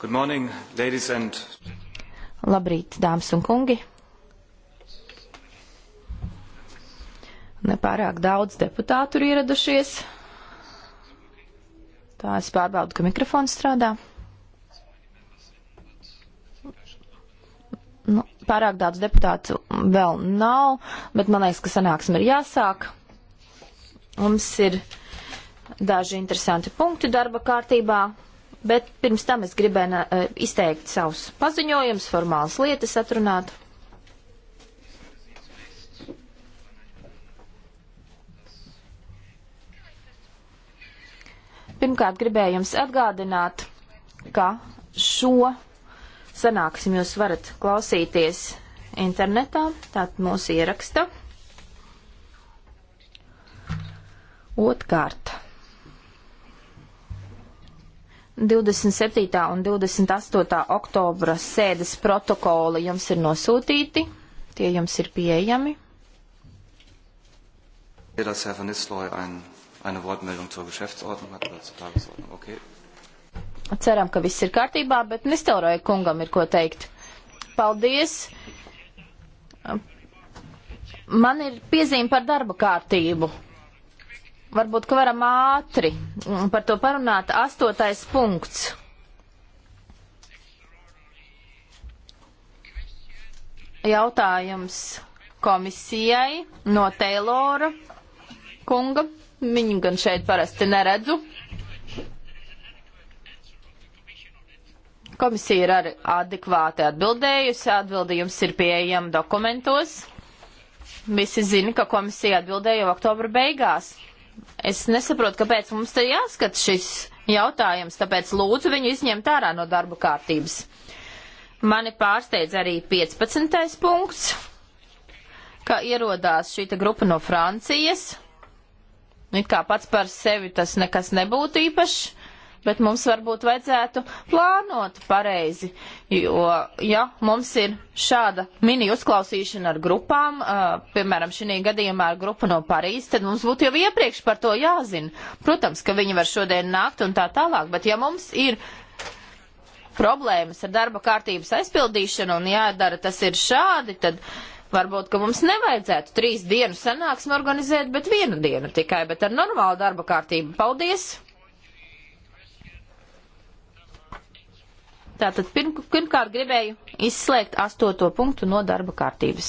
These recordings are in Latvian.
Good morning, ladies and. Labrīt, dāmas un kungi. Nepārāk daudz deputātu ir ieradušies. Tā es pārbaudu, ka mikrofons strādā. Nu, pārāk daudz deputātu vēl nav, bet man liekas, ka sanāksme ir jāsāk. Mums ir daži interesanti punkti darba kārtībā. Bet pirms tam es gribēju izteikt savus paziņojumus, formālas lietas atrunāt. Pirmkārt, gribēju jums atgādināt, ka šo sanāksim jūs varat klausīties internetā, tātad mūsu ieraksta. Otkārt, 27. un 28. oktobra sēdes protokoli jums ir nosūtīti, tie jums ir pieejami. Dass Herr Van Nistelrooy ein, eine Wortmeldung zur Geschäftsordnung hat oder zur Tagesordnung. Okay. Ceram, ka viss ir kārtībā, bet Nistelroja kungam ir ko teikt. Paldies! Man ir piezīme par darba kārtību. Varbūt, ka varam ātri par to parunāt. Astotais punkts. Jautājums komisijai no Teilora kunga. Viņu gan šeit parasti neredzu. Komisija ir arī adekvāti atbildējusi, atbildījums ir pieejama dokumentos. Visi zina, ka komisija atbildēja jau oktobra beigās. Es nesaprotu, kāpēc mums te jāskat šis jautājums, tāpēc lūdzu viņu izņemt ārā no darba kārtības. Mani pārsteidz arī 15. punkts, ka ierodās šīta grupa no Francijas. It kā pats par sevi tas nekas nebūtu īpašs bet mums varbūt vajadzētu plānot pareizi, jo, ja mums ir šāda mini uzklausīšana ar grupām, uh, piemēram, šī gadījumā ar grupu no Parīzes, tad mums būtu jau iepriekš par to jāzina. Protams, ka viņi var šodien nākt un tā tālāk, bet ja mums ir problēmas ar darba kārtības aizpildīšanu un jādara tas ir šādi, tad. Varbūt, ka mums nevajadzētu trīs dienu sanāksmi organizēt, bet vienu dienu tikai, bet ar normālu darba kārtību. Paldies! Tātad pirmkārt gribēju izslēgt astoto punktu no darba kārtības.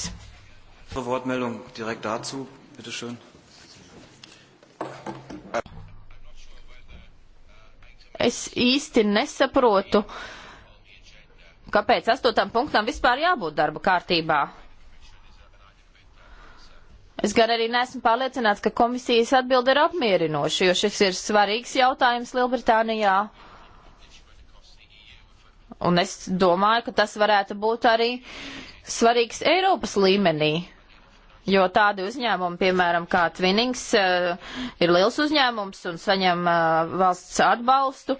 Es īsti nesaprotu, kāpēc astotam punktam vispār jābūt darba kārtībā. Es gan arī neesmu pārliecināts, ka komisijas atbilde ir apmierinoša, jo šis ir svarīgs jautājums Lielbritānijā. Uh, Un es domāju, ka tas varētu būt arī svarīgs Eiropas līmenī. Jo tādi uzņēmumi, piemēram, kā Twinings, eh, ir liels uzņēmums un saņem eh, valsts atbalstu.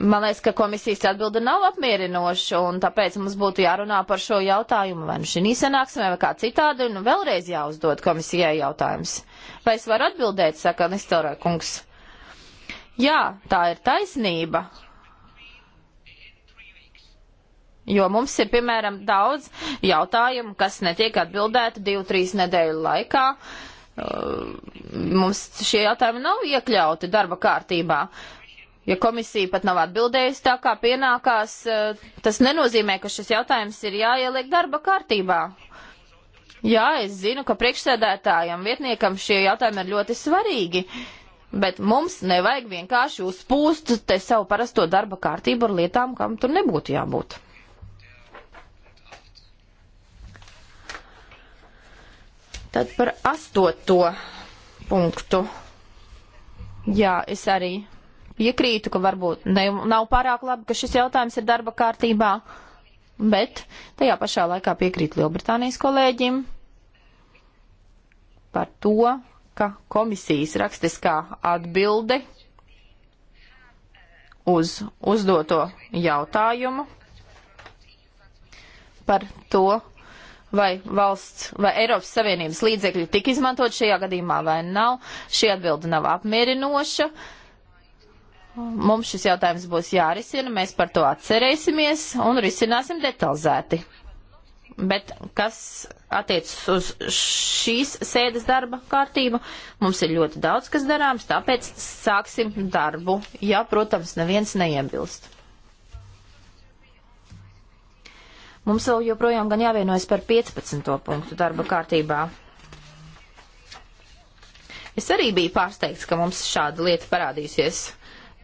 Man liekas, ka komisijas atbilde nav apmierinoša, un tāpēc mums būtu jārunā par šo jautājumu vai nu šī sanāksmē, vai kā citādi, un vēlreiz jāuzdod komisijai jautājums. Vai es varu atbildēt, saka Nistorā kungs? Jā, tā ir taisnība. Jo mums ir, piemēram, daudz jautājumu, kas netiek atbildēti divu, trīs nedēļu laikā. Uh, mums šie jautājumi nav iekļauti darba kārtībā. Ja komisija pat nav atbildējusi tā, kā pienākās, uh, tas nenozīmē, ka šis jautājums ir jāieliek darba kārtībā. Jā, es zinu, ka priekšsēdētājam, vietniekam šie jautājumi ir ļoti svarīgi. Uh, Bet mums nevajag vienkārši uzpūst te savu parasto darba kārtību ar lietām, kam tur nebūtu jābūt. Tad par astoto punktu. Jā, es arī piekrītu, ka varbūt ne, nav pārāk labi, ka šis jautājums ir darba kārtībā, bet tajā pašā laikā piekrītu Lielbritānijas kolēģim par to, ka komisijas rakstiskā atbilde uz uzdoto jautājumu par to, vai valsts vai Eiropas Savienības līdzekļi tika izmantot šajā gadījumā vai nav. Šī atbilde nav apmierinoša. Mums šis jautājums būs jārisina, mēs par to atcerēsimies un risināsim detalizēti. Bet kas attiecas uz šīs sēdes darba kārtību. Mums ir ļoti daudz, kas darāms, tāpēc sāksim darbu, ja, protams, neviens neiebilst. Mums vēl joprojām gan jāvienojas par 15. punktu darba kārtībā. Es arī biju pārsteigts, ka mums šāda lieta parādīsies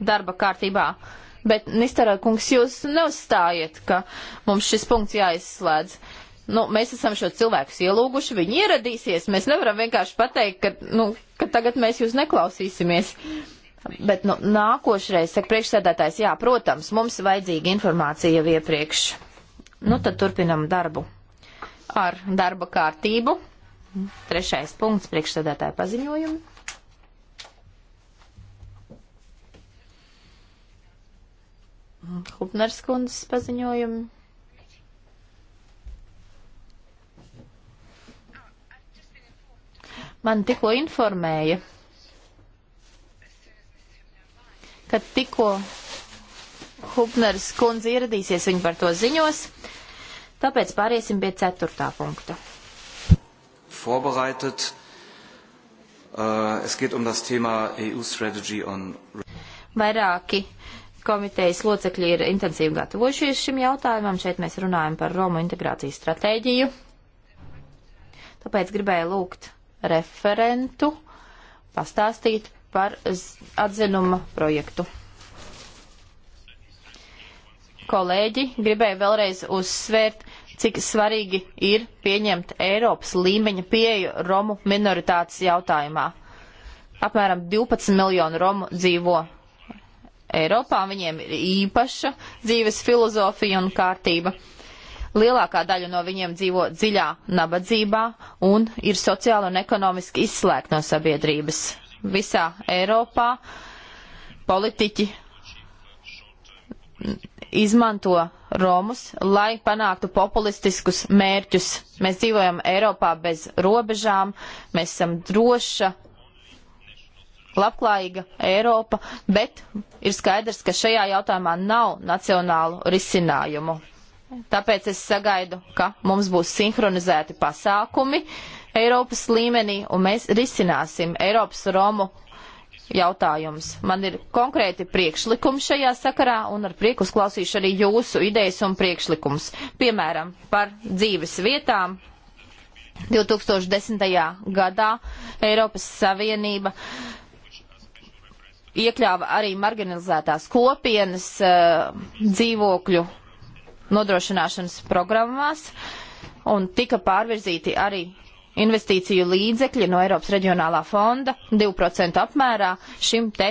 darba kārtībā. Bet, Nistara kungs, jūs neuzstājiet, ka mums šis punkts jāizslēdz. Uh, nu, mēs esam šo cilvēkus ielūguši, viņi ieradīsies, mēs nevaram vienkārši pateikt, ka, nu, ka tagad mēs jūs neklausīsimies. Bet nu, nākošreiz, saka priekšsēdētājs, jā, protams, mums vajadzīga informācija jau iepriekš. Nu, tad turpinam darbu ar darba kārtību. Trešais punkts priekšsēdētāja paziņojumu. Hupners kundzes paziņojumu. man tikko informēja, ka tikko Hubners kundze ieradīsies, viņa par to ziņos, tāpēc pāriesim pie ceturtā punkta. Vorbereitet. Uh, es geht um das Thema EU Strategy on. Vairāki komitejas locekļi ir intensīvi gatavojušies šim jautājumam. Šeit mēs runājam par Romu integrācijas stratēģiju. Tāpēc gribēju lūgt referentu pastāstīt par atzinuma projektu. Kolēģi, gribēju vēlreiz uzsvērt, cik svarīgi ir pieņemt Eiropas līmeņa pieeju Romu minoritātes jautājumā. Apmēram 12 miljonu Romu dzīvo Eiropā, viņiem ir īpaša dzīves filozofija un kārtība. Lielākā daļa no viņiem dzīvo dziļā nabadzībā un ir sociāli un ekonomiski izslēgti no sabiedrības. Visā Eiropā politiķi izmanto romus, lai panāktu populistiskus mērķus. Mēs dzīvojam Eiropā bez robežām, mēs esam droša, labklājīga Eiropa, bet ir skaidrs, ka šajā jautājumā nav nacionālu risinājumu. Tāpēc es sagaidu, ka mums būs sinhronizēti pasākumi Eiropas līmenī un mēs risināsim Eiropas Romu jautājums. Man ir konkrēti priekšlikumi šajā sakarā un ar prieku uzklausīšu arī jūsu idejas un priekšlikumus. Piemēram, par dzīves vietām. 2010. gadā Eiropas Savienība iekļāva arī marginalizētās kopienas eh, dzīvokļu nodrošināšanas programmās un tika pārvirzīti arī investīciju līdzekļi no Eiropas reģionālā fonda 2% apmērā šim te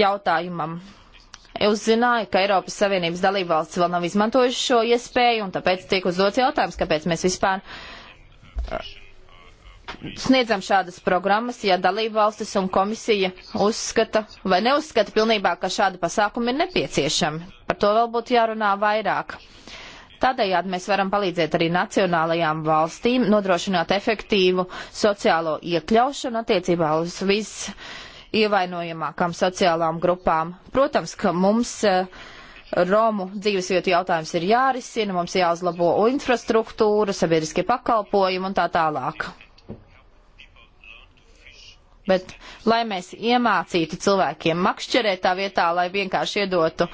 jautājumam. Es zināju, ka Eiropas Savienības dalībvalsts vēl nav izmantojuši šo iespēju, un tāpēc tiek uzdots jautājums, kāpēc mēs vispār sniedzam šādas programmas, ja dalībvalstis un komisija uzskata vai neuzskata pilnībā, ka šādi pasākumi ir nepieciešami. Par to vēl būtu jārunā vairāk. Tādējādi mēs varam palīdzēt arī nacionālajām valstīm nodrošināt efektīvu sociālo iekļaušanu attiecībā uz viss ievainojamākām sociālām grupām. Protams, ka mums uh, Romu dzīvesvietu jautājums ir jārisina, mums jāuzlabo infrastruktūra, sabiedriskie pakalpojumi un tā tālāk. Bet, lai mēs iemācītu cilvēkiem makšķerēt tā vietā, lai vienkārši iedotu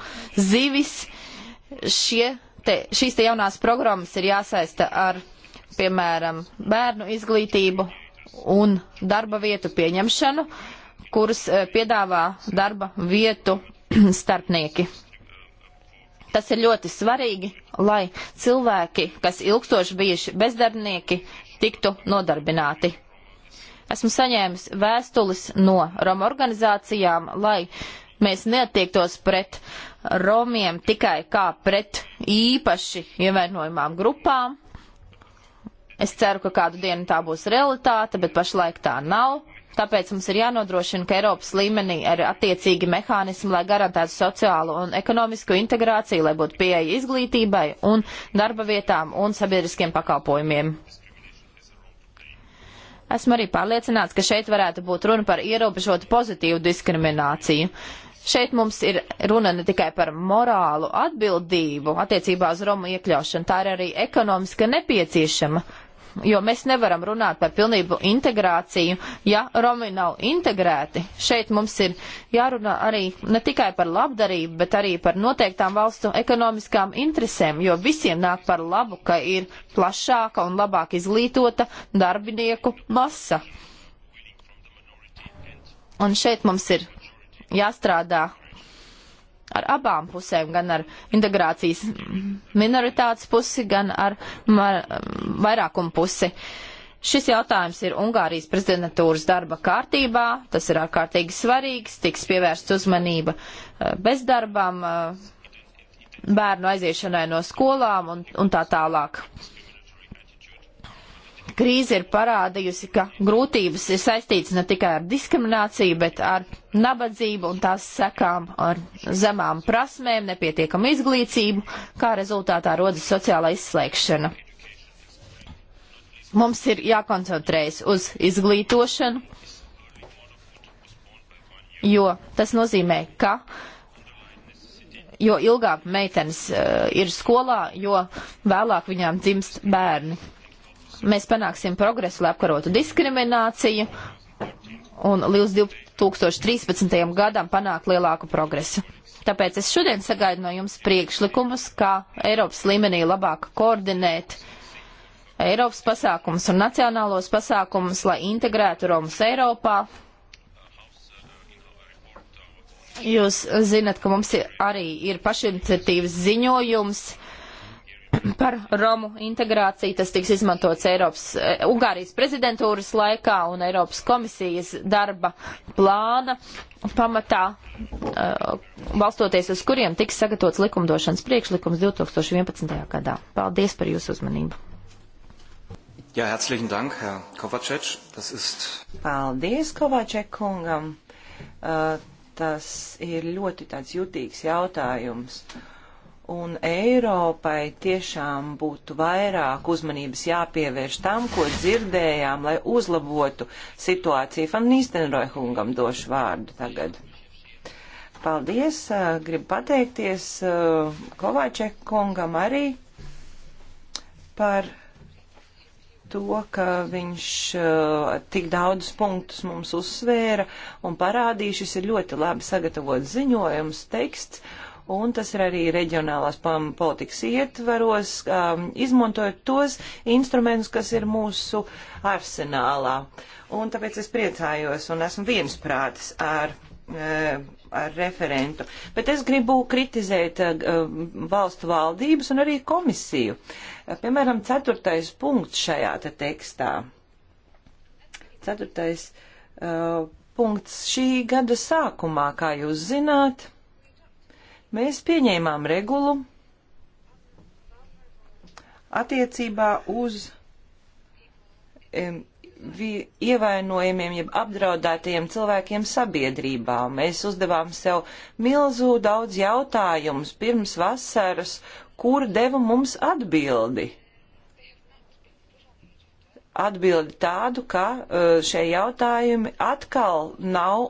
zivis, šie, te, šīs te jaunās programmas ir jāsaista ar, piemēram, bērnu izglītību un darba vietu pieņemšanu, kuras eh, piedāvā darba vietu starpnieki. Tas ir ļoti svarīgi, lai cilvēki, kas ilgstoši bijuši bezdarbnieki, tiktu nodarbināti. Esmu saņēmis vēstulis no Roma organizācijām, lai mēs neatiektos pret Romiem tikai kā pret īpaši ievainojumām grupām. Es ceru, ka kādu dienu tā būs realitāte, bet pašlaik tā nav. Tāpēc mums ir jānodrošina, ka Eiropas līmenī ir attiecīgi mehānismi, lai garantētu sociālo un ekonomisko integrāciju, lai būtu pieeja izglītībai un darba vietām un sabiedriskiem pakalpojumiem. Esmu arī pārliecināts, ka šeit varētu būt runa par ierobežotu pozitīvu diskrimināciju. Šeit mums ir runa ne tikai par morālu atbildību attiecībā uz Romu iekļaušanu, tā ir arī ekonomiska nepieciešama, jo mēs nevaram runāt par pilnību integrāciju, ja Romi nav integrēti. Šeit mums ir jārunā arī ne tikai par labdarību, bet arī par noteiktām valstu ekonomiskām interesēm, jo visiem nāk par labu, ka ir plašāka un labāk izglītota darbinieku masa. Un šeit mums ir jāstrādā ar abām pusēm, gan ar integrācijas minoritātes pusi, gan ar vairākumu pusi. Šis jautājums ir Ungārijas prezidentūras darba kārtībā, tas ir ārkārtīgi svarīgs, tiks pievērsts uzmanība eh, bezdarbam, eh, bērnu aiziešanai no skolām un, un tā tālāk krīze ir parādījusi, ka grūtības ir saistītas ne tikai ar diskrimināciju, bet ar nabadzību un tās sekām, ar zemām prasmēm, nepietiekamu izglītību, kā rezultātā rodas sociālā izslēgšana. Mums ir jākoncentrējas uz izglītošanu, jo tas nozīmē, ka jo ilgāk meitenes uh, ir skolā, jo vēlāk viņām dzimst bērni mēs panāksim progresu, lai apkarotu diskrimināciju un līdz 2013. gadam panākt lielāku progresu. Tāpēc es šodien sagaidu no jums priekšlikumus, kā Eiropas līmenī labāk koordinēt Eiropas pasākumus un nacionālos pasākumus, lai integrētu Romas Eiropā. Jūs zinat, ka mums ir arī ir pašiniciatīvas ziņojums par Romu integrāciju. Tas tiks izmantots Eiropas, eh, Ungārijas prezidentūras laikā un Eiropas komisijas darba plāna pamatā, eh, balstoties uz kuriem tiks sagatavots likumdošanas priekšlikums 2011. gadā. Paldies par jūsu uzmanību. Jā, ja, herzlichen Dank, Herr Kovačeč. Tas ist. Paldies, Kovaček kungam. Uh, tas ir ļoti tāds jutīgs jautājums. Uh, un Eiropai tiešām būtu vairāk uzmanības jāpievērš tam, ko dzirdējām, lai uzlabotu situāciju. Fan Nīstenroihungam došu vārdu tagad. Paldies, gribu pateikties Kovaček kungam arī par to, ka viņš tik daudz punktus mums uzsvēra un parādīja, šis ir ļoti labi sagatavots ziņojums, teksts un tas ir arī reģionālās politikas ietvaros, um, izmantojot tos instrumentus, kas ir mūsu arsenālā. Un tāpēc es priecājos un esmu viensprātis ar, eh, ar referentu. Bet es gribu kritizēt eh, valstu valdības un arī komisiju. Piemēram, ceturtais punkts šajā te tekstā. Ceturtais uh, punkts šī gada sākumā, kā jūs zināt Mēs pieņēmām regulu attiecībā uz um, ievainojumiem, jeb apdraudētajiem cilvēkiem sabiedrībā. Mēs uzdevām sev milzu daudz jautājumus pirms vasaras, kur deva mums atbildi. Atbildi tādu, ka e, šie jautājumi atkal nav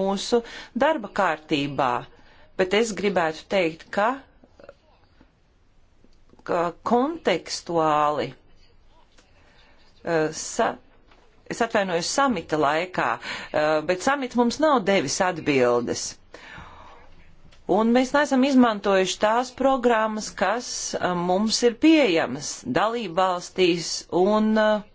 mūsu darba kārtībā bet es gribētu teikt, ka, ka kontekstuāli eh, sa, es atvainojos samita laikā, eh, bet samita mums nav devis atbildes. Un mēs neesam izmantojuši tās programmas, kas eh, mums ir pieejamas dalībvalstīs un uh,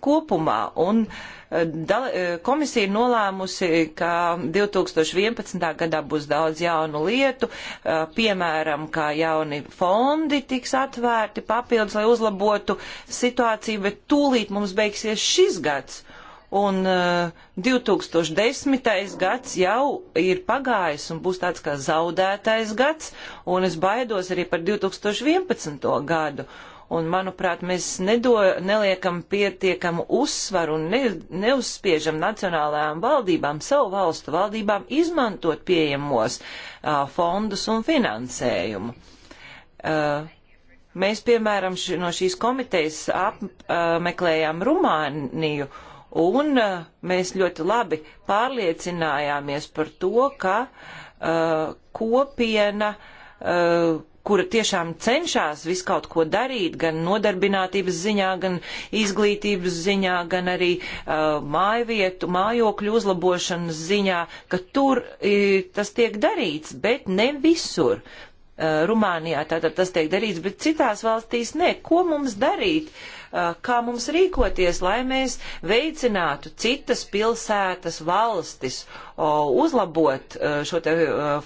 kopumā. Un, eh, da, eh, Komisija ir nolēmusi, ka 2011. gadā būs daudz jaunu lietu, eh, piemēram, kā jauni fondi tiks atvērti papildus, lai uzlabotu situāciju, bet tūlīt mums beigsies šis gads. Un 2010. gads jau ir pagājis un būs tāds kā zaudētais gads, un es baidos arī par 2011. gadu. Un, manuprāt, mēs nedo, neliekam pietiekamu uzsvaru un ne, neuzspiežam nacionālajām valdībām, savu valstu valdībām izmantot pieejamos uh, fondus un finansējumu. Uh, mēs, piemēram, š, no šīs komitejas apmeklējām uh, Rumāniju un uh, mēs ļoti labi pārliecinājāmies par to, ka uh, kopiena uh, kura tiešām cenšas visu kaut ko darīt, gan nodarbinātības ziņā, gan izglītības ziņā, gan arī uh, mājvietu, mājokļu uzlabošanas ziņā, ka tur uh, tas tiek darīts, bet ne visur. Uh, Rumānijā tātad tas tiek darīts, bet citās valstīs nē. Ko mums darīt? Uh, kā mums rīkoties, lai mēs veicinātu citas pilsētas, valstis, uzlabot šo te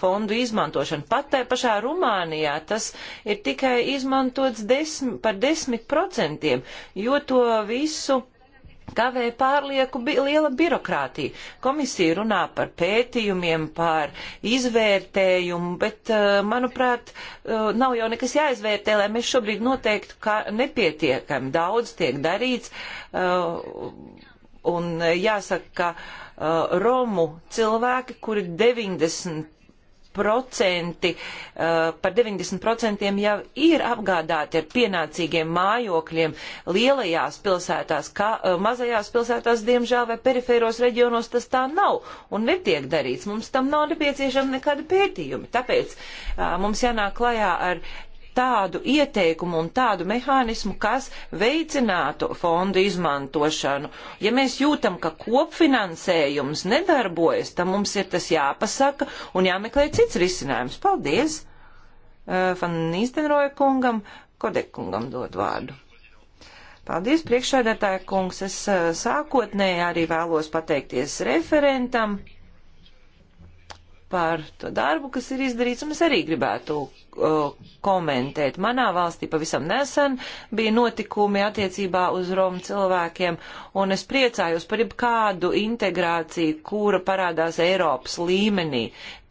fondu izmantošanu. Pat tai pašā Rumānijā tas ir tikai izmantots desmi, par desmit procentiem, jo to visu kavē pārlieku bi liela birokrātija. Komisija runā par pētījumiem, par izvērtējumu, bet, eh, manuprāt, eh, nav jau nekas jāizvērtē, lai mēs šobrīd noteiktu, ka nepietiekami daudz tiek darīts. Eh, un jāsaka, ka Romu cilvēki, kuri 90 procenti, eh, par 90% jau ir apgādāti ar pienācīgiem mājokļiem lielajās pilsētās, kā eh, mazajās pilsētās, diemžēl, vai perifēros reģionos tas tā nav un netiek darīts. Mums tam nav nepieciešama nekāda pētījuma. Tāpēc eh, mums jānāk klajā ar tādu ieteikumu un tādu mehānismu, kas veicinātu fondu izmantošanu. Ja mēs jūtam, ka kopfinansējums nedarbojas, tad mums ir tas jāpasaka un jāmeklē cits risinājums. Paldies! Fan eh, Nīstenroja kungam, Kodekungam dod vārdu. Paldies, priekšsēdētāja kungs. Es eh, sākotnēji arī vēlos pateikties referentam par to darbu, kas ir izdarīts, un es arī gribētu uh, komentēt. Manā valstī pavisam nesen bija notikumi attiecībā uz Romu cilvēkiem, un es priecājos par jebkādu integrāciju, kura parādās Eiropas līmenī.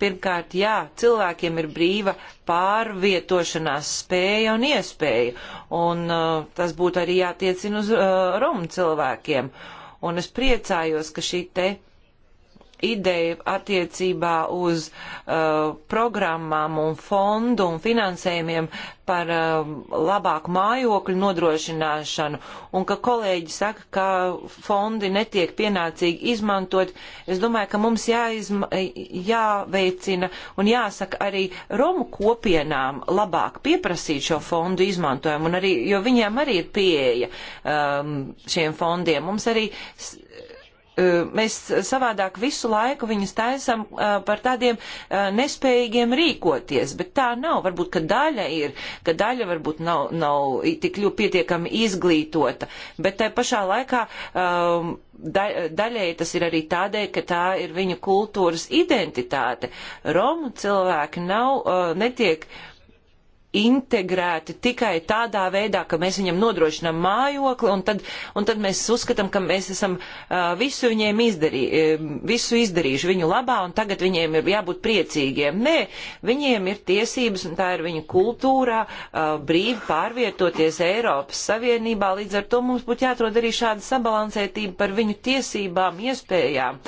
Pirmkārt, jā, cilvēkiem ir brīva pārvietošanās spēja un iespēja, un uh, tas būtu arī jātiecina uz uh, Romu cilvēkiem. Un es priecājos, ka šī te ideja attiecībā uz uh, programmām un fondu un finansējumiem par uh, labāku mājokļu nodrošināšanu un ka kolēģi saka, ka fondi netiek pienācīgi izmantot, es domāju, ka mums jāizma, jāveicina un jāsaka arī Romu kopienām labāk pieprasīt šo fondu izmantojumu, un arī, jo viņiem arī ir pieeja um, šiem fondiem. Mums arī E, mēs savādāk visu laiku viņus taisam e, par tādiem e, nespējīgiem rīkoties, bet tā nav. Varbūt, ka daļa ir, ka daļa varbūt nav, nav tik ļoti pietiekami izglītota, bet tai pašā laikā da, daļēji tas ir arī tādēļ, ka tā ir viņu kultūras identitāte. Romu cilvēki nav, netiek. Uh, integrēti tikai tādā veidā, ka mēs viņam nodrošinām mājokli, un tad, un tad mēs uzskatām, ka mēs esam uh, visu viņiem izdarī, uh, visu izdarījuši viņu labā, un tagad viņiem ir jābūt priecīgiem. Nē, viņiem ir tiesības, un tā ir viņu kultūrā, uh, brīvi pārvietoties Eiropas Savienībā, līdz ar to mums būtu jāatrod arī šāda sabalansētība par viņu tiesībām, iespējām.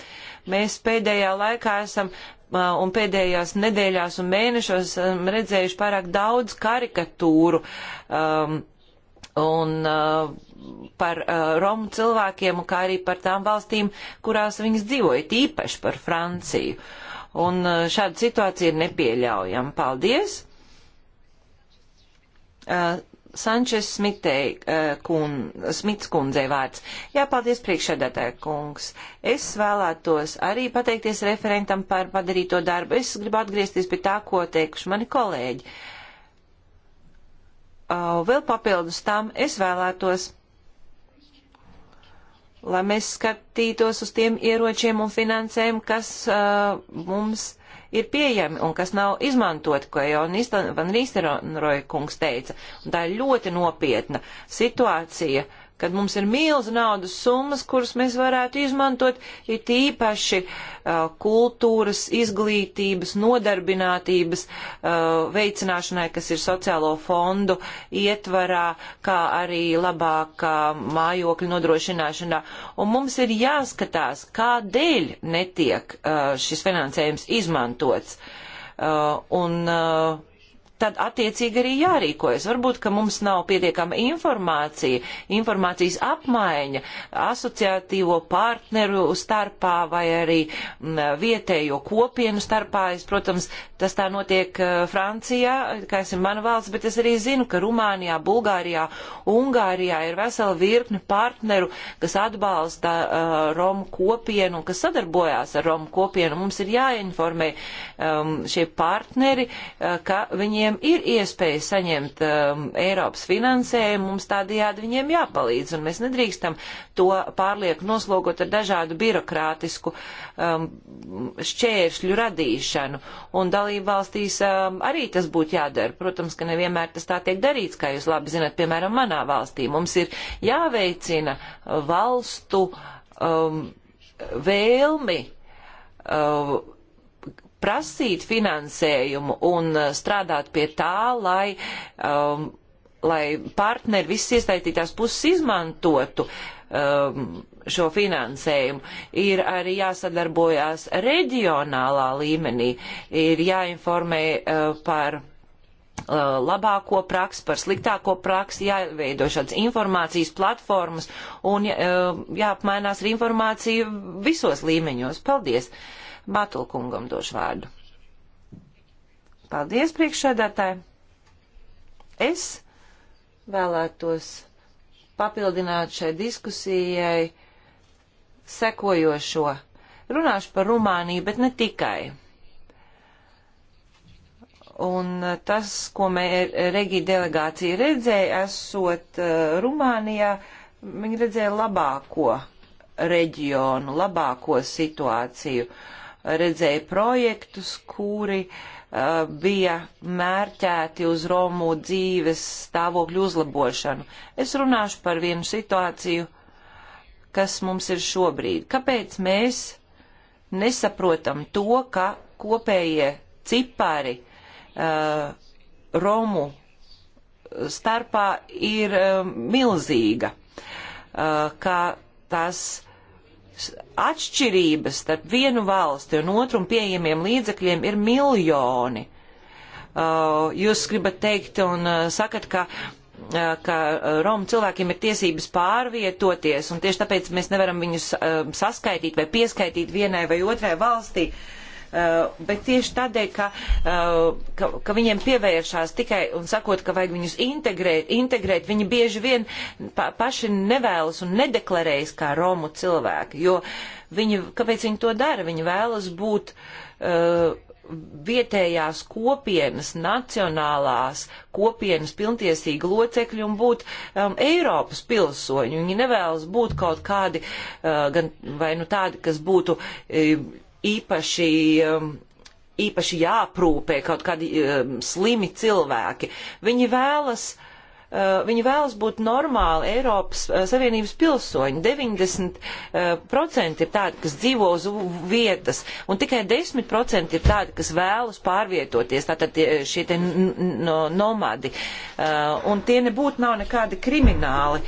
Mēs pēdējā laikā esam un pēdējās nedēļās un mēnešos esam redzējuši pārāk daudz karikatūru um, un uh, par uh, Romu cilvēkiem, kā arī par tām valstīm, kurās viņas dzīvoja, tīpaši par Franciju. Un uh, šāda situācija ir nepieļaujama. Paldies! Uh, Sančes Smitei, eh, kun, Smits kundzei vārds. Jā, paldies priekšsēdētāja kungs. Es vēlētos arī pateikties referentam par padarīto darbu. Es gribu atgriezties pie tā, ko teikuši mani kolēģi. Eh, vēl papildus tam es vēlētos, lai mēs skatītos uz tiem ieročiem un finansēm, kas eh, mums ir ir pieejami un kas nav izmantoti, ko jau Van Rīsteroja kungs teica. Un tā ir ļoti nopietna situācija. Uh, kad mums ir milz naudas summas, kuras mēs varētu izmantot, ir tīpaši uh, kultūras, izglītības, nodarbinātības uh, veicināšanai, kas ir sociālo fondu ietvarā, kā arī labākā mājokļa nodrošināšanā. Un mums ir jāskatās, kādēļ netiek uh, šis finansējums izmantots. Uh, un, uh, tad attiecīgi arī jārīkojas. Varbūt, ka mums nav pietiekama informācija, informācijas apmaiņa asociatīvo partneru starpā vai arī m, mm, vietējo kopienu starpā. Es, protams, tas tā notiek eh, Francijā, kā es ir mana valsts, bet es arī zinu, ka Rumānijā, Bulgārijā, Ungārijā ir vesela virkne partneru, kas atbalsta uh, eh, Romu kopienu un kas sadarbojās ar Romu kopienu. Mums ir jāinformē um, šie partneri, uh, ka viņiem viņiem ir iespēja saņemt um, Eiropas finansējumu, mums tādajādi viņiem jāpalīdz, un mēs nedrīkstam to pārlieku noslogot ar dažādu birokrātisku um, šķēršļu radīšanu, un dalību valstīs um, arī tas būtu jādara. Protams, ka nevienmēr tas tā tiek darīts, kā jūs labi zināt, piemēram, manā valstī. Mums ir jāveicina valstu um, vēlmi. Uh, prasīt finansējumu un eh, strādāt pie tā, lai, um, lai partneri visas iesaistītās puses izmantotu um, šo finansējumu. Ir arī jāsadarbojās reģionālā līmenī, ir jāinformē uh, par uh, labāko praksi, par sliktāko praksi, jāveido šādas informācijas platformas un uh, jāapmainās ar informāciju visos līmeņos. Paldies! Uh, Batulkungam došu vārdu. Paldies, priekšsēdētāji! Es vēlētos papildināt šai diskusijai sekojošo. Runāšu par Rumāniju, bet ne tikai. Un tas, ko mēs Regija delegācija redzēja, esot uh, Rumānijā, viņi redzēja labāko reģionu, labāko situāciju. Uh, redzēju projektus, kuri uh, bija mērķēti uz Romu dzīves stāvokļu uzlabošanu. Es runāšu par vienu situāciju, kas mums ir šobrīd. Kāpēc mēs nesaprotam to, ka kopējie cipari uh, Romu starpā ir uh, milzīga, uh, ka tas uh, atšķirības starp vienu valsti un otru un pieejamiem līdzekļiem ir miljoni. Uh, jūs gribat teikt un uh, sakat, ka uh, ka uh, Romu cilvēkiem ir tiesības pārvietoties, un tieši tāpēc mēs nevaram viņus uh, saskaitīt vai pieskaitīt vienai vai otrai valstī. Uh, Eh, bet tieši tādēļ, ka, eh, ka, ka viņiem pievēršās tikai un sakot, ka vajag viņus integrēt, integrēt viņi bieži vien pa, paši nevēlas un nedeklarējas kā Romu cilvēki, jo viņi, kāpēc viņi to dara? Viņi vēlas būt uh, vietējās kopienas, nacionālās kopienas pilntiesīgi locekļi un būt um, Eiropas pilsoņi. Viņi nevēlas būt kaut kādi, uh, gan, vai nu tādi, kas būtu uh, īpaši um, īpaši jāprūpē kaut kādi um, slimi cilvēki. Viņi vēlas uh, Eh, viņi vēlas būt normāli Eiropas eh, Savienības pilsoņi. 90% eh, ir tādi, kas dzīvo uz vietas, un tikai 10% ir tādi, kas vēlas pārvietoties, tātad šie te nomadi. Un tie nebūtu nav nekādi krimināli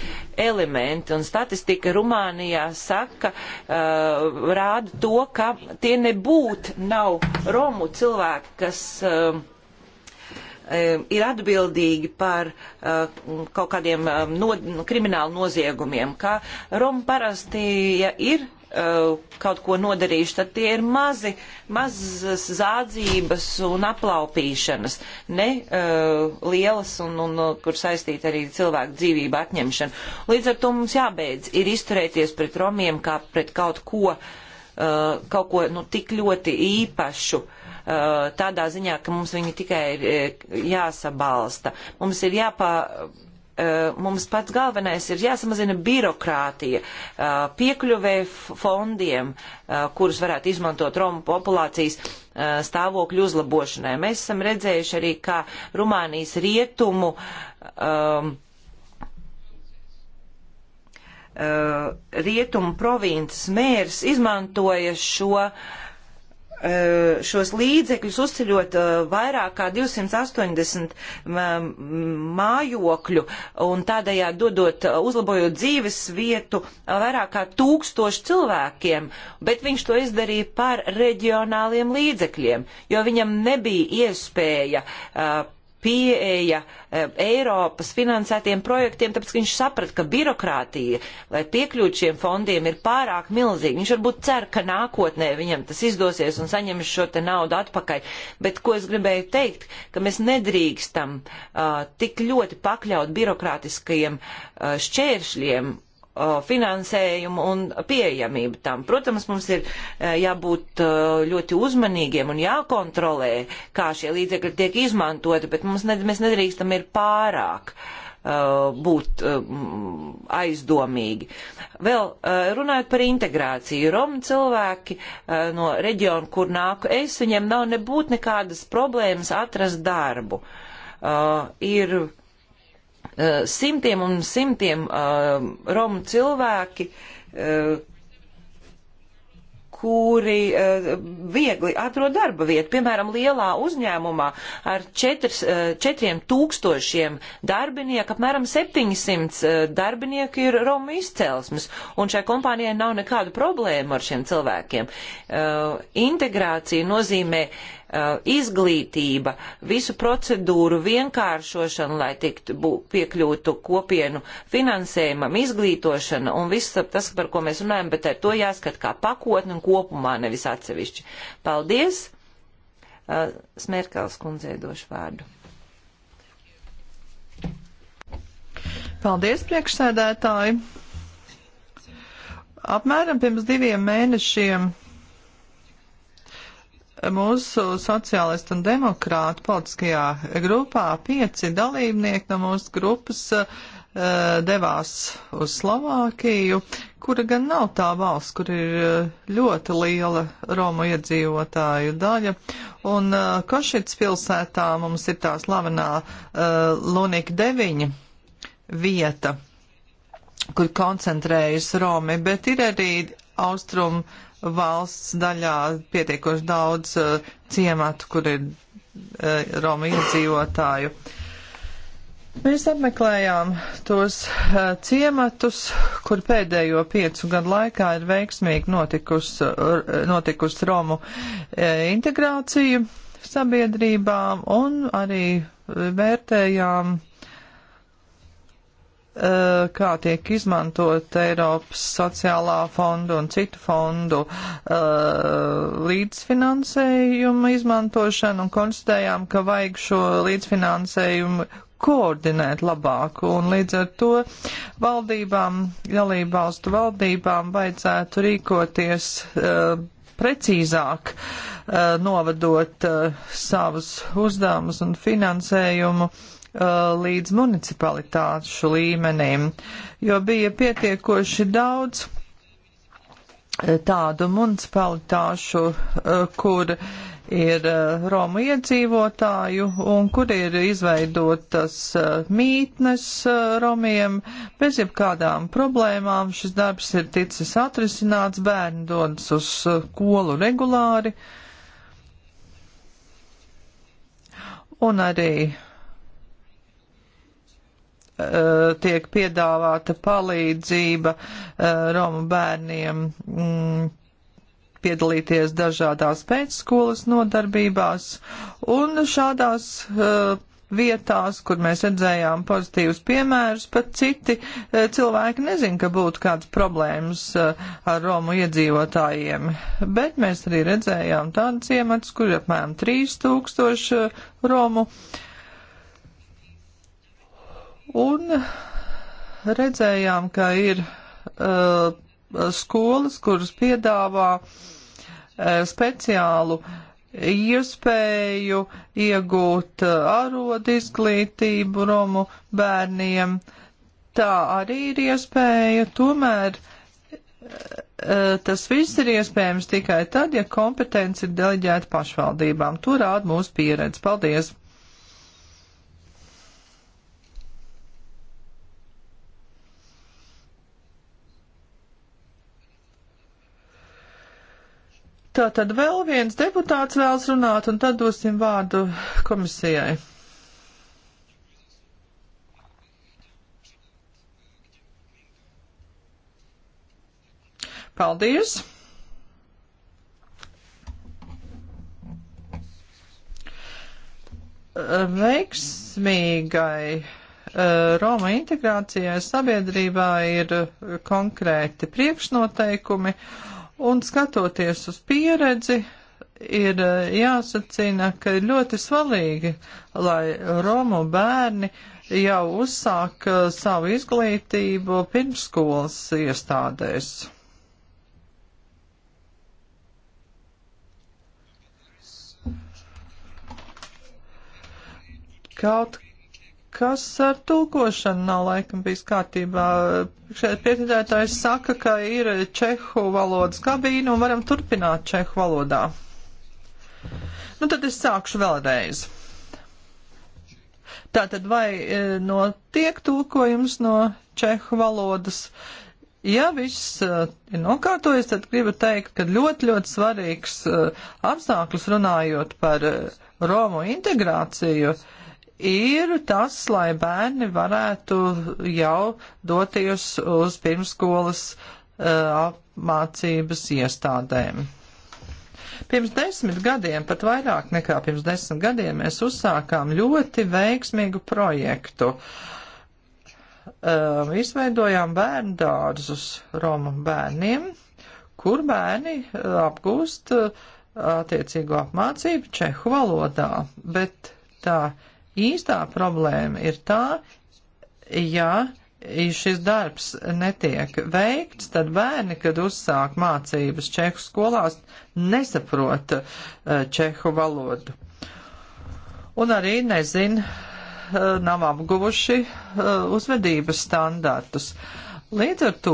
elementi, un statistika Rumānijā saka, rāda to, ka tie nebūtu nav Romu cilvēki, kas Um, ir atbildīgi par uh, kaut kādiem um, no, kriminālu noziegumiem, ka Roma parasti, ja ir uh, kaut ko nodarījuši, tad tie ir mazi, mazas zādzības un aplaupīšanas, ne uh, lielas un, un kur saistīta arī cilvēku dzīvību atņemšana. Līdz ar to mums jābeidz ir izturēties pret Romiem kā pret kaut ko, kaut ko nu, tik ļoti īpašu. Uh, Eh, tādā ziņā, ka mums viņi tikai ir eh, jāsabalsta. Mums ir jāpā. Eh, mums pats galvenais ir jāsamazina birokrātija, piekļuvē fondiem, kurus varētu izmantot Romu populācijas stāvokļu uzlabošanai. Mēs esam redzējuši arī, kā Rumānijas rietumu um, rietumu provinces mērs izmantoja šo uh, Eh, šos līdzekļus uzceļot eh, vairāk kā 280 mājokļu un tādējā dodot, eh, uzlabojot dzīves vietu vairāk kā tūkstoši cilvēkiem, bet viņš to izdarīja par reģionāliem līdzekļiem, jo viņam nebija iespēja pieeja eh, Eiropas finansētiem projektiem, tāpēc ka viņš saprata, ka birokrātija, lai piekļūtu šiem fondiem, ir pārāk milzīga. Viņš varbūt cer, ka nākotnē viņam tas izdosies un saņems šo te naudu atpakaļ. Bet ko es gribēju teikt, ka mēs nedrīkstam uh, tik ļoti pakļaut birokrātiskajiem uh, šķēršļiem Uh, finansējumu un pieejamību tam. Protams, mums ir uh, jābūt uh, ļoti uzmanīgiem un jākontrolē, kā šie līdzekļi tiek izmantoti, bet mums, ne, mēs nedrīkstam ir pārāk būt mm, aizdomīgi. Vēl runājot par integrāciju, Romu cilvēki no reģiona, kur nāku es, viņiem nav nebūt nekādas problēmas atrast darbu. Ir Eh, simtiem un simtiem uh, eh, romu cilvēki, uh, kuri uh, viegli atrod darba vietu. Piemēram, lielā uzņēmumā ar četrs, uh, četriem tūkstošiem darbinieku, apmēram 700 uh, darbinieku ir Romu izcelsmes, un šai kompānijai nav nekādu problēmu ar šiem cilvēkiem. Uh, integrācija nozīmē uh, Uh, izglītība, visu procedūru vienkāršošana, lai tiktu piekļūtu kopienu finansējumam, izglītošana un viss tas, par ko mēs runājam, bet ar to jāskat kā pakotni un kopumā, nevis atsevišķi. Paldies! Uh, Smerkels kundzei došu vārdu. Paldies, priekšsēdētāji! Apmēram pirms diviem mēnešiem mūsu sociālistu un demokrātu politiskajā grupā pieci dalībnieki no mūsu grupas uh, devās uz Slovākiju, kura gan nav tā valsts, kur ir eh, ļoti liela Romu iedzīvotāju daļa. Un uh, eh, Košits pilsētā mums ir tā slavenā uh, Lunika 9 vieta, kur koncentrējas Romi, bet ir arī austrumu valsts daļā pietiekoši daudz uh, ciematu, kur ir uh, Roma iedzīvotāju. Mēs apmeklējām tos uh, ciematus, kur pēdējo piecu gadu laikā ir veiksmīgi notikusi uh, notikus Romu uh, integrācija sabiedrībām un arī vērtējām Eh, kā tiek izmantot Eiropas sociālā fonda un citu fondu eh, līdzfinansējuma izmantošana un konstatējām, ka vajag šo līdzfinansējumu koordinēt labāk, un līdz ar to valdībām, dalībvalstu valdībām vajadzētu rīkoties uh, precīzāk, uh, novadot uh, savus uzdevumus un finansējumu uh, Uh, līdz municipalitāšu līmenim, jo bija pietiekoši daudz eh, tādu municipalitāšu, eh, kur ir eh, Romu iedzīvotāju un kur ir izveidotas mītnes Romiem. Bez jebkādām problēmām šis darbs ir ticis atrisināts, bērni dodas uz skolu regulāri. Un arī Eh, tiek piedāvāta palīdzība eh, Romu bērniem mm, piedalīties dažādās pēcskolas nodarbībās un šādās eh, vietās, kur mēs redzējām pozitīvus piemērus, pat citi cilvēki nezin, ka būtu kāds problēmas ar Romu iedzīvotājiem. Bet mēs arī redzējām tādas iematas, kur apmēram 3000 Romu uh, Un redzējām, ka ir uh, skolas, kuras piedāvā uh, speciālu iespēju iegūt uh, arodu izglītību romu bērniem. Tā arī ir iespēja, tomēr uh, tas viss ir iespējams tikai tad, ja kompetence ir deleģēta pašvaldībām. To rāda mūsu pieredze. Paldies! Tā tad vēl viens deputāts vēlas runāt, un tad dosim vārdu komisijai. Paldies! Veiksmīgai eh, Roma integrācijai sabiedrībā ir konkrēti priekšnoteikumi. Uh, Un skatoties uz pieredzi, ir eh, jāsacīna, ka ir ļoti svarīgi, lai Romu bērni jau uzsāk eh, savu izglītību pirmskolas iestādēs. Kaut kas ar tulkošanu nav laikam bijis kārtībā. Šeit pieteicētājs saka, ka ir čehu valodas kabīna un varam turpināt čehu valodā. Nu tad es sākšu vēlreiz. Tātad vai e, notiek tulkojums no čehu valodas? Ja viss e, ir nokārtojies, tad gribu teikt, ka ļoti, ļoti svarīgs e, apstākļus runājot par Romu integrāciju uh, ir tas, lai bērni varētu jau doties uz pirmskolas uh, apmācības iestādēm. Pirms desmit gadiem, pat vairāk nekā pirms desmit gadiem, mēs uzsākām ļoti veiksmīgu projektu. Uh, izveidojām bērnu dārzus Romu bērniem, kur bērni uh, apgūst uh, attiecīgo apmācību čehu valodā, bet tā Īstā problēma ir tā, ja šis darbs netiek veikts, tad bērni, kad uzsāk mācības čehu skolās, nesaprot eh, čehu valodu. Un arī nezin, eh, nav apguvuši eh, uzvedības standartus. Līdz ar to,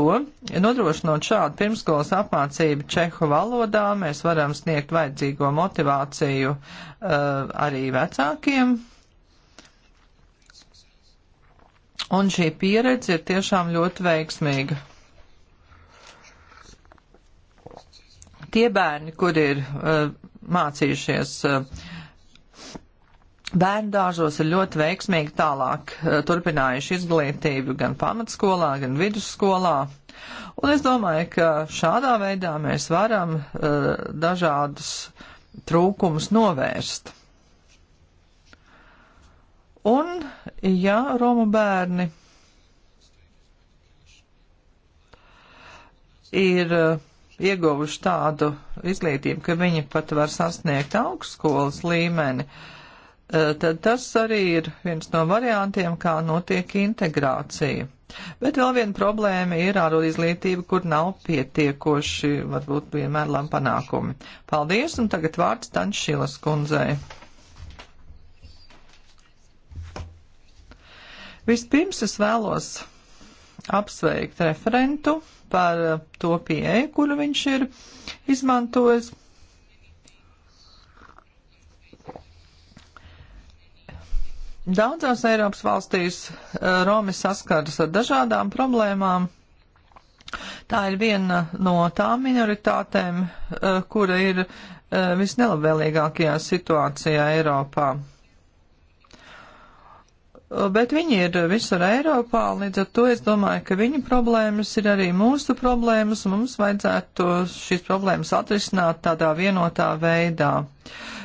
nodrošinot šādu pirmskolas apmācību čehu valodā, mēs varam sniegt vajadzīgo motivāciju uh, arī vecākiem un šī pieredze ir tiešām ļoti veiksmīga. Tie bērni, kur ir uh, mācījušies uh, bērnu dārzos, ir ļoti veiksmīgi tālāk uh, turpinājuši izglītību gan pamatskolā, gan vidusskolā. Un es domāju, ka šādā veidā mēs varam uh, dažādus trūkumus novērst. Un, ja Romu bērni ir uh, ieguvuši tādu izglītību, ka viņi pat var sasniegt augstskolas līmeni, uh, tad tas arī ir viens no variantiem, kā notiek integrācija. Bet vēl viena problēma ir ārod izglītība, kur nav pietiekoši, varbūt, vienmēr panākumi. Paldies, un tagad vārds Tanšīlas kundzei. Vispirms es vēlos apsveikt referentu par eh, to pieeju, kuru viņš ir izmantojis. Daudzās Eiropas valstīs eh, Romi saskaras ar dažādām problēmām. Tā ir viena no tām minoritātēm, eh, kura ir visnelabvēlīgākajā situācijā Eiropā bet viņi ir visur Eiropā, līdz ar to es domāju, ka viņu problēmas ir arī mūsu problēmas, un mums vajadzētu šīs problēmas atrisināt tādā vienotā veidā.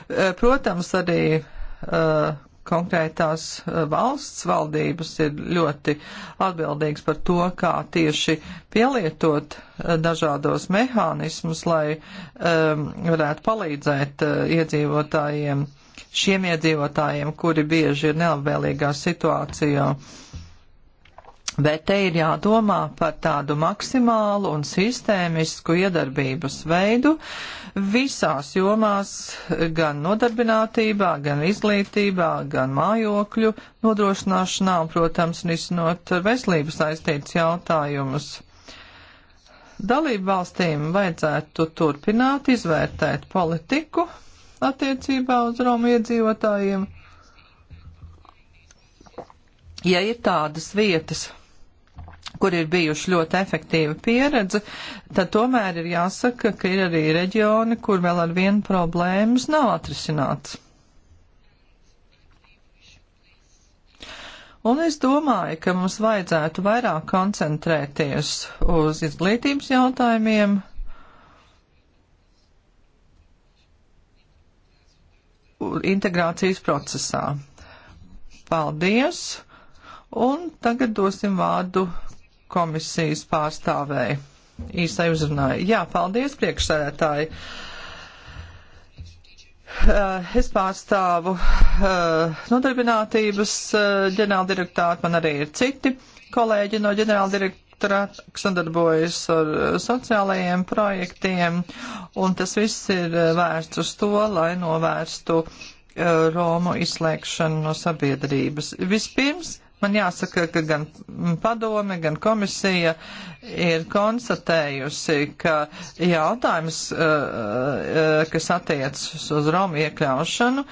Eh, protams, arī uh, konkrētās eh, valsts valdības ir ļoti atbildīgas par to, kā tieši pielietot dažādos mehānismus, lai um, varētu palīdzēt uh, iedzīvotājiem šiem iedzīvotājiem, kuri bieži ir nelabvēlīgā situācijā. Bet te ir jādomā par tādu maksimālu un sistēmisku iedarbības veidu visās jomās, gan nodarbinātībā, gan izglītībā, gan mājokļu nodrošināšanā un, protams, risinot veselības saistītas jautājumus. Dalību valstīm vajadzētu turpināt izvērtēt politiku attiecībā uz Romu iedzīvotājiem. Ja ir tādas vietas, kur ir bijuši ļoti efektīva pieredze, tad tomēr ir jāsaka, ka ir arī reģioni, kur vēl ar vienu problēmas nav atrisināts. Un es domāju, ka mums vajadzētu vairāk koncentrēties uz izglītības jautājumiem, integrācijas procesā. Paldies! Un tagad dosim vārdu komisijas pārstāvēji. Īsai uzrunāju. Jā, paldies priekšsēdētāji. Eh, es pārstāvu eh, nodarbinātības eh, ģenerāldirektātu, man arī ir citi kolēģi no ģenerāldirektāta sadarbojas ar eh, sociālajiem projektiem, un tas viss ir eh, vērsts uz to, lai novērstu eh, Romu izslēgšanu no sabiedrības. Vispirms Man jāsaka, ka gan padome, gan komisija ir konstatējusi, ka jautājums, uh, uh, kas attiecas uz Romu iekļaušanu,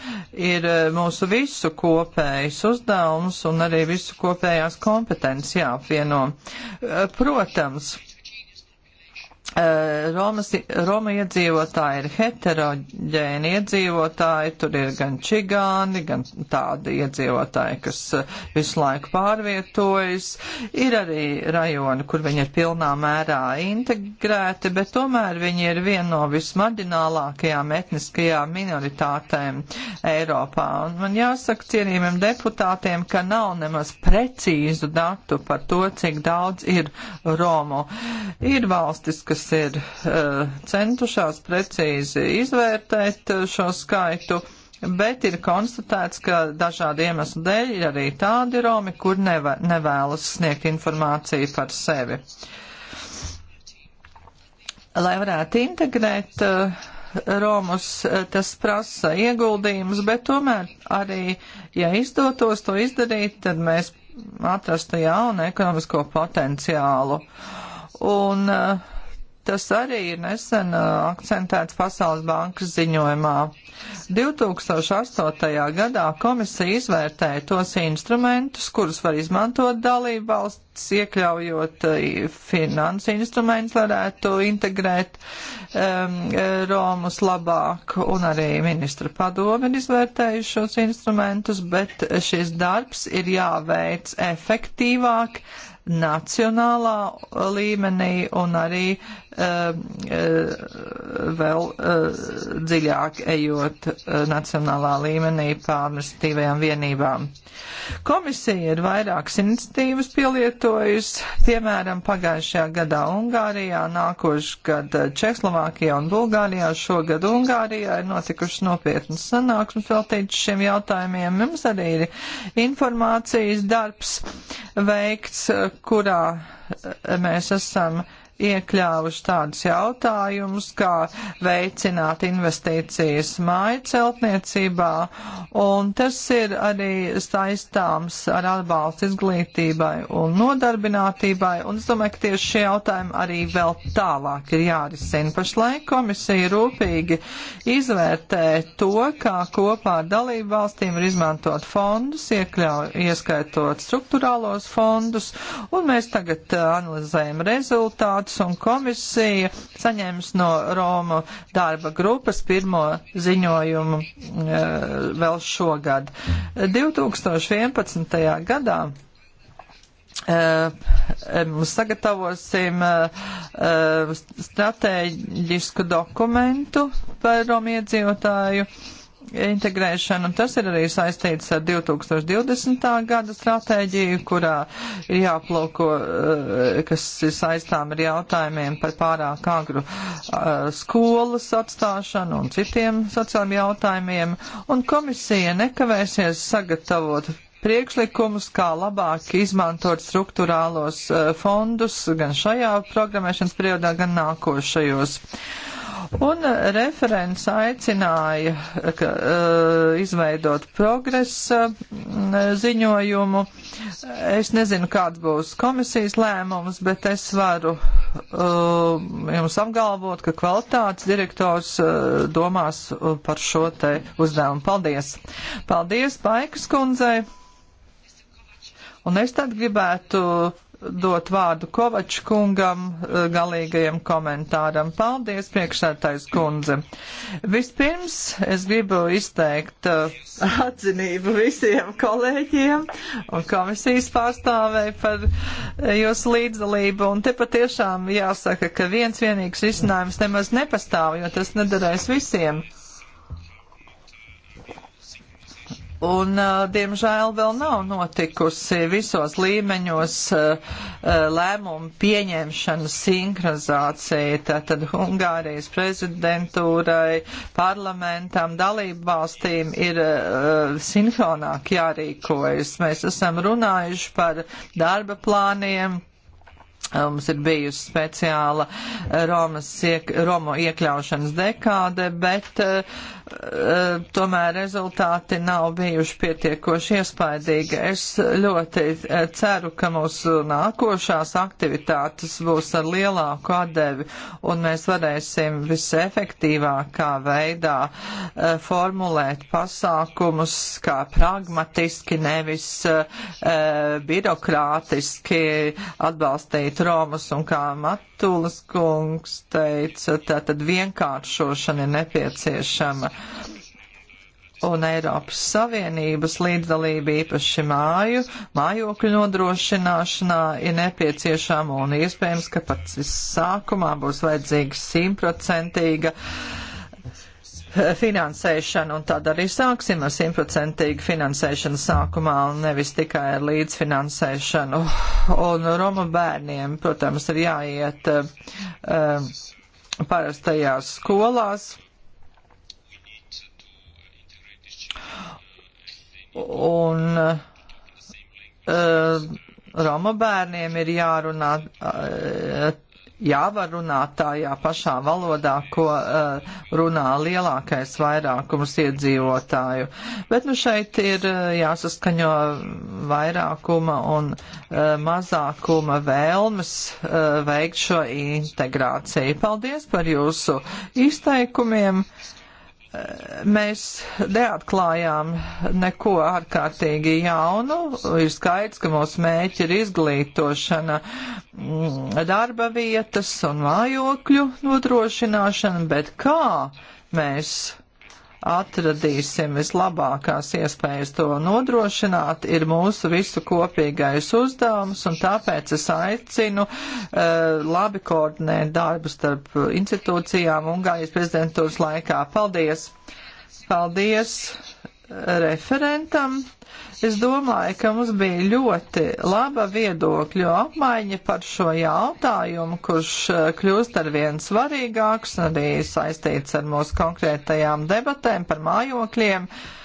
ir uh, mūsu visu kopējs uzdevums un arī visu kopējās kompetences jāapvieno. Protams, Eh, Romas, Roma iedzīvotāji ir heteroģēni iedzīvotāji, tur ir gan čigāni, gan tādi iedzīvotāji, kas eh, visu laiku pārvietojas. Ir arī rajoni, kur viņi ir pilnā mērā integrēti, bet tomēr viņi ir viena no vismarģinālākajām etniskajām minoritātēm Eiropā. Un man jāsaka cienījumiem deputātiem, ka nav nemaz precīzu datu par to, cik daudz ir Romu. Ir valstis, kas ir eh, centušās precīzi izvērtēt eh, šo skaitu, bet ir konstatēts, ka dažādu iemeslu dēļ ir arī tādi Romi, kur nevē, nevēlas sniegt informāciju par sevi. Lai varētu integrēt uh, Romus tas prasa ieguldījumus, bet tomēr arī, ja izdotos to izdarīt, tad mēs atrastu jaunu ekonomisko potenciālu. Un uh, Tas arī ir nesen uh, akcentēts Pasaules bankas ziņojumā. 2008. gadā komisija izvērtēja tos instrumentus, kurus var izmantot dalību valsts, iekļaujot uh, finansu instrumentus, varētu integrēt um, Romus labāk, un arī ministra padomi ir izvērtējuši šos instrumentus, bet šis darbs ir jāveic efektīvāk nacionālā līmenī un arī uh, Uh, vēl uh, dziļāk ejot uh, nacionālā līmenī pārnestīvajām vienībām. Komisija ir vairākas iniciatīvas pielietojusi, piemēram, pagājušajā gadā Ungārijā, nākošajā gadā Čehslovākijā un Bulgārijā, šogad Ungārijā ir notikušas nopietnas sanāksmes veltītas šiem jautājumiem. Mums arī ir informācijas darbs veikts, kurā mēs esam uh, iekļāvuši tādus jautājumus, kā veicināt investīcijas māju celtniecībā, un tas ir arī saistāms ar atbalstu izglītībai un nodarbinātībai, un es domāju, ka tieši šie jautājumi arī vēl tālāk ir jārisina. Pašlaik komisija rūpīgi izvērtē to, kā kopā ar dalību valstīm ir izmantot fondus, iekļau, ieskaitot struktūrālos fondus, un mēs tagad uh, analizējam rezultātu deputātus un komisija saņēmis no Romu darba grupas pirmo ziņojumu eh, vēl šogad. 2011. gadā eh, sagatavosim eh, stratēģisku dokumentu par Romu iedzīvotāju integrēšanu, un tas ir arī saistīts ar 2020. gada stratēģiju, kurā ir jāplūko, eh, kas ir saistām ar jautājumiem par pārāk agru eh, skolas atstāšanu un citiem sociāliem jautājumiem, un komisija nekavēsies sagatavot priekšlikumus, kā labāk izmantot struktūrālos eh, fondus gan šajā programmēšanas periodā, gan nākošajos. Uh, Un referents aicināja ka, uh, izveidot progresa mm, ziņojumu. Es nezinu, kāds būs komisijas lēmums, bet es varu uh, jums apgalvot, ka kvalitātes direktors uh, domās par šo te uzdevumu. Paldies! Paldies Paikas kundzei! Un es tad gribētu dot vārdu Kovačs kungam eh, galīgajam komentāram. Paldies, priekšsētājs kundze. Vispirms es gribu izteikt eh, atzinību visiem kolēģiem un komisijas pārstāvēju par eh, jūsu līdzdalību. Un te patiešām jāsaka, ka viens vienīgs risinājums nemaz nepastāv, jo tas nedarēs visiem. Un, uh, diemžēl, vēl nav notikusi visos līmeņos uh, uh, lēmumu pieņemšana sinhronizācija. Tātad Hungārijas prezidentūrai, parlamentam, dalību valstīm ir sinhronāk jārīkojas. Mēs esam runājuši par darba plāniem. Mums ir bijusi speciāla Romas iek, Romu iekļaušanas dekāde, bet uh, Eh, tomēr rezultāti nav bijuši pietiekoši iespaidīgi. Es ļoti eh, ceru, ka mūsu nākošās aktivitātes būs ar lielāku atdevi un mēs varēsim visefektīvākā veidā eh, formulēt pasākumus kā pragmatiski, nevis birokrātiski atbalstīt Romas un kā Mat Tulas kungs teica, tātad vienkāršošana ir nepieciešama. Un Eiropas Savienības līdzdalība īpaši māju, mājokļu nodrošināšanā ir nepieciešama un iespējams, ka pats viss sākumā būs vajadzīga simtprocentīga uh, finansēšanu, un tad arī sāksim ar simtprocentīgu finansēšanu sākumā, un nevis tikai ar līdzfinansēšanu. Un Roma bērniem, protams, ir jāiet uh, parastajās skolās. Un uh, Roma bērniem ir jārunā uh, jāvar runāt tajā pašā valodā, ko uh, runā lielākais vairākums iedzīvotāju. Bet nu šeit ir uh, jāsaskaņo vairākuma un uh, mazākuma vēlmes uh, veikt šo integrāciju. Paldies par jūsu izteikumiem. Uh, mēs neatklājām neko ārkārtīgi jaunu. Ir skaidrs, ka mūsu mēķi ir izglītošana mm, darba vietas un mājokļu nodrošināšana, bet kā mēs atradīsim vislabākās iespējas to nodrošināt, ir mūsu visu kopīgais uzdevums, un tāpēc es aicinu uh, labi koordinēt darbu starp institūcijām Ungārijas prezidentūras laikā. Paldies! Paldies! referentam. Es domāju, ka mums bija ļoti laba viedokļu apmaiņa par šo jautājumu, kurš eh, kļūst ar vien svarīgāks, arī saistīts ar mūsu konkrētajām debatēm par mājokļiem. Uh,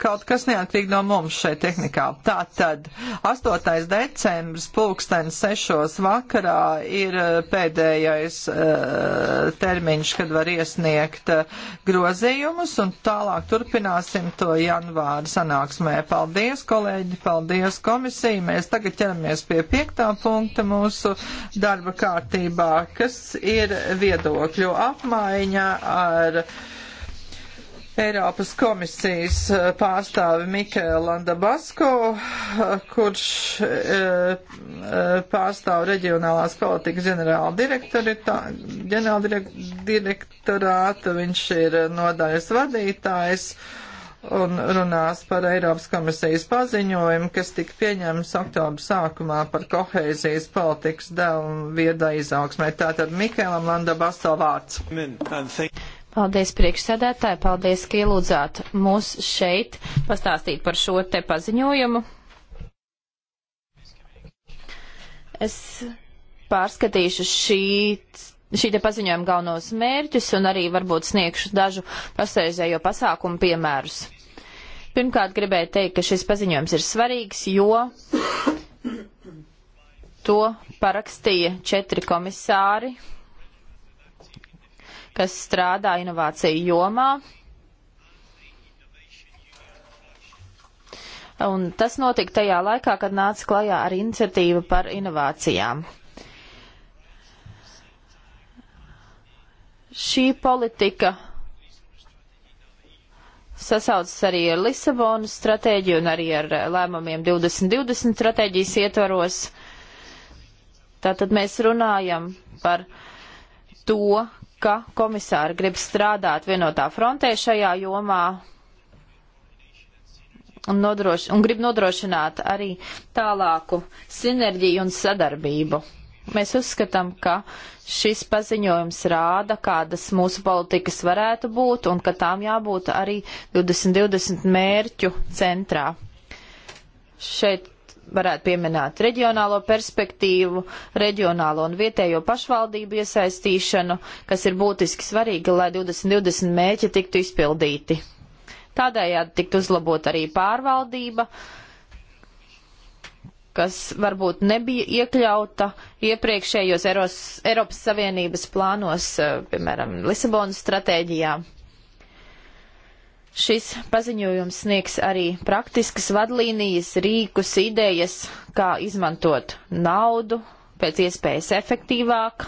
kaut kas neatkarīgi no mums šeit tehnikā. Tātad 8. decembris pulkstens 6. vakarā ir eh, pēdējais uh, termiņš, kad var iesniegt uh, grozījumus un tālāk turpināsim to janvāra sanāksmē. Paldies, kolēģi, paldies komisija. Mēs tagad ķeramies pie piektā punkta mūsu darba kārtībā, kas ir viedokļu apmaiņa ar Eiropas komisijas eh, pārstāvi Mikēla Dabasko, eh, kurš eh, pārstāv reģionālās politikas ģenerāla direktorātu, viņš ir nodaļas vadītājs un runās par Eiropas komisijas paziņojumu, kas tika pieņemts oktobra sākumā par kohēzijas politikas devumu viedā izaugsmē. Tātad Mikēlam Landa Basto vārds. Paldies priekšsēdētāji, paldies, ka ielūdzāt mūs šeit pastāstīt par šo te paziņojumu. Es pārskatīšu šī, šī te paziņojuma galvenos mērķus un arī varbūt sniegšu dažu pasteizējo pasākumu piemērus. Pirmkārt, gribēju teikt, ka šis paziņojums ir svarīgs, jo to parakstīja četri komisāri kas strādā inovāciju jomā. Un tas notika tajā laikā, kad nāca klajā ar iniciatīvu par inovācijām. Šī politika sasaucas arī ar Lisabonas stratēģiju un arī ar lēmumiem 2020 stratēģijas ietvaros. Tātad mēs runājam par to, ka komisāri grib strādāt vienotā frontē šajā jomā un, nodroš un grib nodrošināt arī tālāku sinerģiju un sadarbību. Mēs uzskatām, ka šis paziņojums rāda, kādas mūsu politikas varētu būt un ka tām jābūt arī 2020 mērķu centrā. Šeit varētu pieminēt reģionālo perspektīvu, reģionālo un vietējo pašvaldību iesaistīšanu, kas ir būtiski svarīga, lai 2020 mēķi tiktu izpildīti. Tādējādi tikt uzlabot arī pārvaldība, kas varbūt nebija iekļauta iepriekšējos Eros, Eiropas Savienības plānos, eh, piemēram, Lisabonas stratēģijā. Šis paziņojums sniegs arī praktiskas vadlīnijas, rīkus, idejas, kā izmantot naudu pēc iespējas efektīvāk.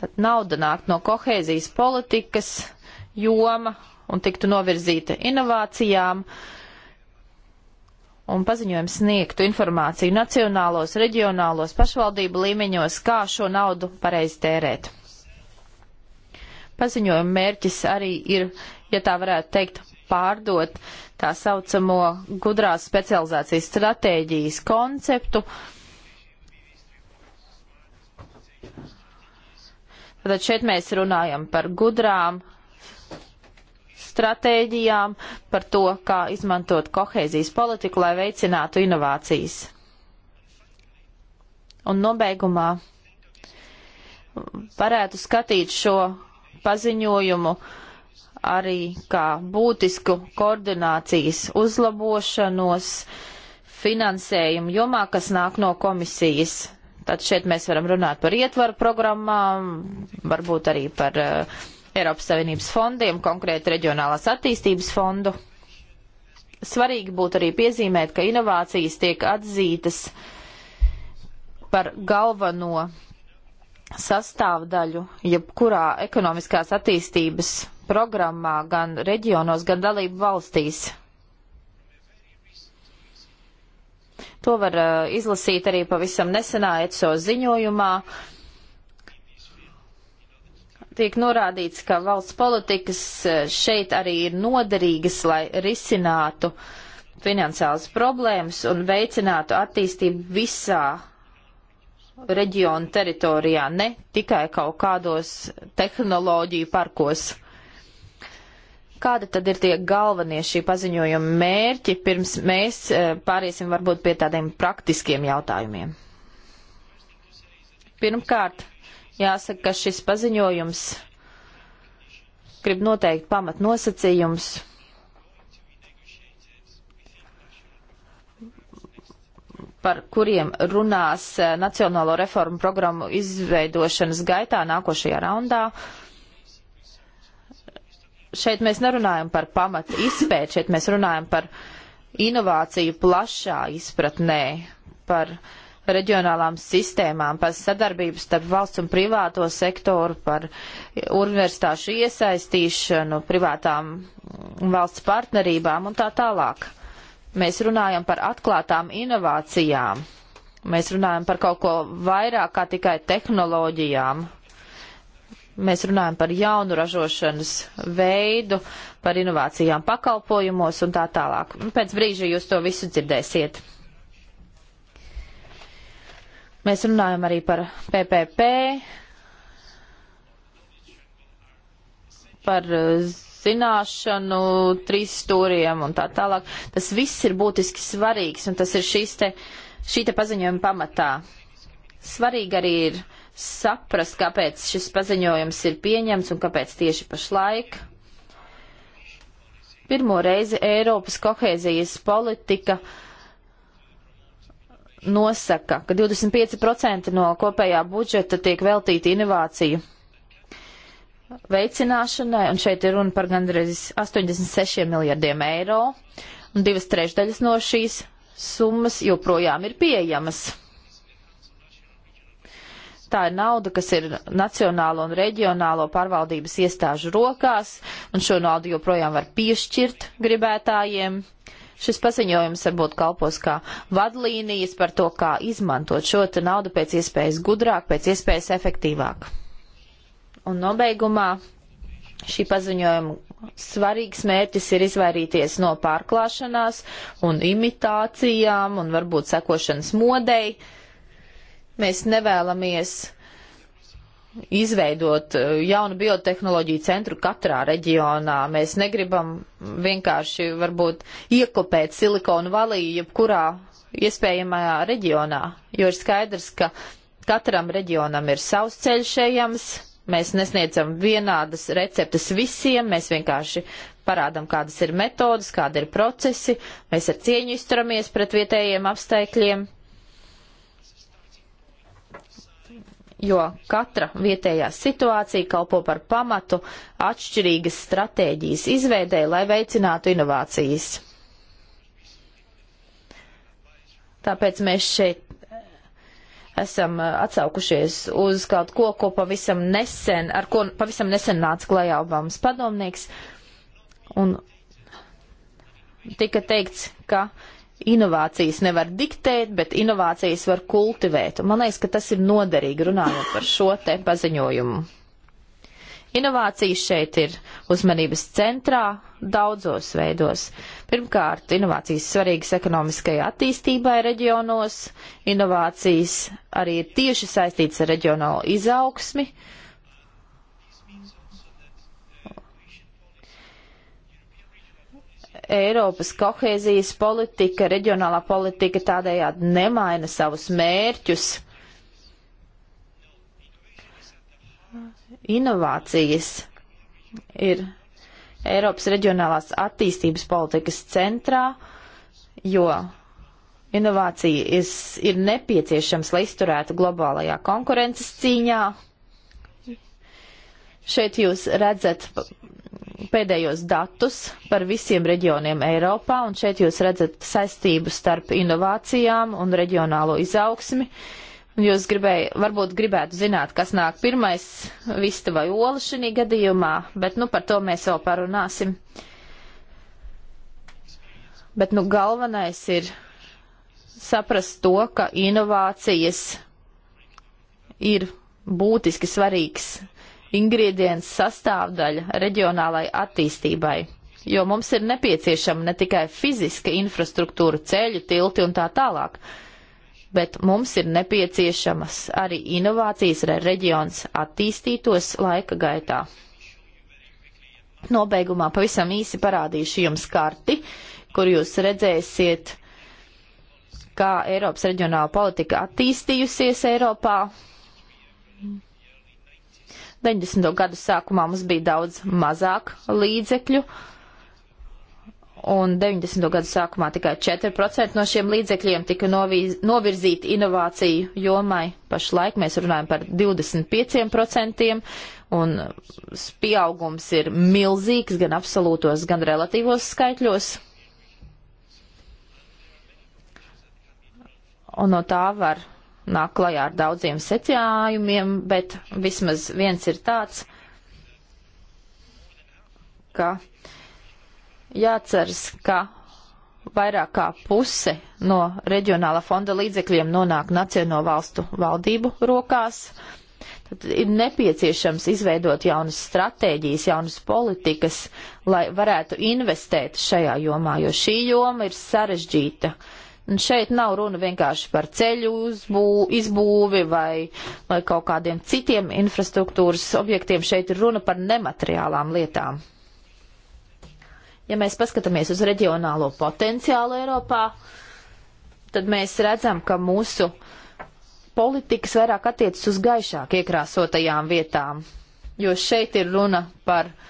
Tad nauda nāk no kohēzijas politikas joma un tiktu novirzīta inovācijām. Un paziņojums sniegtu informāciju nacionālos, reģionālos, pašvaldību līmeņos, kā šo naudu pareizi tērēt. Paziņojuma mērķis arī ir ja tā varētu teikt, pārdot tā saucamo gudrās specializācijas stratēģijas konceptu. Tad šeit mēs runājam par gudrām stratēģijām, par to, kā izmantot kohēzijas politiku, lai veicinātu inovācijas. Un nobeigumā varētu skatīt šo paziņojumu uh, arī kā būtisku koordinācijas uzlabošanos finansējumu jomā, kas nāk no komisijas. Tad šeit mēs varam runāt par ietvaru programmām, varbūt arī par uh, Eiropas Savienības fondiem, konkrēti reģionālās attīstības fondu. Svarīgi būtu arī piezīmēt, ka inovācijas tiek atzītas par galveno sastāvdaļu jebkurā ekonomiskās attīstības programmā, gan reģionos, gan dalību valstīs. To var uh, izlasīt arī pavisam nesenā ECO ziņojumā. Tiek norādīts, ka valsts politikas uh, šeit arī ir noderīgas, lai risinātu finansiālas problēmas un veicinātu attīstību visā reģiona teritorijā, ne tikai kaut kādos tehnoloģiju parkos. Kāda tad ir tie galvenie šī paziņojuma mērķi, pirms mēs eh, pāriesim varbūt pie tādiem praktiskiem jautājumiem? Pirmkārt, jāsaka, ka šis paziņojums grib noteikt pamat nosacījums. par kuriem runās eh, Nacionālo reformu programmu izveidošanas gaitā nākošajā raundā. Uh, šeit mēs nerunājam par pamatu izpēti, šeit mēs runājam par inovāciju plašā izpratnē, par reģionālām sistēmām, par sadarbību starp valsts un privāto sektoru, par universitāšu iesaistīšanu, privātām valsts partnerībām un tā tālāk. Mēs runājam par atklātām inovācijām. Mēs runājam par kaut ko vairāk kā tikai tehnoloģijām, Mēs runājam par jaunu ražošanas veidu, par inovācijām pakalpojumos un tā tālāk. Pēc brīža jūs to visu dzirdēsiet. Mēs runājam arī par PPP, par eh, zināšanu, trīs stūriem un tā tālāk. Tas viss ir būtiski svarīgs un tas ir šīs te, šī te paziņojuma pamatā. Svarīgi arī ir saprast, kāpēc šis paziņojums ir pieņemts un kāpēc tieši pašlaik. Pirmo reizi Eiropas kohēzijas politika nosaka, ka 25% no kopējā budžeta tiek veltīti inovāciju veicināšanai, un šeit ir runa par gandrīz 86 miljardiem eiro, un divas trešdaļas no šīs summas joprojām ir pieejamas. Tā ir nauda, kas ir nacionālo un reģionālo pārvaldības iestāžu rokās, un šo naudu joprojām var piešķirt gribētājiem. Šis paziņojums varbūt kalpos kā vadlīnijas par to, kā izmantot šo naudu pēc iespējas gudrāk, pēc iespējas efektīvāk. Un nobeigumā šī paziņojuma svarīgs mērķis ir izvairīties no pārklāšanās un imitācijām un varbūt sekošanas modei. Uh, Mēs nevēlamies izveidot uh, jaunu biotehnoloģiju centru katrā reģionā. Mēs negribam vienkārši varbūt iekopēt silikonu valīju jebkurā iespējamajā reģionā, jo ir skaidrs, ka katram reģionam ir savs ceļš ejams, mēs nesniedzam vienādas receptes visiem, mēs vienkārši parādam, kādas ir metodas, kādi ir procesi, mēs ar cieņu izturamies pret vietējiem apstākļiem. jo katra vietējā situācija kalpo par pamatu atšķirīgas stratēģijas izveidē, lai veicinātu inovācijas. Tāpēc mēs šeit eh, esam eh, atsaukušies uz kaut ko, ko pavisam nesen, ar ko pavisam nesen nāca klajā Obamas padomnieks. Un tika teikts, ka uh, inovācijas nevar diktēt, bet inovācijas var kultivēt. Un man liekas, ka tas ir noderīgi runājot par šo te paziņojumu. Inovācijas šeit ir uzmanības centrā daudzos veidos. Pirmkārt, inovācijas svarīgas ekonomiskajai attīstībai reģionos, inovācijas arī ir tieši saistītas ar reģionālo izaugsmi, uh, Eiropas kohēzijas politika, reģionālā politika tādējādi nemaina savus mērķus. Inovācijas ir Eiropas reģionālās attīstības politikas centrā, jo inovācija is, ir nepieciešams, lai izturētu globālajā konkurences cīņā. Šeit jūs redzat pēdējos datus par visiem reģioniem Eiropā, un šeit jūs redzat saistību starp inovācijām un reģionālo izaugsmi. Un jūs gribēj, varbūt gribētu zināt, kas nāk pirmais, vista vai ola šī gadījumā, bet nu par to mēs vēl parunāsim. Bet nu galvenais ir saprast to, ka inovācijas ir būtiski svarīgs ingredients sastāvdaļa reģionālai attīstībai, jo mums ir nepieciešama ne tikai fiziska infrastruktūra, ceļi, tilti un tā tālāk, bet mums ir nepieciešamas arī inovācijas, lai reģions attīstītos laika gaitā. Nobeigumā pavisam īsi parādīšu jums karti, kur jūs redzēsiet, kā Eiropas reģionāla politika attīstījusies Eiropā. 90. gadu sākumā mums bija daudz mazāk līdzekļu, un 90. gadu sākumā tikai 4% no šiem līdzekļiem tika novīz, novirzīti inovāciju jomai. Pašlaik mēs runājam par 25%, un pieaugums ir milzīgs gan absolūtos, gan relatīvos skaitļos. Un no tā var nāk klajā ar daudziem secinājumiem, bet vismaz viens ir tāds, ka jāceras, ka vairāk kā puse no reģionāla fonda līdzekļiem nonāk nacionālo valstu valdību rokās. Tad ir nepieciešams izveidot jaunas stratēģijas, jaunas politikas, lai varētu investēt šajā jomā, jo šī joma ir sarežģīta. Uh, Un šeit nav runa vienkārši par ceļu uzbū, izbūvi vai, vai kaut kādiem citiem infrastruktūras objektiem. Šeit ir runa par nemateriālām lietām. Ja mēs paskatāmies uz reģionālo potenciālu Eiropā, tad mēs redzam, ka mūsu politikas vairāk attiecas uz gaišāk iekrāsotajām vietām, jo šeit ir runa par uh,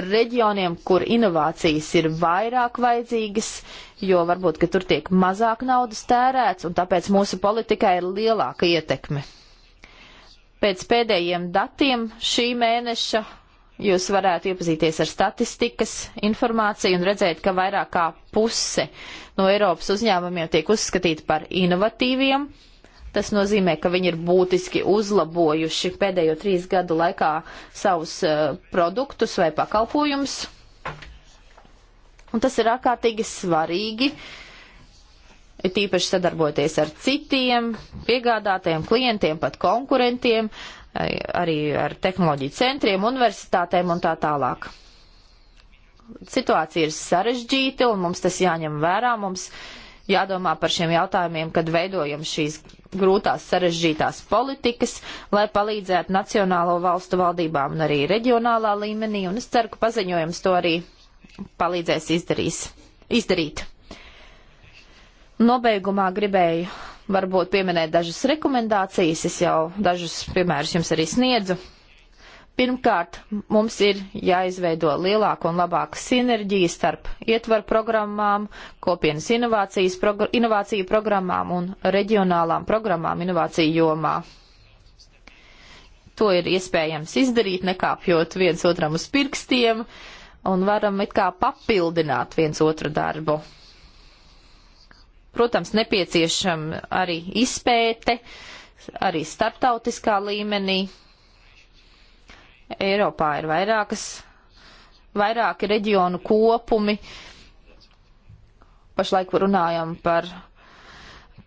reģioniem, kur inovācijas ir vairāk vajadzīgas, jo varbūt, ka tur tiek mazāk naudas tērēts, un tāpēc mūsu politikā ir lielāka ietekme. Pēc pēdējiem datiem šī mēneša jūs varētu iepazīties ar statistikas informāciju un redzēt, ka vairāk kā puse no Eiropas uzņēmumiem tiek uzskatīti par inovatīviem, Tas nozīmē, ka viņi ir būtiski uzlabojuši pēdējo trīs gadu laikā savus eh, produktus vai pakalpojumus. Un tas ir ārkārtīgi svarīgi, ir tīpaši sadarboties ar citiem piegādātajiem klientiem, pat konkurentiem, arī ar tehnoloģiju centriem, universitātēm un tā tālāk. Situācija ir sarežģīta un mums tas jāņem vērā. Mums uh, jādomā par šiem jautājumiem, kad veidojam šīs grūtās sarežģītās politikas, lai palīdzētu nacionālo valstu valdībām un arī reģionālā līmenī, un es ceru, ka paziņojums to arī palīdzēs izdarīs, izdarīt. Nobeigumā gribēju varbūt pieminēt dažas rekomendācijas, es jau dažus piemērus jums arī sniedzu. Pirmkārt, mums ir jāizveido lielāka un labāka sinerģija starp ietvaru programmām, kopienas inovācijas progr inovāciju programmām un reģionālām programmām inovāciju jomā. To ir iespējams izdarīt, nekāpjot viens otram uz pirkstiem un varam it kā papildināt viens otru darbu. Protams, nepieciešama arī izpēte, arī starptautiskā līmenī, Eiropā ir vairākas, vairāki reģionu kopumi. Pašlaik runājam par,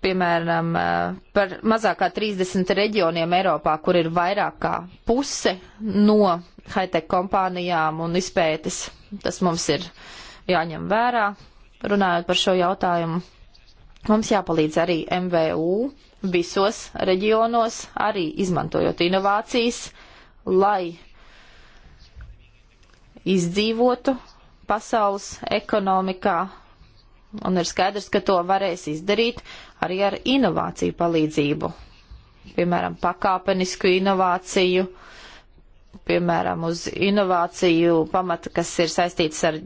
piemēram, eh, par mazākā 30 reģioniem Eiropā, kur ir vairāk kā puse no high-tech kompānijām un izpētes. Tas mums ir jāņem vērā, runājot par šo jautājumu. Mums jāpalīdz arī MVU visos reģionos, arī izmantojot inovācijas, lai izdzīvotu pasaules ekonomikā, un ir skaidrs, ka to varēs izdarīt arī ar inovāciju palīdzību, piemēram, pakāpenisku inovāciju, piemēram, uz inovāciju pamata, kas ir saistīts ar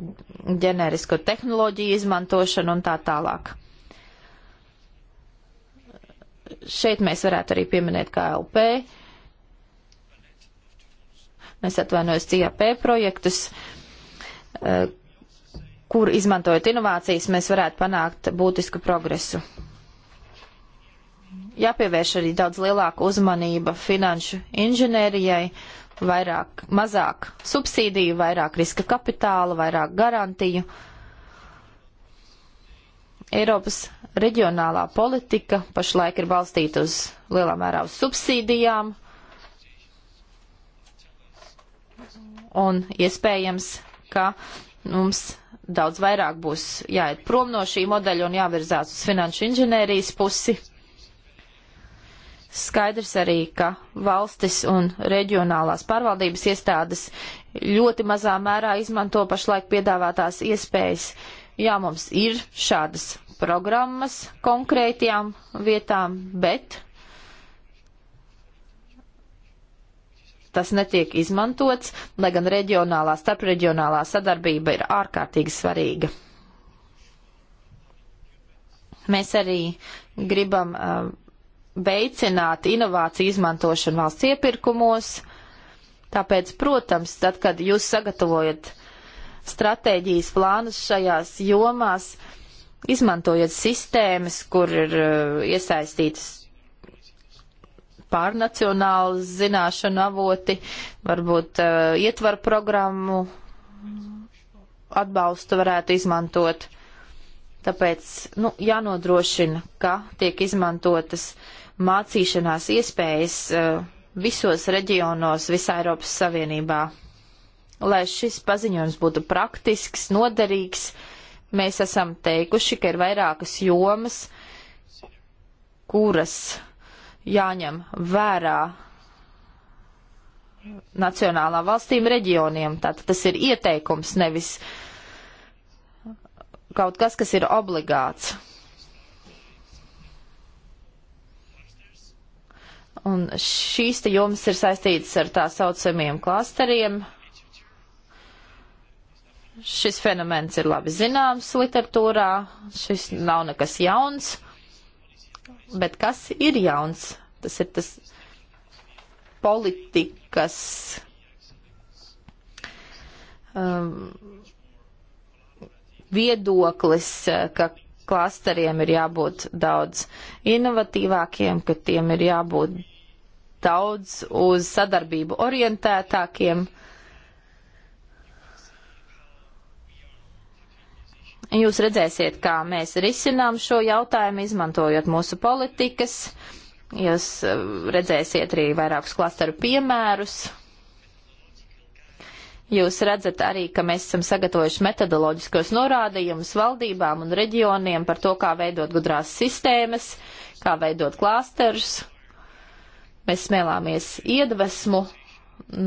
ģenerisko tehnoloģiju izmantošanu un tā tālāk. Šeit mēs varētu arī pieminēt KLP, es atvainojos CAP projektus, eh, kur izmantojot inovācijas, mēs varētu panākt būtisku progresu. Jāpievērš arī daudz lielāka uzmanība finanšu inženērijai, vairāk, mazāk subsīdiju, vairāk riska kapitāla, vairāk garantiju. Eiropas reģionālā politika pašlaik ir balstīta uz lielā mērā uz subsīdijām, uh, un iespējams, ka mums daudz vairāk būs jāiet prom no šī modeļa un jāvirzās uz finanšu inženērijas pusi. Skaidrs arī, ka valstis un reģionālās pārvaldības iestādes ļoti mazā mērā izmanto pašlaik piedāvātās iespējas. Jā, mums ir šādas programmas konkrētajām vietām, bet tas netiek izmantots, lai gan reģionālā, starpreģionālā sadarbība ir ārkārtīgi svarīga. Mēs arī gribam uh, veicināt uh, inovāciju izmantošanu valsts iepirkumos, tāpēc, protams, tad, kad jūs sagatavojat stratēģijas plānus šajās jomās, izmantojot sistēmas, kur ir uh, iesaistītas pārnacionāli zināšanu avoti, varbūt uh, ietvaru programmu atbalstu varētu izmantot. Tāpēc nu, jānodrošina, ka tiek izmantotas mācīšanās iespējas uh, visos reģionos visā Eiropas Savienībā. Lai šis paziņojums būtu praktisks, noderīgs, mēs esam teikuši, ka ir vairākas jomas, kuras jāņem vērā nacionālām valstīm, reģioniem. Tātad tas ir ieteikums, nevis kaut kas, kas ir obligāts. Un šīs te jomas ir saistītas ar tā saucamiem klasteriem. Šis fenomens ir labi zināms literatūrā, šis nav nekas jauns. Bet kas ir jauns? Tas ir tas politikas. Um, viedoklis, ka klasteriem ir jābūt daudz inovatīvākiem, ka tiem ir jābūt daudz uz sadarbību orientētākiem. Uh, Jūs redzēsiet, kā mēs risinām šo jautājumu, izmantojot mūsu politikas. Jūs eh, redzēsiet arī vairākus klasteru piemērus. Jūs redzat arī, ka mēs esam sagatavojuši metodoloģiskos norādījumus valdībām un reģioniem par to, kā veidot gudrās sistēmas, kā veidot klasterus. Mēs smēlāmies iedvesmu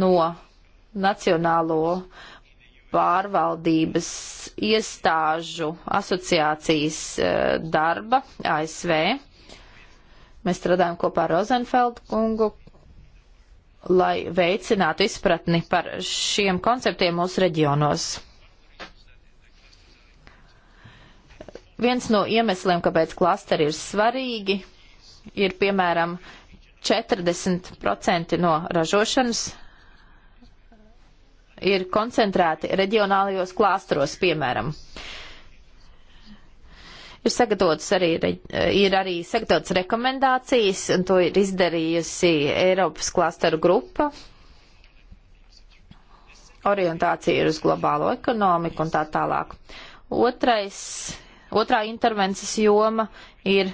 no nacionālo uh, pārvaldības iestāžu asociācijas e, darba ASV. Mēs strādājam kopā ar Rozenfeldu kungu, lai veicinātu izpratni par šiem konceptiem mūsu reģionos. Viens no iemesliem, kāpēc klasteri ir svarīgi, ir piemēram 40% no ražošanas ir koncentrēti reģionālajos klāstros, piemēram. Ir, sagatavots arī, ir arī sagatavots rekomendācijas, un to ir izdarījusi Eiropas klāstaru grupa. Orientācija ir uz globālo ekonomiku un tā tālāk. Otrais, otrā intervences joma ir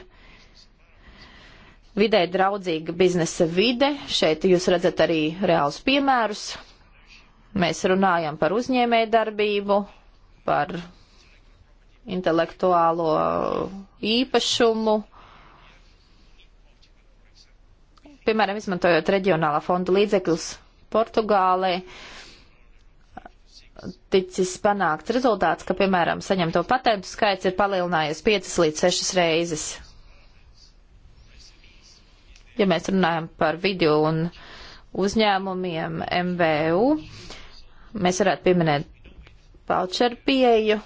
vidē draudzīga biznesa vide. Šeit jūs redzat arī reālus piemērus. Mēs runājam par uzņēmēju darbību, par intelektuālo īpašumu. Piemēram, izmantojot reģionālā fonda līdzekļus Portugālē, ticis panākts rezultāts, ka, piemēram, saņemto patentu skaits ir palielinājies 5 līdz 6 reizes. Ja mēs runājam par video un uzņēmumiem MVU, uh, Mēs varētu pieminēt paučeru pieeju.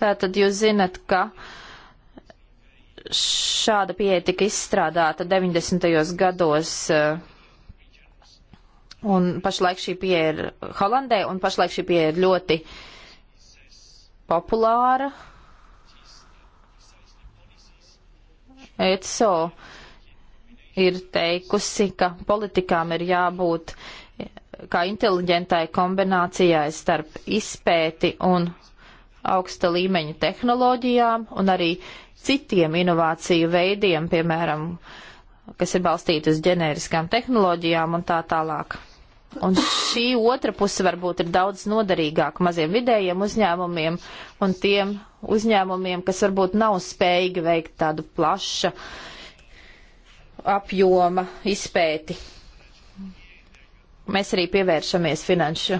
Tātad jūs zinat, ka šāda pieeja tika izstrādāta 90. gados. Eh, un pašlaik šī pieeja ir Holandē, un pašlaik šī pieeja ir ļoti populāra. ECO ir teikusi, ka politikām ir jābūt uh, kā inteliģentai kombinācijai starp izpēti un augsta līmeņa tehnoloģijām un arī citiem inovāciju veidiem, piemēram, kas ir balstīti uz ģenēriskām tehnoloģijām un tā tālāk. Un šī otra puse varbūt ir daudz noderīgāka maziem vidējiem uzņēmumiem un tiem uzņēmumiem, kas varbūt nav spējīgi veikt tādu plaša apjoma izpēti. Mēs arī pievēršamies finanšu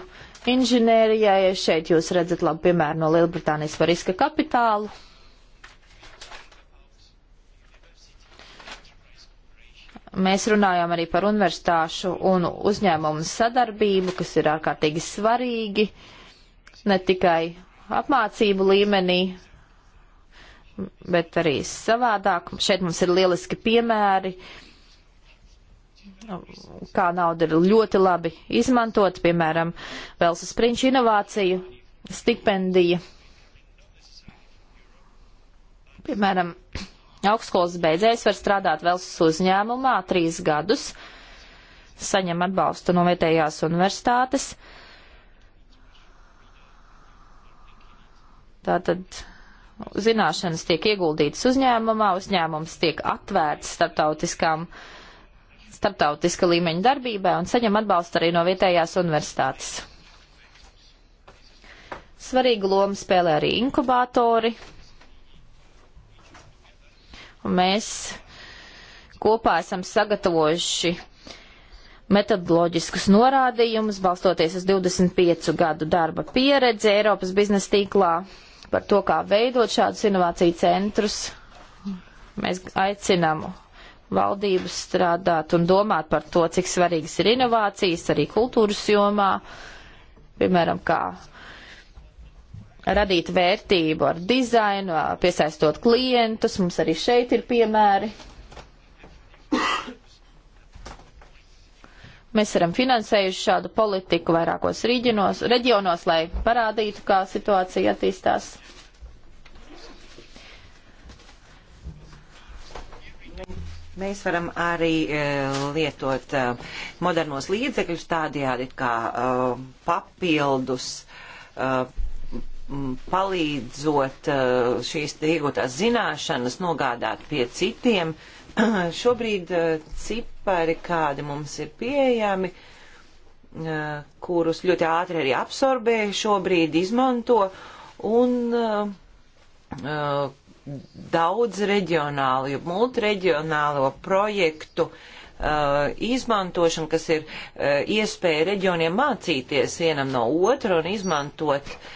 inženērijai. Šeit jūs redzat labu piemēru no Lielbritānijas par riska kapitālu. Mēs runājām arī par universitāšu un uzņēmumu sadarbību, kas ir ārkārtīgi svarīgi ne tikai apmācību līmenī, bet arī savādāk. Šeit mums ir lieliski piemēri. Uh, kā nauda ir ļoti labi izmantot, piemēram, Velsas prinča inovāciju, stipendija. Piemēram, augstskolas beidzējs var strādāt Velsas uzņēmumā trīs gadus, saņem atbalstu no vietējās universitātes. Tātad zināšanas tiek ieguldītas uzņēmumā, uzņēmums tiek atvērts starptautiskām uh, starptautiska līmeņa darbībā un saņem atbalstu arī no vietējās universitātes. Svarīgu lomu spēlē arī inkubātori. Un mēs kopā esam sagatavojuši metodoloģiskus norādījumus, balstoties uz 25 gadu darba pieredzi Eiropas biznesa tīklā par to, kā veidot šādus inovāciju centrus. Mēs aicinām valdības strādāt un domāt par to, cik svarīgas ir inovācijas arī kultūras jomā, piemēram, kā radīt vērtību ar dizainu, piesaistot klientus, mums arī šeit ir piemēri. Mēs esam finansējuši šādu politiku vairākos reģionos, reģionos lai parādītu, kā situācija attīstās. Mēs varam arī e, lietot e, modernos līdzekļus tādējādi kā e, papildus palīdzot šīs iegūtās zināšanas nogādāt pie citiem. Šobrīd cipari, kādi mums ir pieejami, kurus ļoti ātri arī absorbē, šobrīd izmanto un daudz reģionālu, multireģionālo projektu uh, izmantošanu, kas ir uh, iespēja reģioniem mācīties vienam no otra un izmantot uh,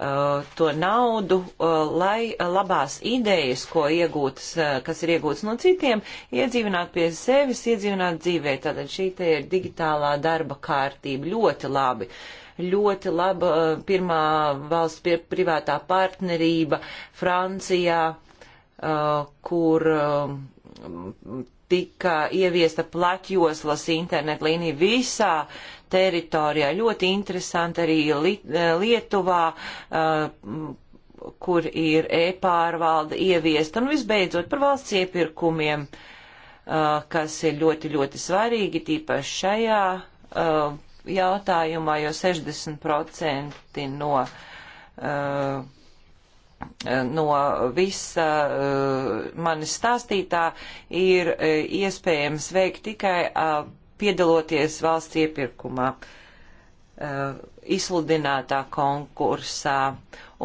Uh, to naudu, uh, lai uh, labās idejas, ko iegūtas, kas ir iegūtas no citiem, iedzīvināt pie sevis, iedzīvināt dzīvē. Tātad šī te ir digitālā darba kārtība ļoti labi. Ļoti laba pirmā valsts privātā partnerība Francijā, kur tika ieviesta plaķoslas internetlīnija visā uh, teritorijā. Ļoti interesanti arī eh, Lietuvā, eh, kur ir e-pārvalde ieviesta. Un visbeidzot par valsts iepirkumiem, eh, kas ir ļoti, ļoti svarīgi, tīpaši šajā jautājumā, jo 60% no no visa manis stāstītā ir iespējams veikt tikai piedaloties valsts iepirkumā, uh, izsludinātā konkursā.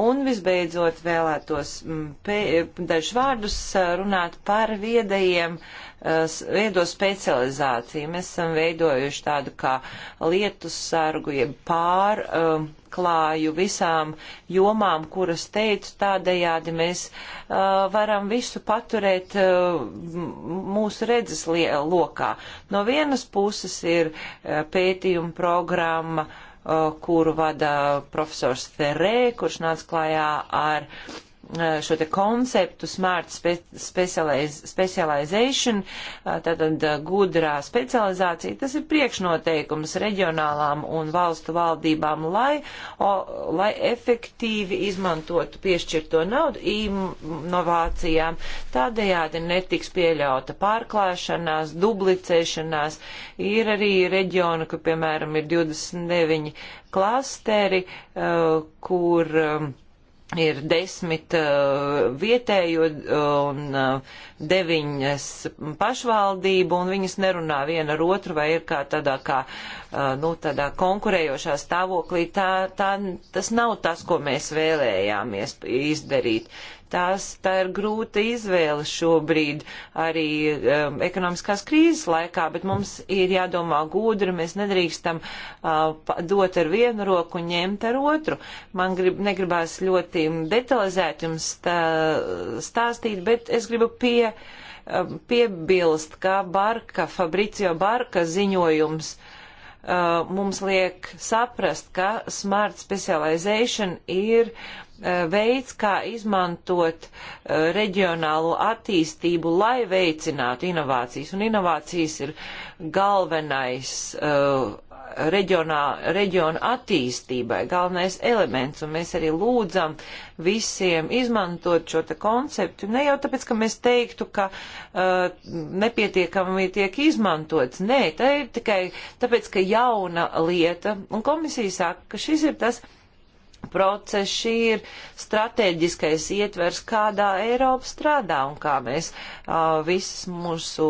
Un visbeidzot vēlētos mm, dažus vārdus eh, runāt par viedajiem uh, veido specializāciju. Mēs esam veidojuši tādu kā lietu sargu, jeb pārklāju um, visām jomām, kuras teicu, tādējādi mēs uh, varam visu paturēt uh, mūsu redzes lokā. No vienas puses ir uh, pētījuma programma, uh, kuru vada profesors Ferē, kurš nāca klājā ar uh, Eh, šo te konceptu smart spe, specializ, specialization, eh, tātad eh, gudrā specializācija, tas ir priekšnoteikums reģionālām un valstu valdībām, lai, o, lai efektīvi izmantotu piešķirto naudu inovācijām. Tādējādi netiks pieļauta pārklāšanās, dublicēšanās. Ir arī reģiona, kur, piemēram, ir 29 klasteri, kur ir desmit uh, vietējo un uh, deviņas pašvaldību, un viņas nerunā viena ar otru vai ir kā tādā kā, uh, nu, tādā konkurējošā stāvoklī. Tā, tā, tas nav tas, ko mēs vēlējāmies izdarīt. Tās, tā ir grūta izvēle šobrīd arī um, ekonomiskās krīzes laikā, bet mums ir jādomā gudri, mēs nedrīkstam uh, dot ar vienu roku un ņemt ar otru. Man grib, negribās ļoti detalizēt jums tā, stāstīt, bet es gribu pie um, piebilst, ka Barka, Fabricio Barka ziņojums uh, mums liek saprast, ka smart specialization ir uh, Eh, veids, kā izmantot eh, reģionālo attīstību, lai veicinātu inovācijas. Un inovācijas ir galvenais eh, reģionā, reģiona attīstībai, galvenais elements, un mēs arī lūdzam visiem izmantot šo te konceptu, ne jau tāpēc, ka mēs teiktu, ka uh, nepietiekami tiek izmantots, nē, tā ir tikai tāpēc, ka jauna lieta, un komisija saka, ka šis ir tas process, šī ir strateģiskais ietvers, kādā Eiropa strādā un kā mēs uh, visas mūsu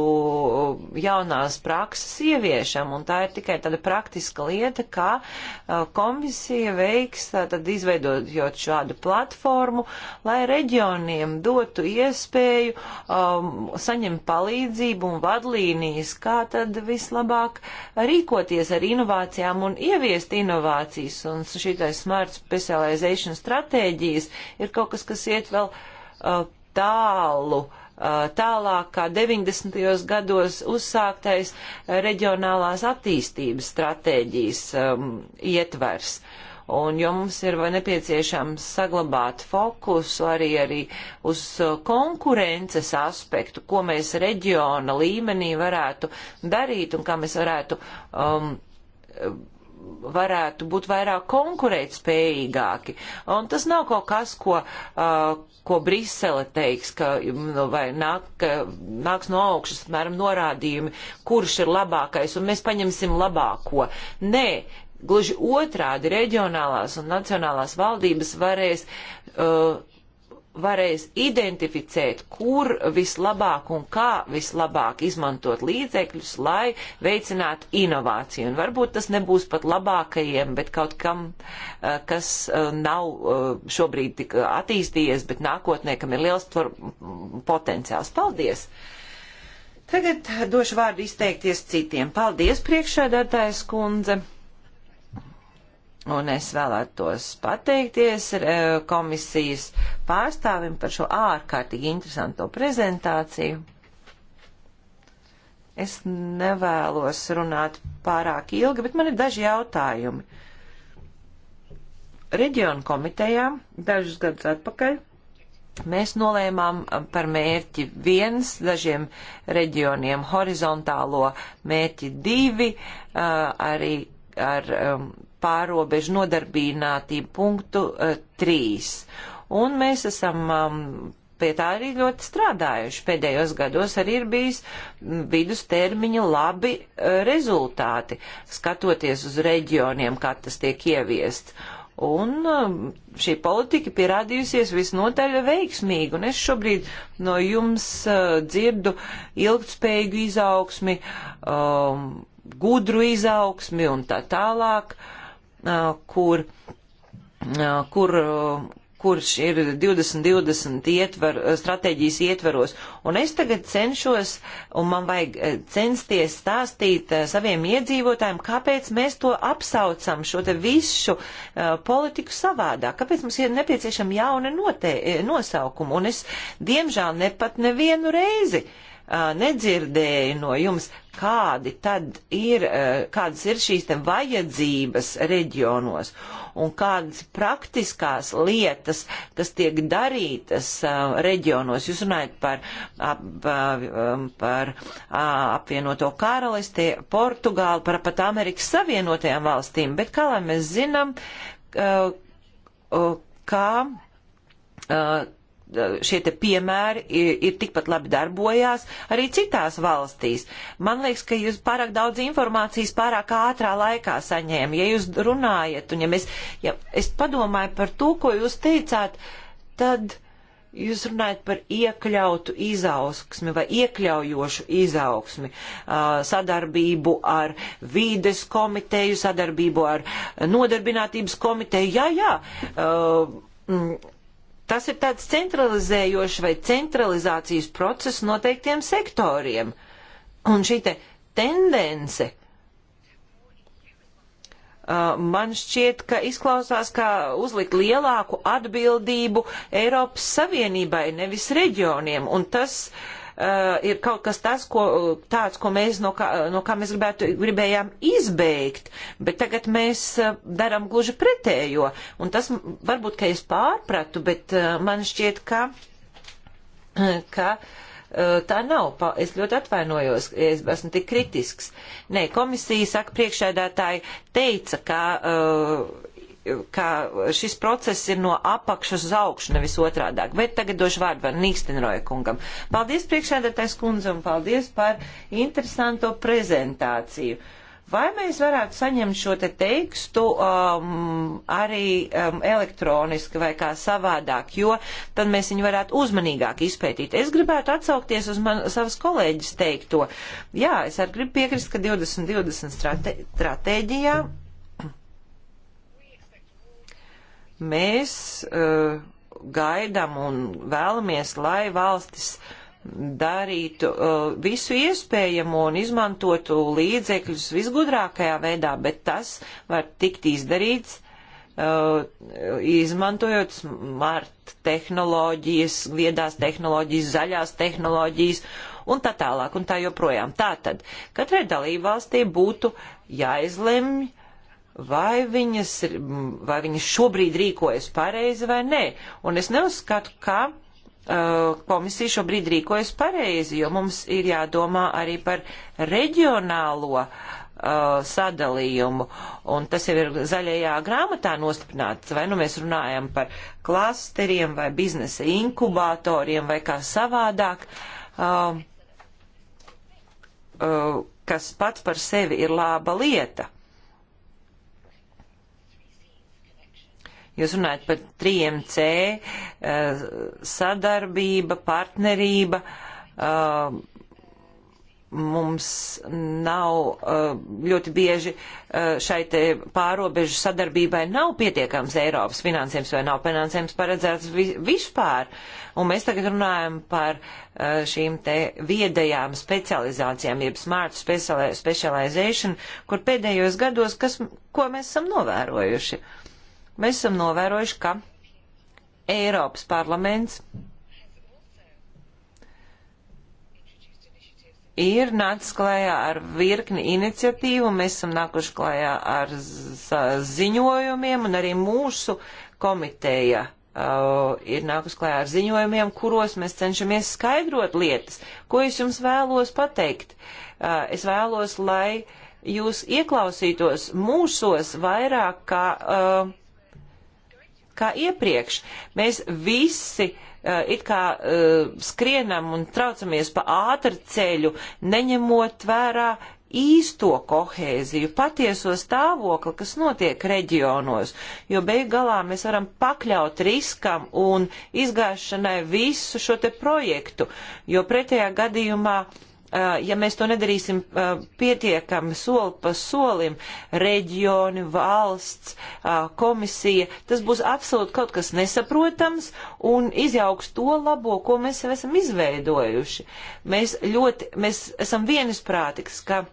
jaunās prakses ieviešam. Un tā ir tikai tāda praktiska lieta, kā uh, komisija veiks, uh, tad izveidojot šādu platformu, lai reģioniem dotu iespēju um, saņemt palīdzību un vadlīnijas, kā tad vislabāk rīkoties ar inovācijām un ieviest inovācijas. Un šitais smērts pēc specializēšanas stratēģijas ir kaut kas, kas iet vēl uh, tālu. Uh, tālāk kā 90. gados uzsāktais reģionālās attīstības stratēģijas um, ietvers. Un jo mums ir nepieciešams saglabāt fokusu arī, arī uz uh, konkurences aspektu, ko mēs reģiona līmenī varētu darīt un kā mēs varētu um, varētu būt vairāk konkurētspējīgāki. Un tas nav kaut kas, ko, uh, ko Brisele teiks, ka, nu, vai nāk, ka nāks no augšas, piemēram, norādījumi, kurš ir labākais, un mēs paņemsim labāko. Nē, gluži otrādi reģionālās un nacionālās valdības varēs. Uh, varēs identificēt, kur vislabāk un kā vislabāk izmantot līdzekļus, lai veicinātu inovāciju. Un varbūt tas nebūs pat labākajiem, bet kaut kam, eh, kas eh, nav eh, šobrīd tik attīstījies, bet nākotnē, kam ir liels potenciāls. Paldies! Tagad došu vārdu izteikties citiem. Paldies, priekšēdētājs kundze! Un es vēlētos pateikties eh, komisijas pārstāvim par šo ārkārtīgi interesanto prezentāciju. Es nevēlos runāt pārāk ilgi, bet man ir daži jautājumi. Reģionu komitejā dažus gadus atpakaļ mēs nolēmām eh, par mērķi viens dažiem reģioniem horizontālo mērķi divi, eh, arī ar um, pārobežu nodarbinātību punktu 3. Eh, un mēs esam um, pie tā arī ļoti strādājuši. Pēdējos gados arī ir bijis mm, vidustermiņa labi eh, rezultāti, skatoties uz reģioniem, kā tas tiek ieviests. Un um, šī politika pierādījusies visnotaļ veiksmīgi, un es šobrīd no jums uh, dzirdu ilgtspējīgu izaugsmi, um, gudru izaugsmi un tā tālāk. Uh, kur, kur kurš ir 2020 ietver, stratēģijas ietveros. Un es tagad cenšos, un man vajag censties stāstīt saviem iedzīvotājiem, kāpēc mēs to apsaucam, šo te visu uh, politiku savādāk, kāpēc mums ir nepieciešama jauna note, nosaukuma. Un es, diemžēl, ne pat nevienu reizi uh, nedzirdēju no jums, kādi tad ir, eh, kādas ir šīs te vajadzības reģionos un kādas praktiskās lietas, kas tiek darītas eh, reģionos. Jūs runājat par, ap, eh, um, par apvienoto karalisti, Portugāli, par pat Amerikas Savienotajām valstīm, bet kā lai mēs zinām, kā šie te piemēri ir, ir tikpat labi darbojās arī citās valstīs. Man liekas, ka jūs pārāk daudz informācijas pārāk ātrā laikā saņēma. Ja jūs runājat, un ja, mēs, ja es padomāju par to, ko jūs teicāt, tad jūs runājat par iekļautu izaugsmi vai iekļaujošu izaugsmi, sadarbību ar vīdes komiteju, sadarbību ar nodarbinātības komiteju. Jā, jā Tas ir tāds centralizējošs vai centralizācijas process noteiktiem sektoriem. Un šī te tendence uh, man šķiet, ka izklausās, kā uzlikt lielāku atbildību Eiropas Savienībai, nevis reģioniem. Un tas uh, uh, ir kaut kas tas, ko, tāds, ko mēs, no kā, no kā mēs gribētu, gribējām izbeigt, bet tagad mēs uh, daram gluži pretējo. Un tas varbūt, ka es pārpratu, bet uh, man šķiet, ka. Uh, ka uh, tā nav. Es ļoti atvainojos, es esmu tik kritisks. Nē, komisija saka, priekšēdētāji teica, ka uh, ka šis process ir no apakšas uz augšu, nevis otrādāk. Bet tagad došu vārdu var Nīkstenroja kungam. Paldies priekšēdētais kundze un paldies par interesanto prezentāciju. Vai mēs varētu saņemt šo te tekstu um, arī um, elektroniski vai kā savādāk, jo tad mēs viņu varētu uzmanīgāk izpētīt. Es gribētu atsaukties uz man, savas kolēģis teikto. Jā, es arī gribu piekrist, ka 2020 stratē, stratēģijā. Mm Mēs uh, gaidām un vēlamies, lai valstis darītu uh, visu iespējamo un izmantotu līdzekļus visgudrākajā veidā, bet tas var tikt izdarīts Uh, izmantojot smart tehnoloģijas, viedās tehnoloģijas, zaļās tehnoloģijas un tā tālāk un tā joprojām. Tātad katrai dalībvalstī būtu jāizlemj, vai viņas, vai viņas šobrīd rīkojas pareizi vai nē. Un es neuzskatu, ka uh, komisija šobrīd rīkojas pareizi, jo mums ir jādomā arī par reģionālo uh, sadalījumu, un tas jau ir zaļajā grāmatā nostiprināts, vai nu mēs runājam par klasteriem vai biznesa inkubatoriem vai kā savādāk. Uh, uh kas pats par sevi ir laba lieta. Jūs runājat par 3C eh, sadarbība, partnerība. Eh, mums nav eh, ļoti bieži šai pārobežu sadarbībai nav pietiekams Eiropas finansējums vai nav finansējums paredzēts vispār. Un mēs tagad runājam par šīm te viedajām specializācijām, jeb smart specialization, kur pēdējos gados, kas, ko mēs esam novērojuši. Uh, mēs esam novērojuši, ka Eiropas parlaments ir nācis klājā ar virkni iniciatīvu, mēs esam nākuši klājā ar ziņojumiem, un arī mūsu komiteja uh, ir nākusi klājā ar ziņojumiem, kuros mēs cenšamies skaidrot lietas. Ko es jums vēlos pateikt? Uh, es vēlos, lai jūs ieklausītos mūsos vairāk kā. Uh, kā iepriekš. Mēs visi uh, it kā uh, skrienam un traucamies pa ātru ceļu, neņemot vērā īsto kohēziju, patieso stāvokli, kas notiek reģionos, jo beigu galā mēs varam pakļaut riskam un izgāšanai visu šo te projektu, jo pretējā gadījumā uh, Eh, ja mēs to nedarīsim eh, pietiekami soli pa solim, reģioni, valsts, eh, komisija, tas būs absolūti kaut kas nesaprotams un izjauks to labo, ko mēs jau esam izveidojuši. Mēs ļoti, mēs esam vienisprātīgs, ka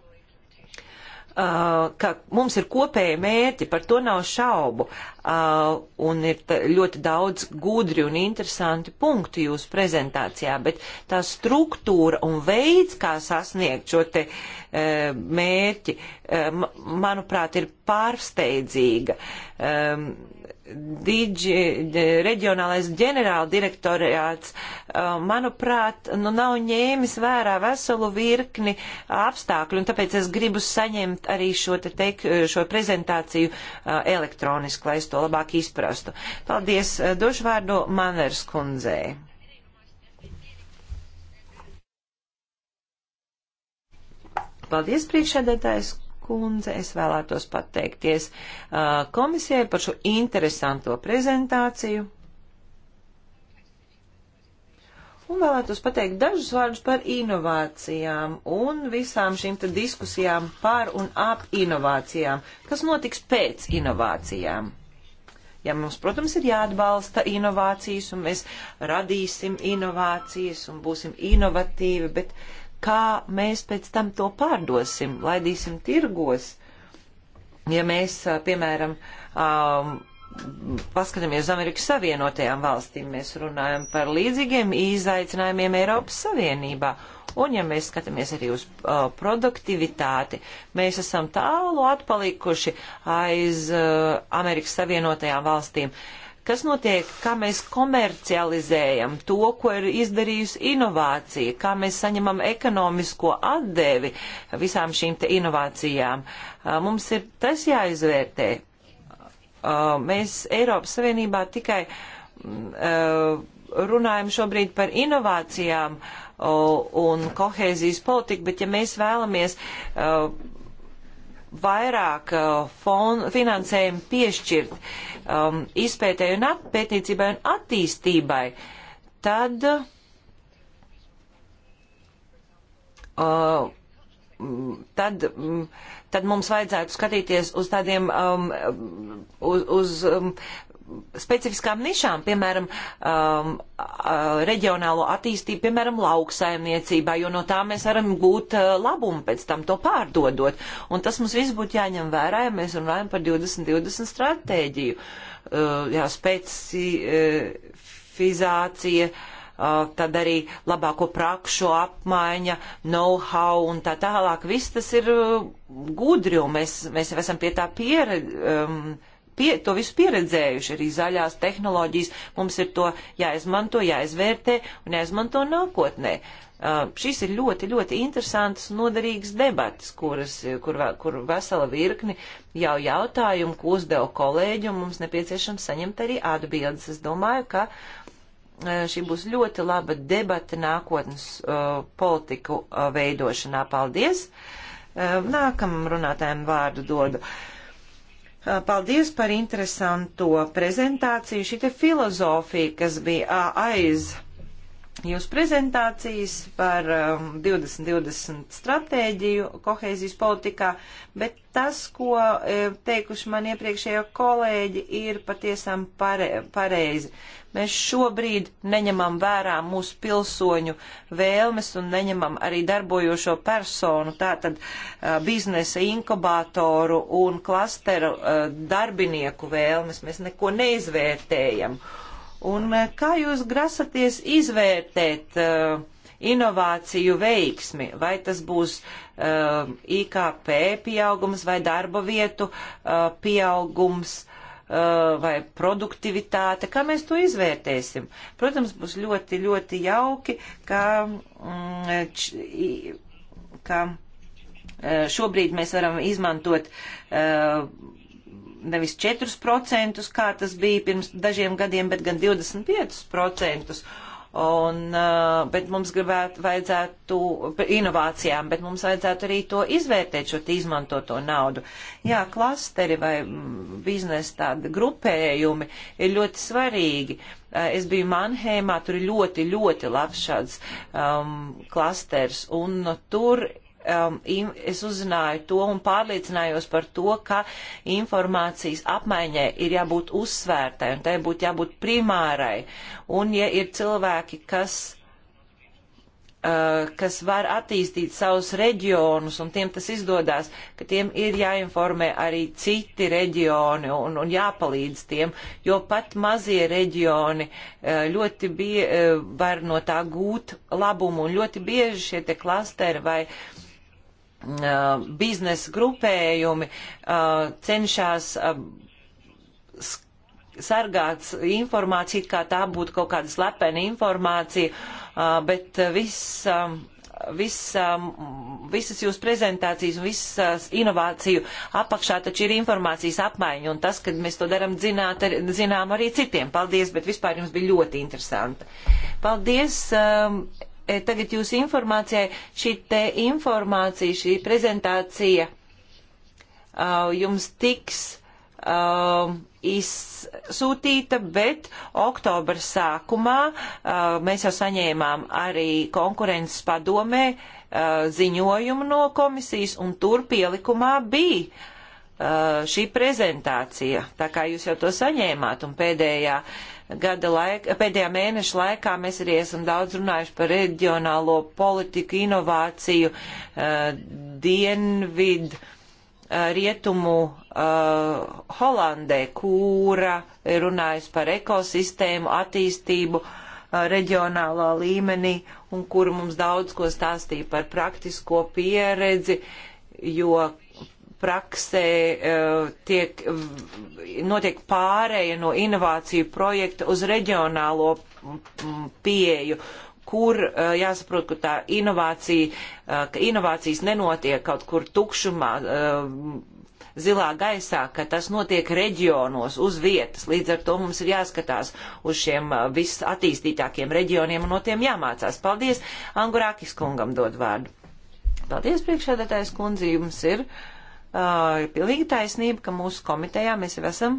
Uh, ka mums ir kopēji mērķi, par to nav šaubu, uh, un ir ļoti daudz gudri un interesanti punkti jūsu prezentācijā, bet tā struktūra un veids, kā sasniegt šo te uh, mērķi, manuprāt, ir pārsteidzīga. Um, Digi, reģionālais ģenerāldirektorāts, uh, manuprāt, nu, nav ņēmis vērā veselu virkni apstākļu, un tāpēc es gribu saņemt arī šo, te teik, šo prezentāciju uh, elektroniski, lai es to labāk izprastu. Paldies, uh, došu vārdu Manvers kundzei. Paldies, priekšēdētājs kundze, es vēlētos pateikties uh, komisijai par šo interesanto prezentāciju. Un vēlētos pateikt dažus vārdus par inovācijām un visām šīm diskusijām par un ap inovācijām. Kas notiks pēc inovācijām? Ja mums, protams, ir jāatbalsta inovācijas un mēs radīsim inovācijas un būsim inovatīvi, bet uh, kā mēs pēc tam to pārdosim, laidīsim tirgos. Ja mēs, piemēram, um, paskatāmies uz Amerikas Savienotajām valstīm, mēs runājam par līdzīgiem izaicinājumiem Eiropas Savienībā. Un, ja mēs skatāmies arī uz uh, produktivitāti, mēs esam tālu atpalikuši aiz uh, Amerikas Savienotajām valstīm. Uh, Kas notiek, kā mēs komercializējam to, ko ir izdarījusi inovācija, kā mēs saņemam ekonomisko atdevi visām šīm te inovācijām. Mums ir tas jāizvērtē. Mēs Eiropas Savienībā tikai runājam šobrīd par inovācijām un kohēzijas politiku, bet ja mēs vēlamies vairāk uh, fon, finansējumu piešķirt um, izpētēju un pētniecībai un attīstībai, tad uh, tad, tad mums vajadzētu skatīties uz tādiem, um, uz, uz um, specifiskām nišām, piemēram, um, reģionālo attīstību, piemēram, lauksaimniecībā, jo no tā mēs varam gūt uh, labumu pēc tam to pārdodot. Un tas mums viss būtu jāņem vērā, ja mēs runājam par 2020 stratēģiju. Uh, jā, specifizācija, uh, uh, tad arī labāko prakšu apmaiņa, know-how un tā tālāk. Viss tas ir uh, gudri, un mēs, mēs jau esam pie tā pieredzi. Um, pie, to visu pieredzējuši, arī zaļās tehnoloģijas. Mums ir to jāizmanto, jāizvērtē un jāizmanto nākotnē. Uh, šis ir ļoti, ļoti interesants un noderīgs debats, kuras, kur, kur vesela virkni jau jautājumu, ko uzdeva kolēģi, un mums nepieciešams saņemt arī atbildes. Es domāju, ka uh, šī būs ļoti laba debata nākotnes uh, politiku uh, veidošanā. Paldies! Uh, nākamam runātājiem vārdu dodu. Uh, Eh, paldies par interesanto prezentāciju. Šī te filozofija, kas bija aiz jūsu prezentācijas par um, 2020 stratēģiju kohēzijas politikā, bet tas, ko e, teikuši man iepriekšējo kolēģi, ir patiesām pare, pareizi. Mēs šobrīd neņemam vērā mūsu pilsoņu vēlmes un neņemam arī darbojošo personu, tātad uh, biznesa inkubātoru un klasteru uh, e, darbinieku vēlmes. Mēs neko neizvērtējam. Uh, Un eh, kā jūs grasaties izvērtēt uh, inovāciju veiksmi, vai tas būs uh, eh, IKP pieaugums vai darba vietu uh, pieaugums uh, vai produktivitāte, kā mēs to izvērtēsim. Protams, būs ļoti, ļoti jauki, ka, mm, č, ka šobrīd mēs varam izmantot uh, nevis 4%, kā tas bija pirms dažiem gadiem, bet gan 25%. Un, uh, bet mums gribētu, vajadzētu inovācijām, bet mums vajadzētu arī to izvērtēt, šo izmantoto naudu. Jā, klasteri vai mm, biznesa tādi grupējumi ir ļoti svarīgi. Uh, es biju Manheimā, tur ir ļoti, ļoti labs šāds um, klasters, un tur um, es uzzināju to un pārliecinājos par to, ka informācijas apmaiņai ir jābūt uzsvērtai un tai būtu jābūt primārai. Un ja ir cilvēki, kas, uh, kas var attīstīt savus reģionus un tiem tas izdodās, ka tiem ir jāinformē arī citi reģioni un, un jāpalīdz tiem, jo pat mazie reģioni uh, ļoti bie, uh, var no tā gūt labumu un ļoti bieži šie te klasteri vai uh, biznesa grupējumi cenšas sargāt informāciju, kā tā būtu kaut kāda slepena informācija, bet viss vis, visas jūsu prezentācijas un visas inovāciju apakšā taču ir informācijas apmaiņa un tas, kad mēs to daram zināt, ar, zinām arī citiem. Paldies, bet vispār jums bija ļoti interesanti. Paldies. E, tagad jūsu informācijai šī te informācija, šī prezentācija jums tiks izsūtīta, bet oktobra sākumā mēs jau saņēmām arī konkurences padomē ziņojumu no komisijas, un tur pielikumā bija šī prezentācija. Tā kā jūs jau to saņēmāt, un pēdējā uh, gada laikā, pēdējā mēneša laikā mēs arī esam daudz runājuši par reģionālo politiku, inovāciju, uh, eh, dienvidu, uh, eh, rietumu uh, Holandē, kura runājusi par ekosistēmu, attīstību reģionālā līmenī un kur mums daudz ko stāstīja par praktisko pieredzi, jo praksē eh, tiek, notiek pārēja no inovāciju projekta uz reģionālo pieju, kur eh, jāsaprot, ka tā inovācija, eh, ka inovācijas nenotiek kaut kur tukšumā, zilā gaisā, ka tas notiek reģionos uz vietas. Līdz ar to mums ir jāskatās uz šiem visattīstītākiem reģioniem un no tiem jāmācās. Paldies! Angurākis kungam dod vārdu. Paldies, priekšādātājs kundze, jums ir. Uh, Ah, ir pilnīgi taisnība, ka mūsu komitejā mēs jau esam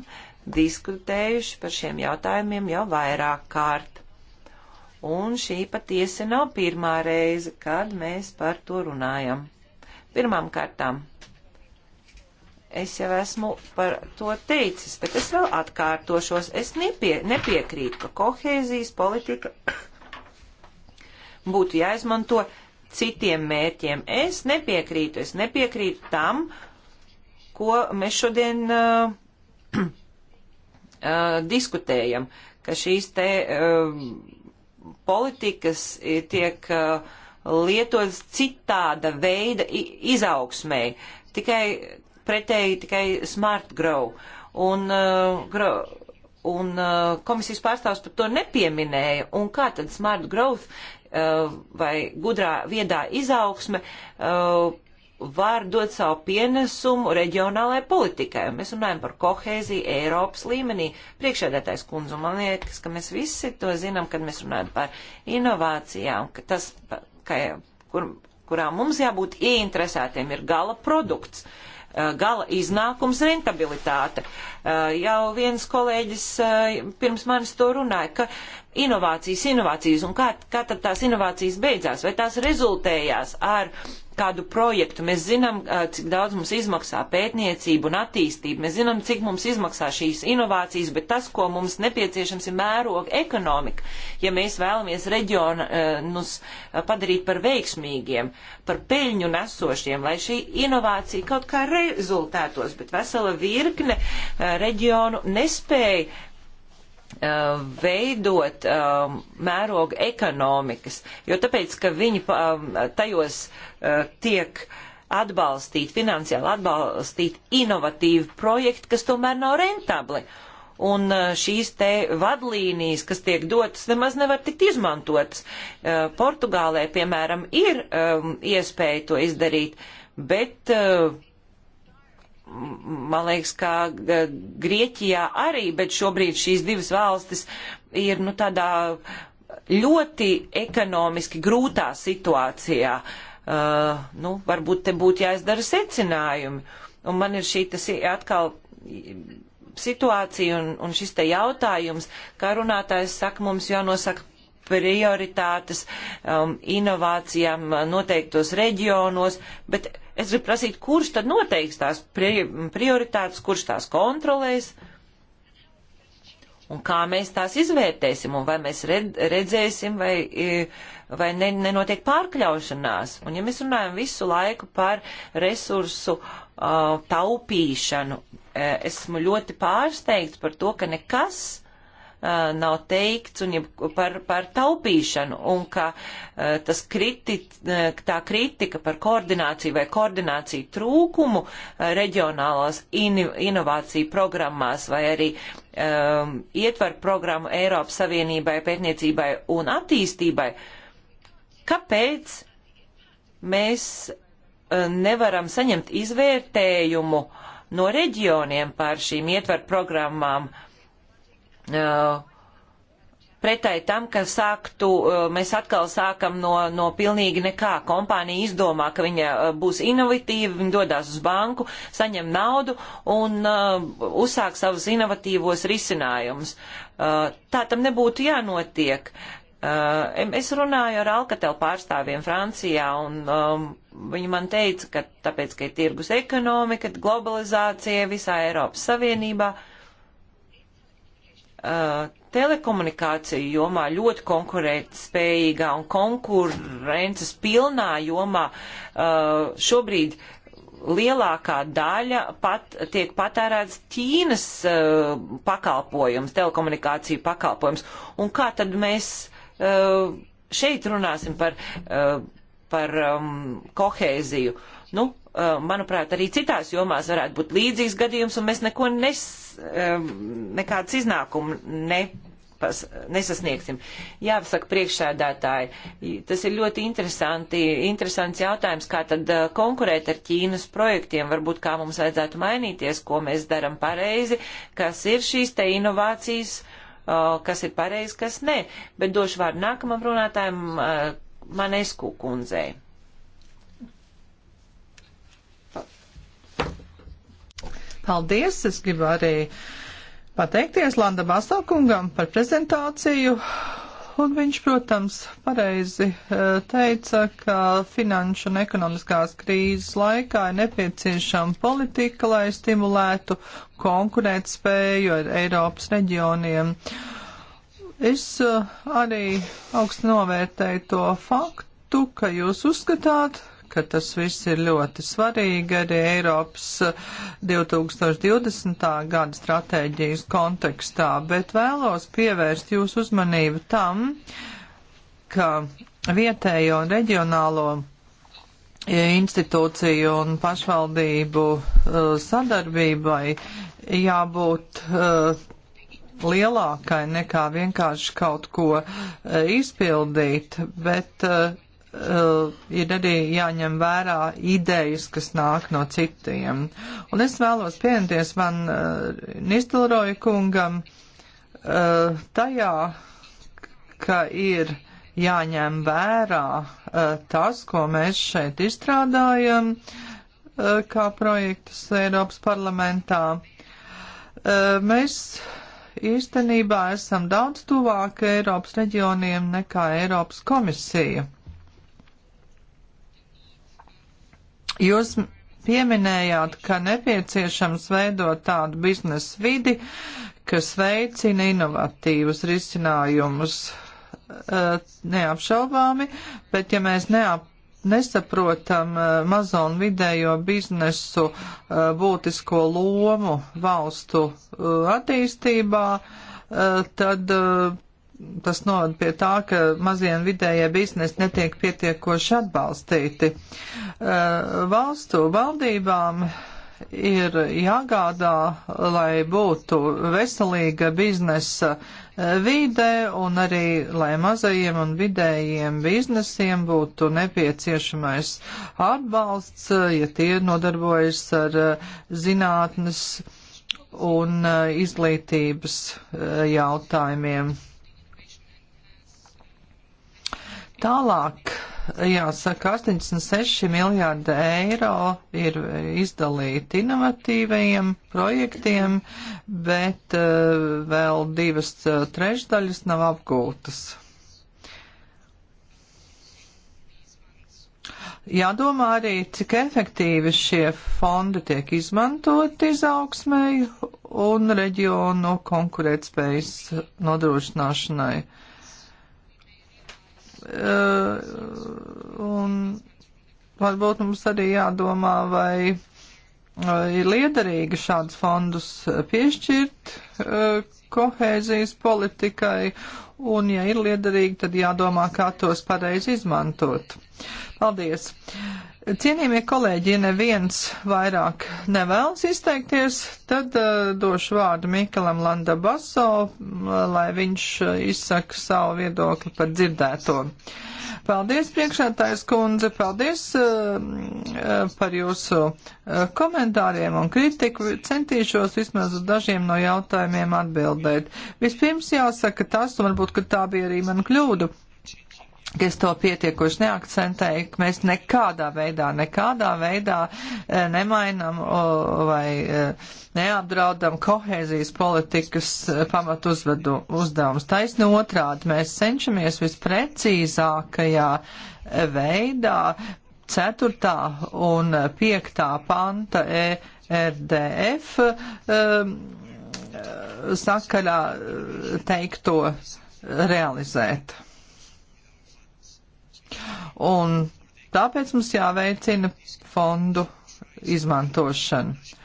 diskutējuši par šiem jautājumiem jau vairāk kārt. Un šī patiesi nav pirmā reize, kad mēs par to runājam. Pirmām kārtām, es jau esmu par to teicis, bet es vēl atkārtošos, es nepie, nepiekrītu, ka kohēzijas politika būtu jāizmanto citiem mērķiem. Es nepiekrītu, es nepiekrītu tam, uh, ko mēs šodien uh, uh, diskutējam, ka šīs te uh, politikas tiek uh, lietotas citāda veida izaugsmēji, tikai pretēji tikai smart grow. Un, uh, grow, un uh, komisijas pārstāvs par to nepieminēja. Un kā tad smart growth uh, vai gudrā viedā izaugsme uh, var dot savu pienesumu reģionālajai politikai. Mēs runājam par kohēziju Eiropas līmenī. Priekšēdētais kundze, man liekas, ka mēs visi to zinām, kad mēs runājam par inovācijām, ka tas, ka, kur, kurā mums jābūt ieinteresētiem, ir gala produkts. Eh, gala iznākums rentabilitāte. Eh, jau viens kolēģis eh, pirms manis to runāja, ka inovācijas, inovācijas un kā, kā tad tās inovācijas beidzās, vai tās rezultējās ar kādu projektu. Mēs zinām, cik daudz mums izmaksā pētniecība un attīstība. Mēs zinām, cik mums izmaksā šīs inovācijas, bet tas, ko mums nepieciešams, ir mēroga ekonomika. Ja mēs vēlamies reģionus padarīt par veiksmīgiem, par peļņu nesošiem, lai šī inovācija kaut kā rezultētos, bet vesela virkne reģionu nespēja Uh, veidot um, mēroga ekonomikas, jo tāpēc, ka viņi um, tajos uh, tiek atbalstīt, finansiāli atbalstīt inovatīvi projekti, kas tomēr nav rentabli. Un uh, šīs te vadlīnijas, kas tiek dotas, nemaz nevar tikt izmantotas. Uh, Portugālē, piemēram, ir um, iespēja to izdarīt, bet uh, man liekas, ka Grieķijā arī, bet šobrīd šīs divas valstis ir nu, tādā ļoti ekonomiski grūtā situācijā. Uh, nu, varbūt te būtu jāizdara secinājumi. Un man ir šī tas atkal situācija un, un šis te jautājums, kā runātājs saka, mums jānosaka prioritātes um, inovācijām uh, noteiktos reģionos, bet es gribu prasīt, kurš tad noteiks tās pri prioritātes, kurš tās kontrolēs un kā mēs tās izvērtēsim un vai mēs red redzēsim vai, vai ne nenotiek pārkļaušanās. Un ja mēs runājam visu laiku par resursu uh, taupīšanu, e, esmu ļoti pārsteigts par to, ka nekas nav teikts un par, par taupīšanu un ka tas kriti, tā kritika par koordināciju vai koordināciju trūkumu reģionālās in, inovāciju programmās vai arī um, ietvaru programmu Eiropas Savienībai, pētniecībai un attīstībai. Kāpēc mēs nevaram saņemt izvērtējumu no reģioniem par šīm ietvaru programmām? Uh, Eh, pretēji tam, ka sāktu, eh, mēs atkal sākam no, no pilnīgi nekā. Kompānija izdomā, ka viņa eh, būs inovatīva, viņa dodas uz banku, saņem naudu un uh, uzsāk savus inovatīvos risinājumus. Uh, tā tam nebūtu jānotiek. Uh, es runāju ar Alkatel pārstāvjiem Francijā un um, viņi man teica, ka tāpēc, ka ir tirgus ekonomika, globalizācija visā Eiropas Savienībā. Uh, Eh, telekomunikāciju jomā ļoti konkurētspējīgā un konkurences pilnā jomā eh, šobrīd lielākā daļa pat tiek patērēts Ķīnas eh, pakalpojums, telekomunikāciju pakalpojums. Un kā tad mēs šeit runāsim par, par um, kohēziju? Nu, Uh, manuprāt, arī citās jomās varētu būt līdzīgs gadījums, un mēs neko nes, um, nekādas iznākumu ne, pas, nesasniegsim. Jāsaka priekšsēdētāji, tas ir ļoti interesanti, interesants jautājums, kā tad uh, konkurēt ar Ķīnas projektiem, varbūt kā mums vajadzētu mainīties, ko mēs daram pareizi, kas ir šīs te inovācijas, uh, kas ir pareizi, kas nē. Bet došu vārdu nākamam runātājam, Manesku kundzei. Paldies! Es gribu arī pateikties Landa Basakungam par prezentāciju. Un viņš, protams, pareizi eh, teica, ka finanšu un ekonomiskās krīzes laikā ir nepieciešama politika, lai stimulētu konkurēt spēju ar Eiropas reģioniem. Es eh, arī augstu novērtēju to faktu, ka jūs uzskatāt, ka tas viss ir ļoti svarīgi arī Eiropas 2020. gada stratēģijas kontekstā, bet vēlos pievērst jūsu uzmanību tam, ka vietējo un reģionālo institūciju un pašvaldību uh, sadarbībai jābūt uh, lielākai nekā vienkārši kaut ko uh, izpildīt, bet uh, ir arī jāņem vērā idejas, kas nāk no citiem. Un es vēlos pievienoties man uh, Nistelroja kungam uh, tajā, ka ir jāņem vērā uh, tas, ko mēs šeit izstrādājam uh, kā projektus Eiropas parlamentā. Uh, mēs īstenībā esam daudz tuvāk Eiropas reģioniem nekā Eiropas komisija. Jūs pieminējāt, ka nepieciešams veidot tādu biznesa vidi, kas veicina inovatīvus risinājumus. Neapšaubāmi, bet ja mēs neap, nesaprotam mazo un vidējo biznesu būtisko lomu valstu attīstībā, tad tas novada pie tā, ka mazie un vidējie biznesi netiek pietiekoši atbalstīti. Eh, valstu valdībām ir jāgādā, lai būtu veselīga biznesa eh, vide un arī, lai mazajiem un vidējiem biznesiem būtu nepieciešamais atbalsts, eh, ja tie nodarbojas ar zinātnes un izglītības jautājumiem. Tālāk, jāsaka, 86 miljārdi eiro ir izdalīti inovatīvajiem projektiem, bet uh, vēl divas uh, trešdaļas nav apgūtas. Jādomā arī, cik efektīvi šie fondi tiek izmantoti izaugsmēji un reģionu konkurētspējas nodrošināšanai. Uh, Eh, un varbūt mums arī jādomā, vai eh, ir liederīgi šādus fondus piešķirt eh, kohēzijas politikai, un, ja ir liederīgi, tad jādomā, kā tos pareizi izmantot. Paldies! Cienījamie kolēģi, ja neviens vairāk nevēlas izteikties, tad uh, došu vārdu Mikalam Landa Baso, lai viņš uh, izsaka savu viedokli par dzirdēto. Paldies, priekšētājs kundze, paldies uh, par jūsu uh, komentāriem un kritiku. Centīšos vismaz uz dažiem no jautājumiem atbildēt. Vispirms jāsaka tas, un varbūt, ka tā bija arī man kļūda ka es to pietiekoši neakcentēju, ka mēs nekādā veidā, nekādā veidā e, nemainam vai e, neapdraudam kohēzijas politikas e, pamatu uzdevumus. Taisni otrādi, mēs cenšamies visprecīzākajā veidā ceturtā un piektā panta ERDF um, sakaļā teikto realizēt un tāpēc mums jāveicina fondu izmantošana.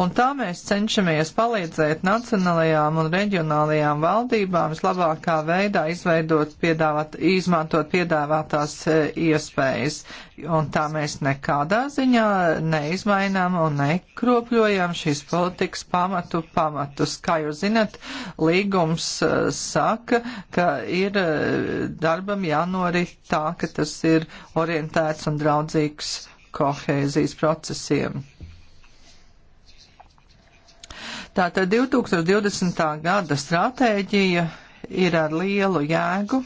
Un tā mēs cenšamies palīdzēt nacionālajām un reģionālajām valdībām vislabākā veidā izveidot, piedāvāt, izmantot piedāvātās e, iespējas. Un tā mēs nekādā ziņā neizmainām un nekropļojam šīs politikas pamatu pamatus. Kā jūs zinat, līgums e, saka, ka ir e, darbam jānorit tā, ka tas ir orientēts un draudzīgs kohēzijas procesiem. Tātad 2020. gada stratēģija ir ar lielu jēgu,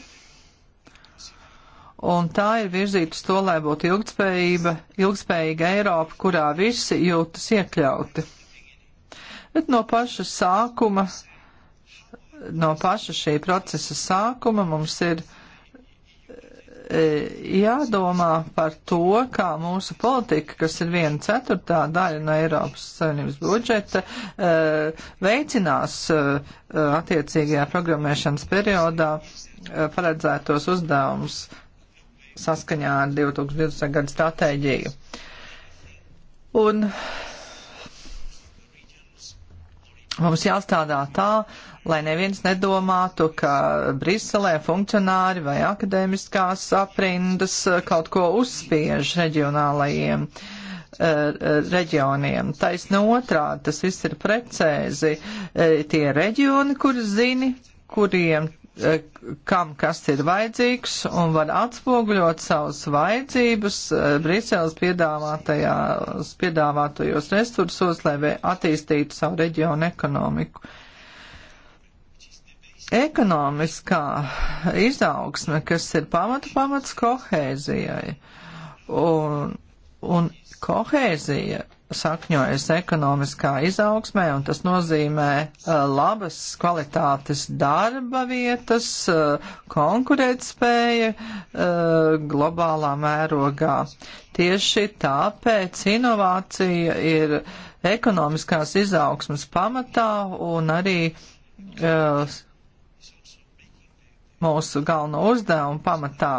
un tā ir virzīta uz to, lai būtu ilgspējība, ilgspējīga Eiropa, kurā visi jūtas iekļauti. Bet no paša sākuma, no paša šī procesa sākuma mums ir E, jādomā par to, kā mūsu politika, kas ir viena ceturtā daļa no Eiropas Savienības budžeta, e, veicinās e, attiecīgajā programmēšanas periodā paredzētos uzdevumus saskaņā ar 2020. gadu stratēģiju. Un Mums jāstrādā tā, lai neviens nedomātu, ka Briselē funkcionāri vai akadēmiskās aprindas kaut ko uzspiež reģionālajiem eh, eh, reģioniem. Taisn otrā, tas viss ir precēzi. Eh, tie reģioni, kur zini, kuriem Eh, kam kas ir vajadzīgs un var atspoguļot savus vajadzības eh, Briseles piedāvātajos resursos, lai attīstītu savu reģionu ekonomiku. Ekonomiskā izaugsme, kas ir pamatu pamats kohēzijai, un, un kohēzija sakņojas ekonomiskā izaugsmē, un tas nozīmē uh, labas kvalitātes darba vietas, uh, konkurētspēja uh, globālā mērogā. Tieši tāpēc inovācija ir ekonomiskās izaugsmas pamatā un arī mūsu galveno uzdevumu pamatā.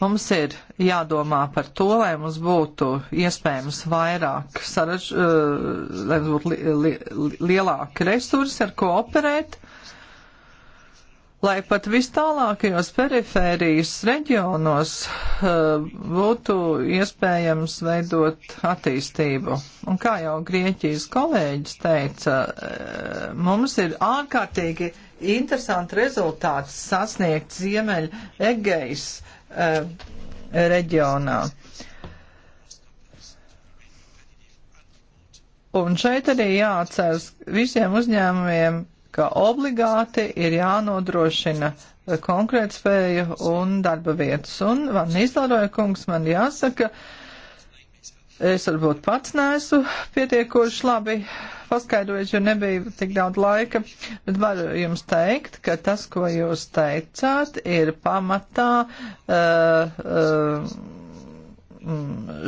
Mums ir jādomā par to, lai mums būtu iespējams vairāk saraž, uh, lai mums būtu li, li, li, lielāki resursi, ar ko operēt, lai pat vis tālākajos perifērijas reģionos uh, būtu iespējams veidot attīstību. Un kā jau Grieķijas kolēģis teica, uh, mums ir ārkārtīgi interesanti rezultāts sasniegt Ziemeļa Egejas Eh, reģionā. Un šeit arī jāatceras visiem uzņēmumiem, ka obligāti ir jānodrošina konkrētspēja un darba vietas. Un Van Nīslāroja kungs man jāsaka, uh, Es varbūt pats neesmu pietiekoši labi paskaidrojis, jo nebija tik daudz laika, bet varu jums teikt, ka tas, ko jūs teicāt, ir pamatā uh, uh,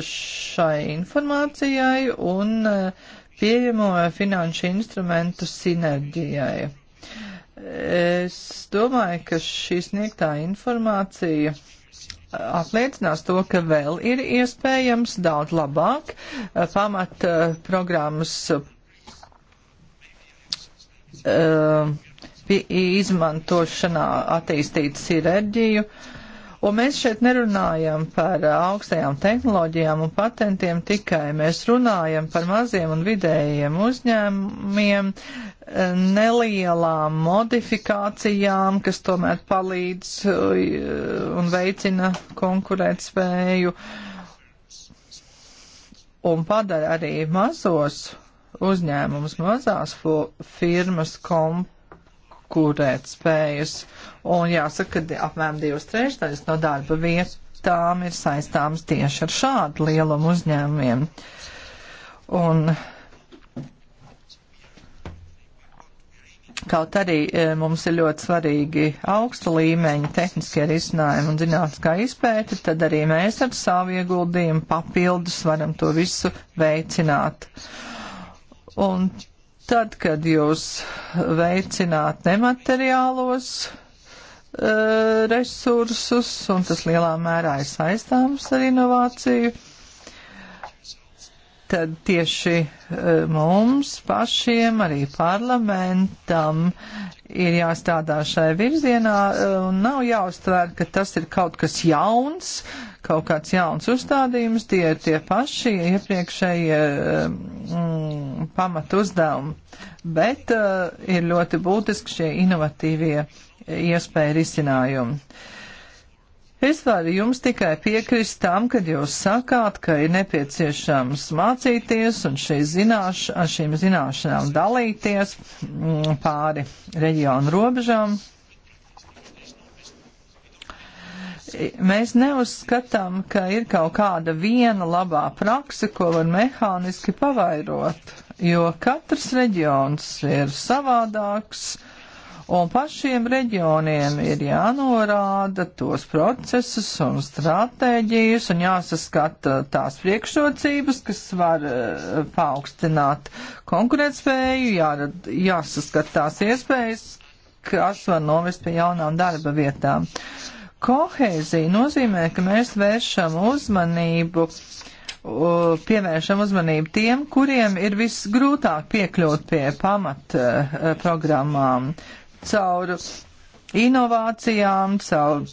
šai informācijai un uh, pieejamo finanšu instrumentu sinerģijai. Es domāju, ka šī sniegtā informācija uh, apliecinās to, ka vēl ir iespējams daudz labāk eh, pamat eh, programmas eh, izmantošanā attīstīt sinerģiju. Uh, Un mēs šeit nerunājam par augstajām tehnoloģijām un patentiem tikai. Mēs runājam par maziem un vidējiem uzņēmumiem, nelielām modifikācijām, kas tomēr palīdz un veicina konkurētspēju un padara arī mazos uzņēmumus, mazās firmas komp konkurēt spējas. Un jāsaka, ka apmēram divas trešdaļas no darba vietām ir saistāmas tieši ar šādu lielumu uzņēmumiem. Un Kaut arī e, mums ir ļoti svarīgi augsta līmeņa tehniskie risinājumi un zinātniskā izpēta, tad arī mēs ar savu ieguldījumu papildus varam to visu veicināt. Un Tad, kad jūs veicināt nemateriālos uh, resursus, un tas lielā mērā ir saistāms ar inovāciju, uh, tad tieši eh, mums pašiem, arī parlamentam, ir jāstrādā šai virzienā eh, un nav jāuztvēr, ka tas ir kaut kas jauns, kaut kāds jauns uzstādījums, tie ir tie paši iepriekšējie eh, mm, pamat uzdevumi. Bet uh, ir ļoti būtiski šie inovatīvie iespēja risinājumi. Uh, Es varu jums tikai piekrist tam, kad jūs sakāt, ka ir nepieciešams mācīties un zināš, ar šīm zināšanām dalīties mm, pāri reģionu robežām. Mēs neuzskatām, ka ir kaut kāda viena labā praksa, ko var mehāniski pavairot, jo katrs reģions ir savādāks Un pašiem reģioniem ir jānorāda tos procesus un stratēģijas un jāsaskata tās priekšrocības, kas var eh, paaugstināt konkurētspēju, jā, jāsaskata tās iespējas, kas var novest pie jaunām darba vietām. Kohēzija nozīmē, ka mēs vēršam uzmanību eh, pievēršam uzmanību tiem, kuriem ir visgrūtāk piekļūt pie pamat uh, programmām caur inovācijām, caur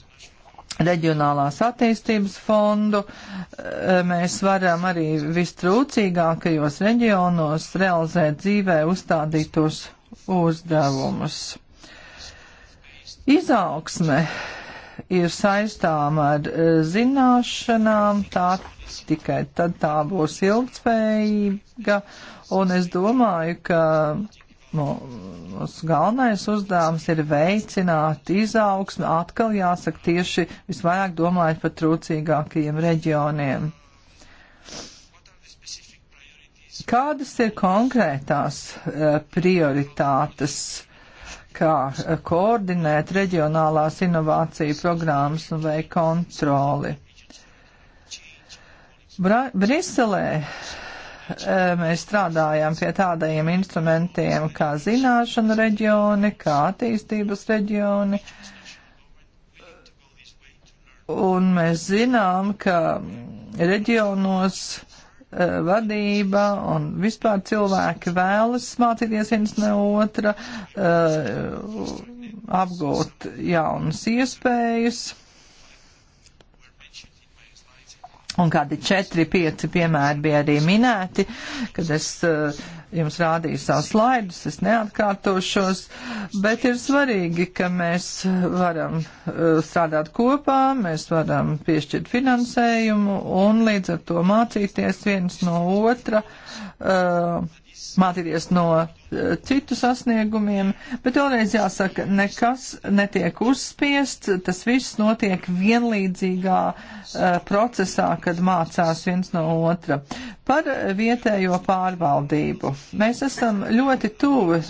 reģionālās attīstības fondu. E, mēs varam arī vistrūcīgākajos reģionos realizēt dzīvē uzstādītos uzdevumus. Izaugsme ir saistām ar e, zināšanām, tā tikai tad tā būs ilgspējīga, un es domāju, ka Nu, mūsu galvenais uzdevums ir veicināt izaugsmi, atkal jāsaka tieši visvairāk domājot par trūcīgākajiem reģioniem. Kādas ir konkrētās e, prioritātes, kā e, koordinēt reģionālās inovāciju programmas un veikt kontroli? Bra Briselē mēs strādājam pie tādajiem instrumentiem kā zināšanu reģioni, kā attīstības reģioni. Un mēs zinām, ka reģionos vadība un vispār cilvēki vēlas mācīties viens no otra, apgūt jaunas iespējas. Un kādi četri, pieci piemēri bija arī minēti, kad es uh, jums rādīju savus slaidus, es neatkārtošos, bet ir svarīgi, ka mēs varam uh, strādāt kopā, mēs varam piešķirt finansējumu un līdz ar to mācīties viens no otra. Uh, mācīties no uh, citu sasniegumiem, bet vēlreiz jāsaka, nekas netiek uzspiests, tas viss notiek vienlīdzīgā uh, procesā, kad mācās viens no otra. Par vietējo pārvaldību. Mēs esam ļoti tuvu uh,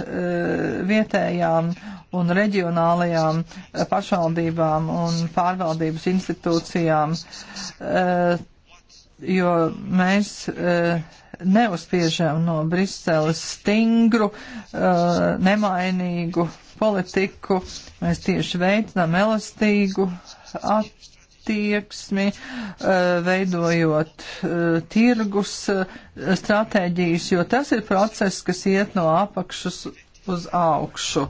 vietējām un reģionālajām pašvaldībām un pārvaldības institūcijām. Uh, jo mēs eh, neuzspiežam no Briseles stingru, eh, nemainīgu politiku, mēs tieši veicinām elastīgu attieksmi, eh, veidojot tirgus stratēģijas, jo tas ir process, kas iet no apakšas uz augšu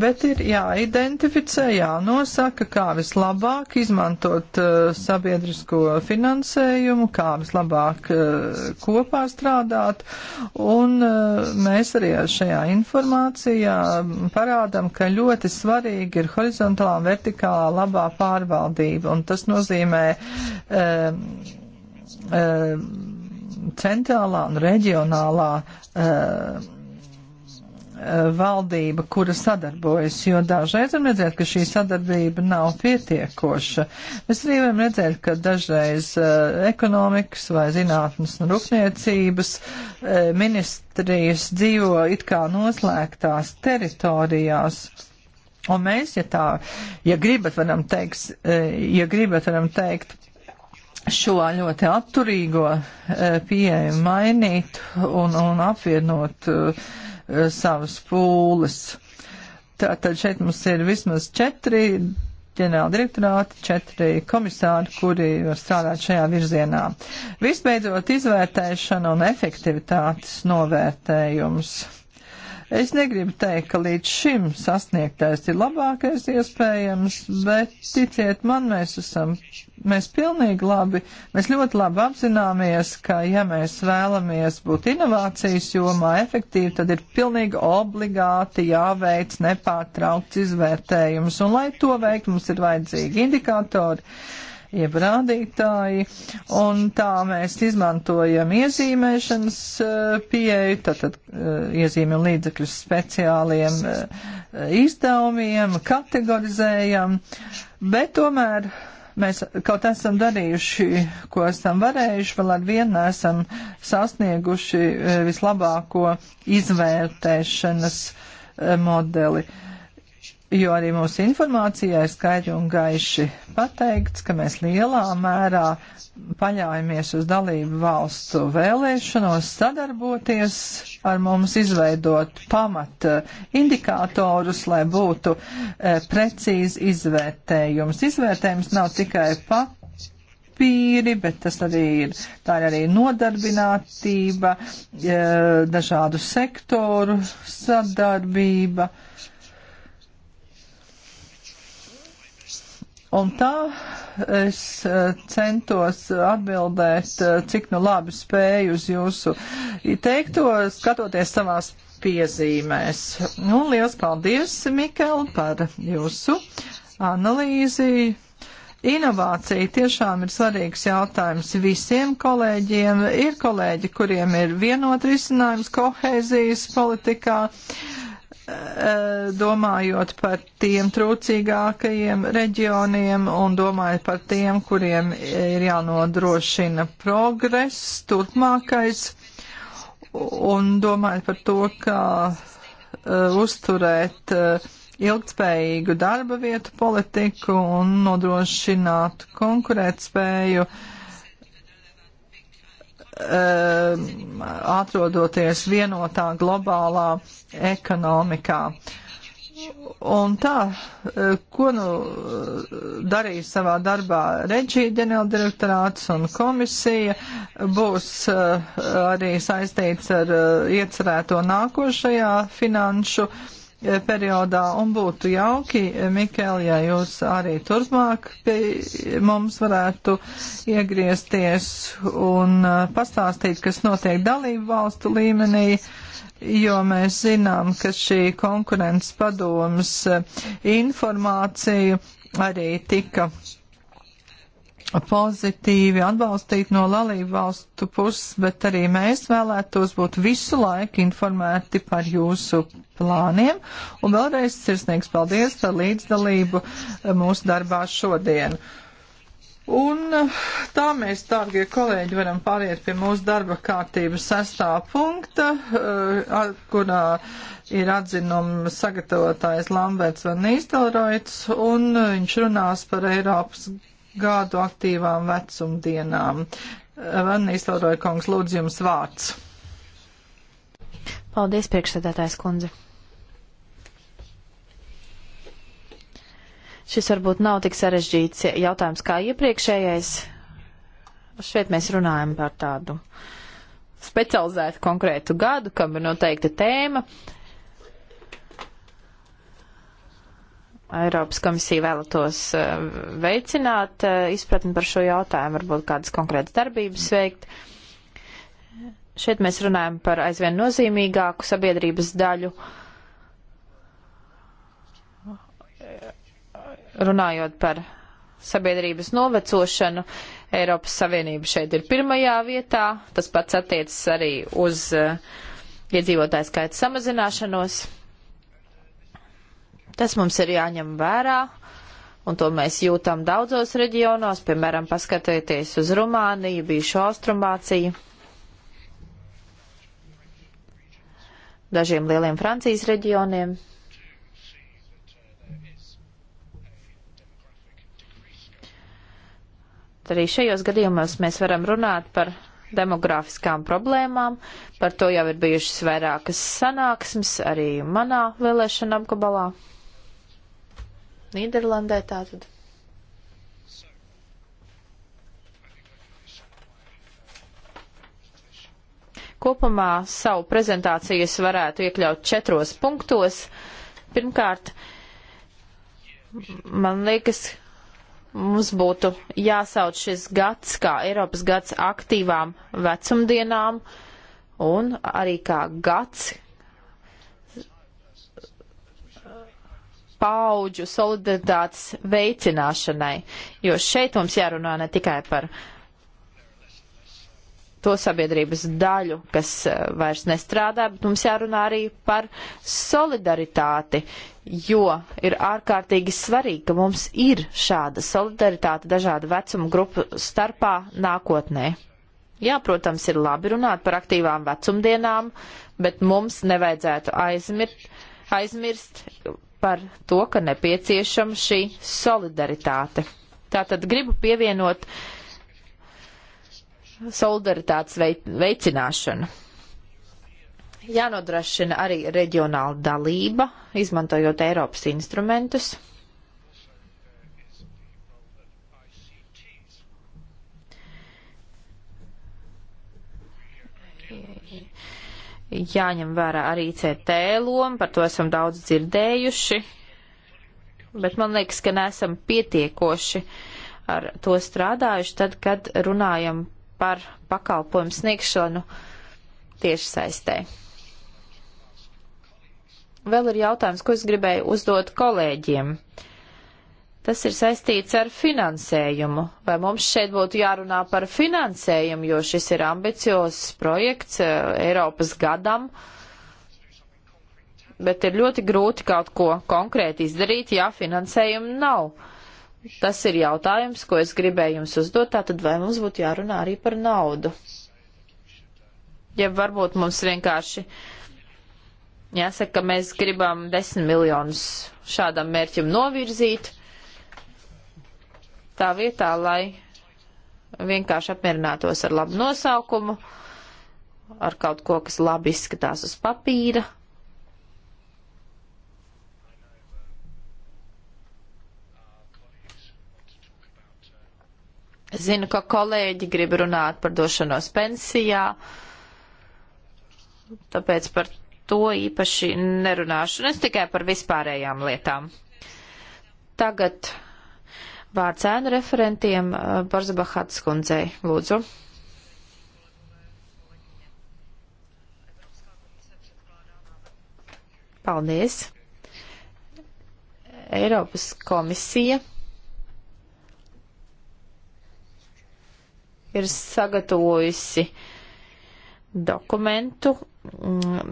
bet ir jāidentificē, jānosaka, kā vislabāk izmantot uh, sabiedrisko finansējumu, kā vislabāk uh, kopā strādāt, un uh, mēs arī šajā informācijā parādam, ka ļoti svarīgi ir horizontālā un vertikālā labā pārvaldība, un tas nozīmē uh, uh, centrālā un reģionālā uh, Eh, valdība, kura sadarbojas, jo dažreiz varam redzēt, ka šī sadarbība nav pietiekoša. Mēs arī varam redzēt, ka dažreiz uh, ekonomikas vai zinātnes un rūpniecības uh, ministrijas dzīvo it kā noslēgtās teritorijās. Un mēs, ja tā, ja gribat, varam teikt, uh, ja gribat, varam teikt, šo ļoti atturīgo pieeju mainīt un, un apvienot uh, Eh, savas pūles. Tātad šeit mums ir vismaz četri ģenerāla direktorāti, četri komisāri, kuri strādā šajā virzienā. Visbeidzot, izvērtēšana un efektivitātes novērtējums. Es negribu teikt, ka līdz šim sasniegtais ir labākais iespējams, bet ticiet man, mēs esam, mēs pilnīgi labi, mēs ļoti labi apzināmies, ka ja mēs vēlamies būt inovācijas jomā efektīvi, tad ir pilnīgi obligāti jāveic nepārtraukts izvērtējums, un lai to veikt, mums ir vajadzīgi indikatori jeb rādītāji, un tā mēs izmantojam iezīmēšanas eh, pieeju, tātad eh, iezīmju līdzekļus speciāliem eh, izdevumiem, kategorizējam, bet tomēr mēs kaut esam darījuši, ko esam varējuši, vēl ar vienu nesam sasnieguši vislabāko izvērtēšanas modeli. Uh, jo arī mūsu informācijā ir skaidri un gaiši pateikts, ka mēs lielā mērā paļaujamies uz dalību valstu vēlēšanos sadarboties ar mums, izveidot pamat eh, indikātorus, lai būtu eh, precīzi izvērtējums. Izvērtējums nav tikai pat papīri, bet tas arī ir, tā ir arī nodarbinātība, eh, dažādu sektoru sadarbība. Un tā es eh, centos atbildēt, eh, cik nu labi spēju uz jūsu teikto, skatoties savās piezīmēs. Nu, liels paldies, Mikel, par jūsu analīzi. Inovācija tiešām ir svarīgs jautājums visiem kolēģiem. Ir kolēģi, kuriem ir vienot risinājums kohēzijas politikā. Uh, Eh, domājot par tiem trūcīgākajiem reģioniem un domājot par tiem, kuriem ir jānodrošina progress turpmākais un domājot par to, kā uh, uzturēt uh, ilgtspējīgu darba vietu politiku un nodrošināt konkurētspēju uh, Um, atrodoties vienotā globālā ekonomikā. Un tā, uh, ko nu uh, darīja savā darbā Reģija ģenerāldirektorāts un komisija, būs uh, arī saistīts ar iecerēto nākošajā finanšu uh, periodā, un būtu jauki, Mikēl, ja jūs arī turpmāk pie mums varētu iegriezties un uh, pastāstīt, kas notiek dalību valstu līmenī, jo mēs zinām, ka šī konkurences padomas uh, informācija arī tika pozitīvi atbalstīt no dalību valstu puses, bet arī mēs vēlētos būt visu laiku informēti par jūsu plāniem. Un vēlreiz sirsnīgs paldies par līdzdalību eh, mūsu darbā šodien. Un eh, tā mēs, dārgie kolēģi, varam pāriet pie mūsu darba kārtības sestā punkta, eh, kurā ir atzinuma sagatavotājs Lamberts Van Nīstelroits, un viņš runās par Eiropas gadu aktīvām vecumdienām. Van Nīstelroja kungs, lūdzu jums vārds. Paldies, priekšsēdētājs kundze. Šis varbūt nav tik sarežģīts jautājums kā iepriekšējais. Šeit mēs runājam par tādu specializētu konkrētu gadu, kam ir noteikta tēma. Uh, Eiropas komisija vēlētos eh, veicināt eh, izpratni par šo jautājumu, varbūt kādas konkrētas darbības veikt. Šeit mēs runājam par aizvien nozīmīgāku sabiedrības daļu. Runājot par sabiedrības novecošanu, Eiropas Savienība šeit ir pirmajā vietā. Tas pats attiecas arī uz eh, iedzīvotāju skaita samazināšanos Tas mums ir jāņem vērā, un to mēs jūtam daudzos reģionos, piemēram, paskatieties uz Rumāniju, bijušo Austrumāciju. Dažiem lieliem Francijas reģioniem, arī šajos gadījumos mēs varam runāt par demografiskām problēmām. Par to jau ir bijušas vairākas sanāksmes arī manā vēlēšana apgabalā. Nīderlandē tātad. Kopumā savu prezentāciju es varētu iekļaut četros punktos. Pirmkārt, man liekas, mums būtu jāsauc šis gads kā Eiropas gads aktīvām vecumdienām un arī kā gads, paudžu solidaritātes veicināšanai, jo šeit mums jārunā ne tikai par to sabiedrības daļu, kas eh, vairs nestrādā, bet mums jārunā arī par solidaritāti, jo ir ārkārtīgi svarīgi, ka mums ir šāda solidaritāte dažādu vecumu grupu starpā nākotnē. Jā, protams, ir labi runāt par aktīvām vecumdienām, bet mums nevajadzētu aizmirst, aizmirst par to, ka nepieciešama šī solidaritāte. Tātad gribu pievienot solidaritātes veicināšanu. Jānodrošina arī reģionāla dalība, izmantojot Eiropas instrumentus. Yeah jāņem vērā arī CT loma, par to esam daudz dzirdējuši, bet man liekas, ka neesam pietiekoši ar to strādājuši tad, kad runājam par pakalpojumu sniegšanu tieši saistē. Vēl ir jautājums, ko es gribēju uzdot kolēģiem. Uh, Tas ir saistīts ar finansējumu. Vai mums šeit būtu jārunā par finansējumu, jo šis ir ambiciozs projekts eh, Eiropas gadam, bet ir ļoti grūti kaut ko konkrēti izdarīt, ja finansējumu nav. Tas ir jautājums, ko es gribēju jums uzdot, tātad vai mums būtu jārunā arī par naudu? Ja varbūt mums vienkārši jāsaka, ka mēs gribam desmit miljonus šādam mērķim novirzīt, tā vietā, lai vienkārši apmierinātos ar labu nosaukumu, ar kaut ko, kas labi izskatās uz papīra. Zinu, ka kolēģi grib runāt par došanos pensijā, tāpēc par to īpaši nerunāšu. Es tikai par vispārējām lietām. Tagad Vārds ēnu referentiem uh, Barzabahats kundzei, lūdzu. Paldies. Eiropas komisija ir sagatavojusi dokumentu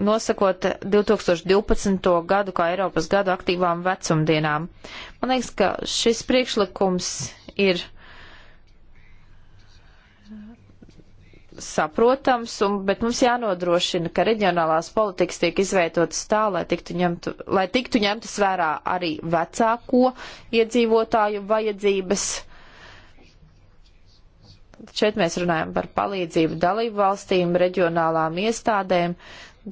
nosakot 2012. gadu kā Eiropas gadu aktīvām vecumdienām. Man liekas, ka šis priekšlikums ir saprotams, un, bet mums jānodrošina, ka reģionālās politikas tiek izveidotas tā, lai tiktu, ņemtu, lai tiktu ņemtas vērā arī vecāko iedzīvotāju vajadzības. Uh, šeit mēs runājam par palīdzību dalību valstīm, reģionālām iestādēm,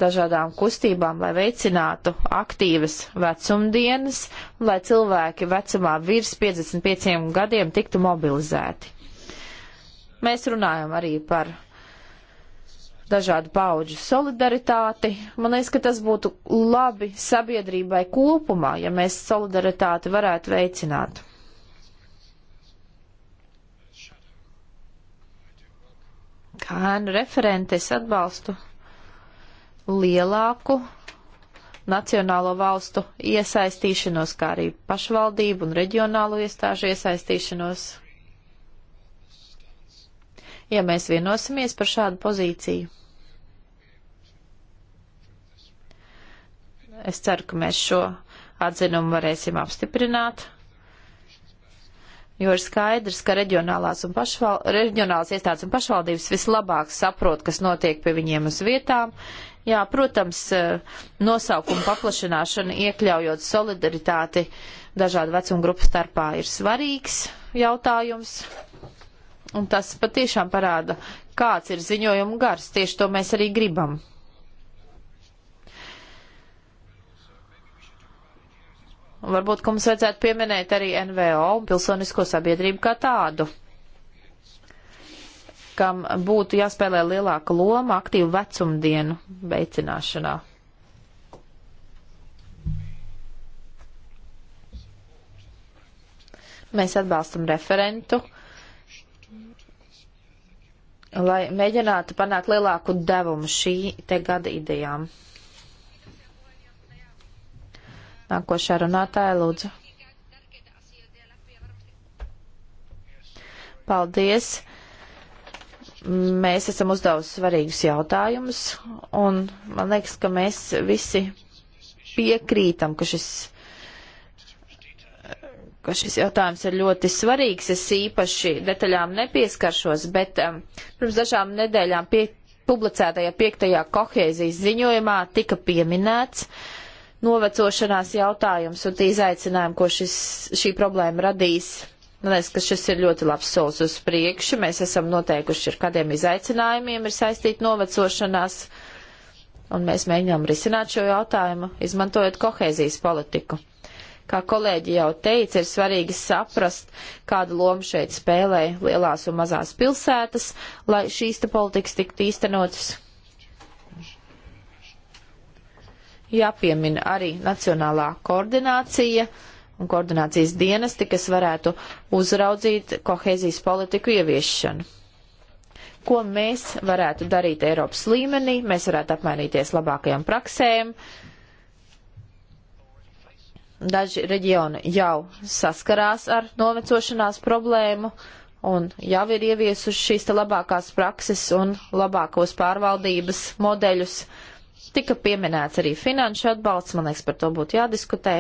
dažādām kustībām, lai veicinātu aktīvas vecumdienas, lai cilvēki vecumā virs 55 gadiem tiktu mobilizēti. Mēs runājam arī par dažādu pauģu solidaritāti. Man liekas, ka tas būtu labi sabiedrībai kopumā, ja mēs solidaritāti varētu veicināt. ēnu referente es atbalstu lielāku nacionālo valstu iesaistīšanos, kā arī pašvaldību un reģionālo iestāžu iesaistīšanos. Ja mēs vienosimies par šādu pozīciju, es ceru, ka mēs šo atzinumu varēsim apstiprināt jo ir skaidrs, ka reģionālās, un pašval, reģionālās iestādes un pašvaldības vislabāk saprot, kas notiek pie viņiem uz vietām. Jā, protams, eh, nosaukuma paplašināšana, iekļaujot solidaritāti dažādu vecumu grupu starpā, ir svarīgs jautājums. Un tas patiešām parāda, kāds ir ziņojuma gars. Tieši to mēs arī gribam. Un varbūt, ka mums vajadzētu pieminēt arī NVO un pilsonisko sabiedrību kā tādu, kam būtu jāspēlē lielāka loma aktīvu vecumdienu veicināšanā. Mēs atbalstam referentu, lai mēģinātu panākt lielāku devumu šī te gada idejām. Nākošā runātāja lūdzu. Paldies! Mēs esam uzdevusi svarīgus jautājumus, un man liekas, ka mēs visi piekrītam, ka šis, ka šis jautājums ir ļoti svarīgs. Es īpaši detaļām nepieskaršos, bet um, pirms dažām nedēļām pie, publicētajā piektajā kohēzijas ziņojumā tika pieminēts, uh, novecošanās jautājums un tie izaicinājumi, ko šis, šī problēma radīs. Man liekas, ka šis ir ļoti labs solis uz priekšu. Mēs esam noteikuši, ar kādiem izaicinājumiem ir saistīta novecošanās, un mēs mēģinām risināt šo jautājumu, izmantojot kohēzijas politiku kā kolēģi jau teica, ir svarīgi saprast, kādu lomu šeit spēlē lielās un mazās pilsētas, lai šīs te politikas tiktu īstenotas. jāpiemina arī nacionālā koordinācija un koordinācijas dienesti, kas varētu uzraudzīt kohēzijas politiku ieviešanu. Ko mēs varētu darīt Eiropas līmenī? Mēs varētu apmainīties labākajām praksēm. Daži reģioni jau saskarās ar novecošanās problēmu un jau ir ieviesuši šīs labākās prakses un labākos pārvaldības modeļus. Uh, Tika pieminēts arī finanšu atbalsts, man liekas, par to būtu jādiskutē.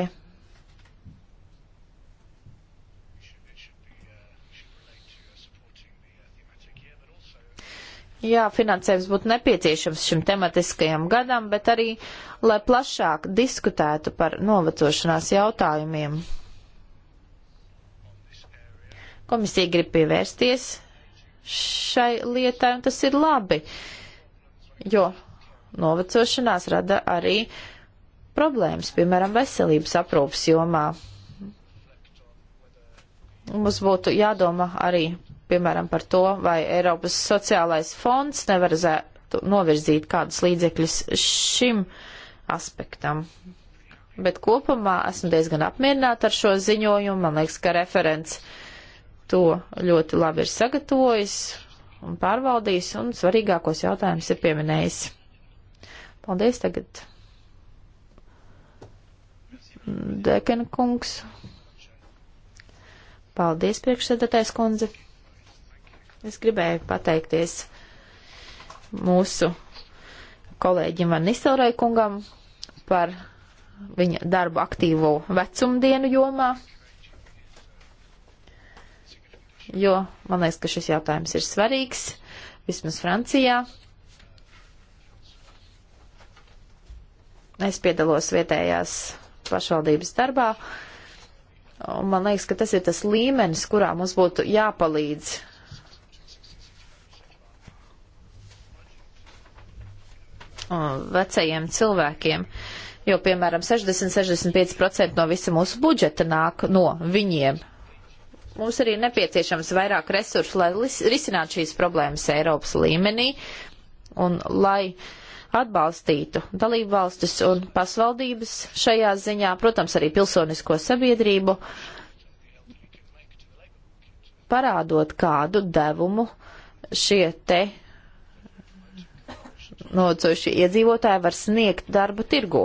Jā, finansējums būtu nepieciešams šim tematiskajam gadam, bet arī, lai plašāk diskutētu par novecošanās jautājumiem. Komisija grib pievērsties šai lietai, un tas ir labi, jo novecošanās rada arī problēmas, piemēram, veselības aprūpas jomā. Mums būtu jādoma arī, piemēram, par to, vai Eiropas sociālais fonds nevar novirzīt kādus līdzekļus šim aspektam. Bet kopumā esmu diezgan apmierināta ar šo ziņojumu. Man liekas, ka referents to ļoti labi ir sagatavojis un pārvaldījis, un svarīgākos jautājumus ir pieminējis. Paldies tagad. Dekena kungs. Paldies, priekšsēdētājs kundze. Es gribēju pateikties mūsu kolēģim Van Nistelrai kungam par viņa darbu aktīvo vecumdienu jomā. Jo man liekas, ka šis jautājums ir svarīgs, vismaz Francijā. Es piedalos vietējās pašvaldības darbā. Un man liekas, ka tas ir tas līmenis, kurā mums būtu jāpalīdz. vecajiem cilvēkiem, jo, piemēram, 60-65% no visa mūsu budžeta nāk no viņiem, mums arī nepieciešams vairāk resursu, lai risinātu šīs problēmas Eiropas līmenī un lai uh, atbalstītu dalību valstis un pasvaldības šajā ziņā, protams, arī pilsonisko sabiedrību, parādot kādu devumu šie te nocoši iedzīvotāji var sniegt darba tirgu.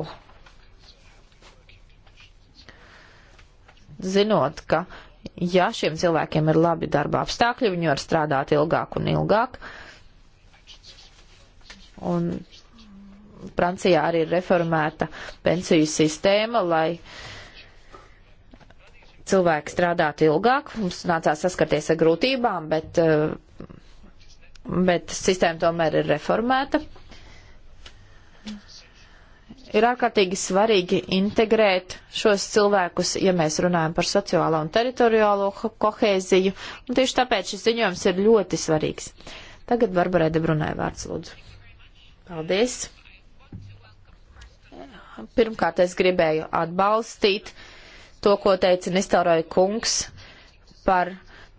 Zinot, ka ja šiem cilvēkiem ir labi darba apstākļi, viņi var strādāt ilgāk un ilgāk. Un Francijā arī ir reformēta pensiju sistēma, lai cilvēki strādātu ilgāk. Mums nācās saskarties ar grūtībām, bet, eh, bet sistēma tomēr ir reformēta. Ir ārkārtīgi svarīgi integrēt šos cilvēkus, ja mēs runājam par sociālo un teritoriālo kohēziju, un tieši tāpēc šis ziņojums ir ļoti svarīgs. Tagad Barbarai Debrunai vārds lūdzu. Paldies! Pirmkārt, es gribēju atbalstīt to, ko teica Nistauroja kungs par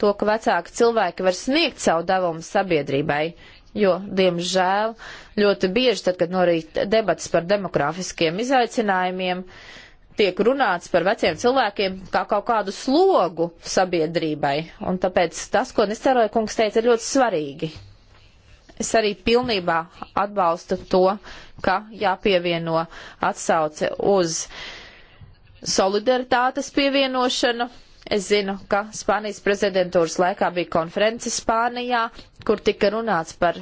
to, ka vecāki cilvēki var sniegt savu devumu sabiedrībai, jo, diemžēl, ļoti bieži, tad, kad norīt debats par demografiskiem izaicinājumiem, tiek runāts par veciem cilvēkiem kā kaut kādu slogu sabiedrībai. Un tāpēc tas, ko Nistēroja kungs teica, ir ļoti svarīgi. Es arī pilnībā atbalstu to, ka jāpievieno atsauce uz solidaritātes pievienošanu. Es zinu, ka Spānijas prezidentūras laikā bija konference Spānijā, kur tika runāts par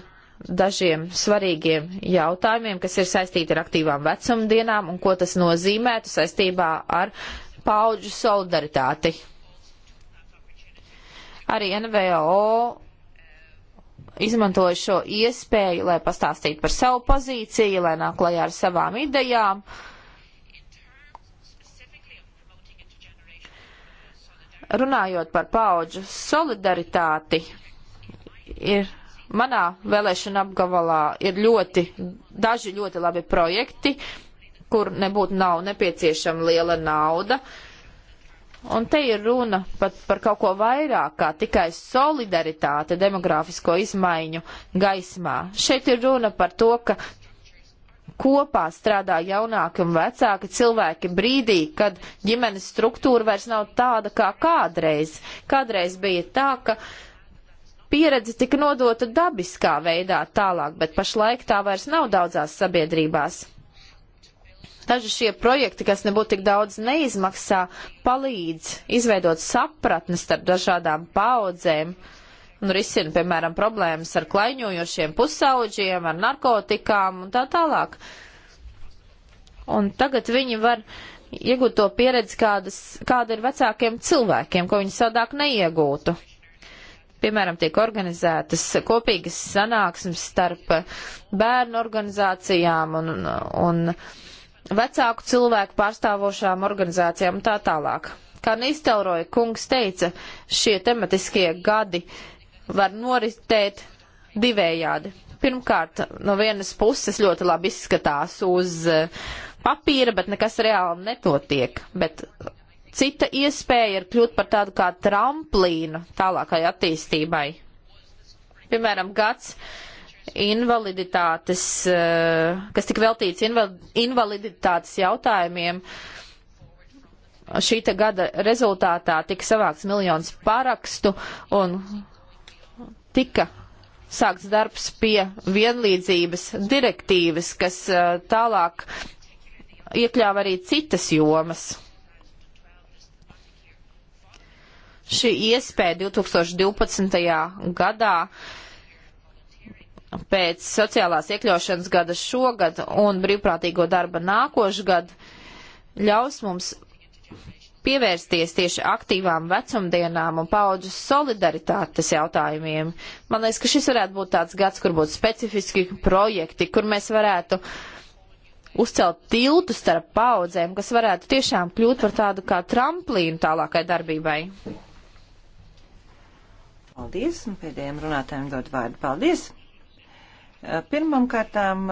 dažiem svarīgiem jautājumiem, kas ir saistīti ar aktīvām vecumdienām un ko tas nozīmētu saistībā ar paudžu solidaritāti. Arī NVO izmantoju šo iespēju, lai pastāstītu par savu pozīciju, lai nāk klajā ar savām idejām. Runājot par paudžu solidaritāti, ir manā vēlēšana apgabalā ir ļoti, daži ļoti labi projekti, kur nebūtu nav nepieciešama liela nauda. Uh, Un te ir runa pat par kaut ko vairāk kā tikai solidaritāte demografisko izmaiņu gaismā. Šeit ir runa par to, ka kopā strādā jaunāki un vecāki cilvēki brīdī, kad ģimenes struktūra vairs nav tāda kā kādreiz. Kādreiz bija tā, ka pieredze tika nodota dabiskā veidā tālāk, bet pašlaik tā vairs nav daudzās sabiedrībās. Daži šie projekti, kas nebūtu tik daudz neizmaksā, palīdz izveidot sapratni starp dažādām paudzēm un risina, piemēram, problēmas ar klaiņojošiem pusauģiem, ar narkotikām un tā tālāk. Un tagad viņi var iegūt to pieredzi, kādas, kāda ir vecākiem cilvēkiem, ko viņi savādāk neiegūtu. Piemēram, tiek organizētas kopīgas sanāksmes starp bērnu organizācijām un, un, un vecāku cilvēku pārstāvošām organizācijām un tā tālāk. Kā Nistelroja kungs teica, šie tematiskie gadi var noristēt divējādi. Pirmkārt, no vienas puses ļoti labi izskatās uz eh, papīra, bet nekas reāli netotiek. Bet cita iespēja ir kļūt par tādu kā tramplīnu tālākai attīstībai. Piemēram, gads invaliditātes, eh, kas tik veltīts invaliditātes jautājumiem. Šī gada rezultātā tika savākts miljons parakstu un tika sākts darbs pie vienlīdzības direktīvas, kas eh, tālāk iekļāva arī citas jomas. Šī iespēja 2012. gadā uh, pēc sociālās iekļaušanas gada šogad un brīvprātīgo darba nākošgad ļaus mums pievērsties tieši aktīvām vecumdienām un paudžu solidaritātes jautājumiem. Man liekas, ka šis varētu būt tāds gads, kur būtu specifiski projekti, kur mēs varētu uzcelt tiltu starp paudzēm, kas varētu tiešām kļūt par tādu kā tramplīnu tālākai darbībai. Paldies, un pēdējiem runātājiem dod vārdu. Paldies! Pirmkārtām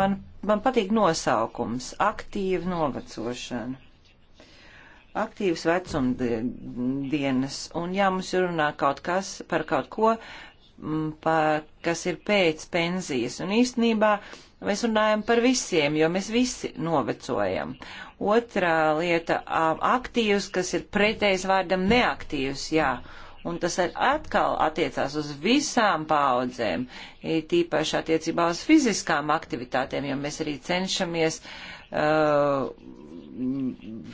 man, man patīk nosaukums - aktīva novecošana. Aktīvas vecumdienas, un jā, mums ir runā kaut kas par kaut ko, par, kas ir pēc pensijas, un īstenībā mēs runājam par visiem, jo mēs visi novecojam. Otrā lieta - aktīvs, kas ir pretējs vārdam neaktīvs, jā. Mm un tas atkal attiecās uz visām paudzēm, tīpaši attiecībā uz fiziskām aktivitātēm, jo mēs arī cenšamies uh,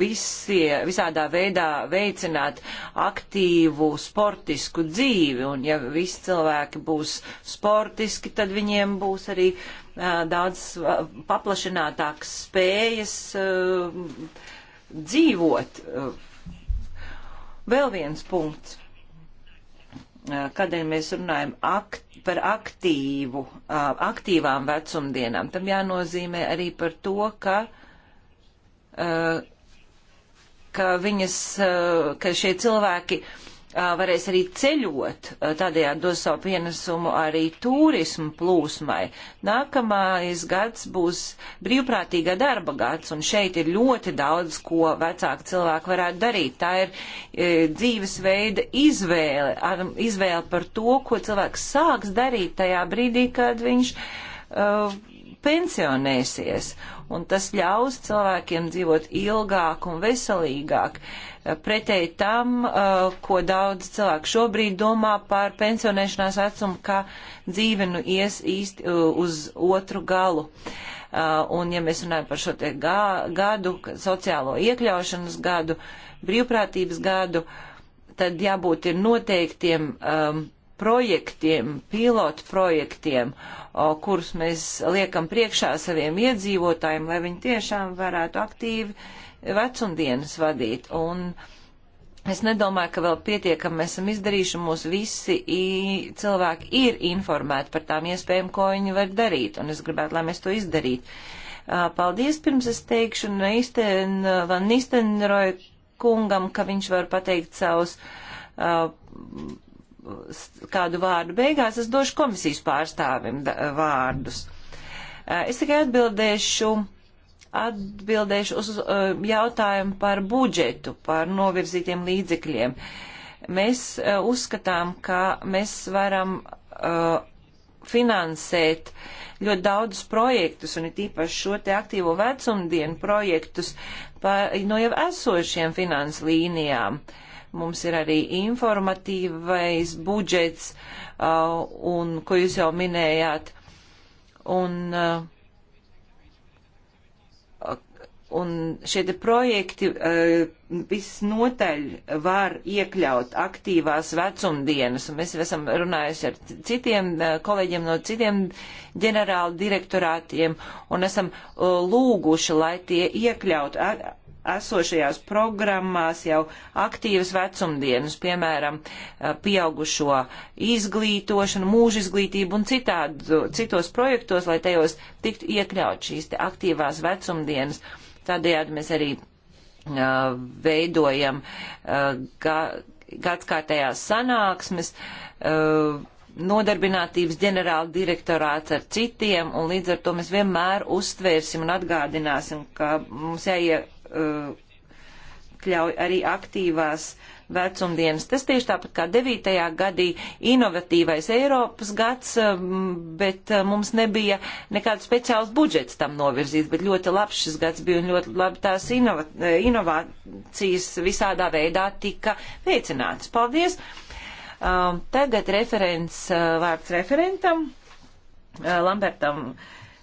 visie, visādā veidā veicināt aktīvu sportisku dzīvi, un ja visi cilvēki būs sportiski, tad viņiem būs arī uh, daudz uh, paplašinātākas spējas uh, dzīvot. Uh, vēl viens punkts kādēļ mēs runājam akt, par aktīvu, aktīvām vecumdienām. Tam jānozīmē arī par to, ka, ka, viņas, ka šie cilvēki uh, varēs arī ceļot, tādējādi dos savu pienesumu arī turismu plūsmai. Nākamais gads būs brīvprātīga darba gads, un šeit ir ļoti daudz, ko vecāki cilvēki varētu darīt. Tā ir e, dzīvesveida izvēle, ar, izvēle par to, ko cilvēks sāks darīt tajā brīdī, kad viņš e, pensionēsies un tas ļaus cilvēkiem dzīvot ilgāk un veselīgāk. Pretēji tam, ko daudz cilvēku šobrīd domā par pensionēšanās vecumu, ka dzīve nu ies īsti uz otru galu. Un ja mēs runājam par šo te gadu, sociālo iekļaušanas gadu, brīvprātības gadu, tad jābūt ir noteiktiem um, projektiem, pilotu projektiem. Uh, kurus mēs liekam priekšā saviem iedzīvotājiem, lai viņi tiešām varētu aktīvi vecumdienas vadīt. Un es nedomāju, ka vēl pietiekami esam izdarījuši, un mūs visi cilvēki ir informēti par tām iespējām, ko viņi var darīt, un es gribētu, lai mēs to izdarītu. Paldies pirms es teikšu Neisten, Van Nistenroja kungam, ka viņš var pateikt savus uh, kādu vārdu beigās, es došu komisijas pārstāvim vārdus. Es tikai atbildēšu, atbildēšu uz jautājumu par budžetu, par novirzītiem līdzekļiem. Mēs uzskatām, ka mēs varam finansēt ļoti daudzus projektus, un it īpaši šo te aktīvo vecumdienu projektus par, no jau esošiem finanslīnijām. līnijām Mums ir arī informatīvais budžets, uh, un, ko jūs jau minējāt. Un, uh, un šie projekti uh, visnotaļ var iekļaut aktīvās vecumdienas, un mēs esam runājusi ar citiem uh, kolēģiem no citiem ģenerāla direktorātiem, un esam uh, lūguši, lai tie iekļaut. Uh, esošajās programmās jau aktīvas vecumdienas, piemēram, eh, pieaugušo izglītošanu, mūža izglītību un citādu, citos projektos, lai tajos tiktu iekļaut šīs te aktīvās vecumdienas. Tādējādi mēs arī uh, veidojam uh, ga, gadskārtējās sanāksmes. Uh, nodarbinātības ģenerāla direktorāts ar citiem, un līdz ar to mēs vienmēr uztvērsim un atgādināsim, ka mums jāie, iekļauj uh, arī aktīvās vecumdienas. Tas tieši tāpat kā 9. gadī inovatīvais Eiropas gads, um, bet uh, mums nebija nekāds speciāls budžets tam novirzīts, bet ļoti labs šis gads bija un ļoti labi tās inova, eh, inovācijas visādā veidā tika veicināts. Paldies! Um, tagad referents, uh, vārds referentam, Lambertam.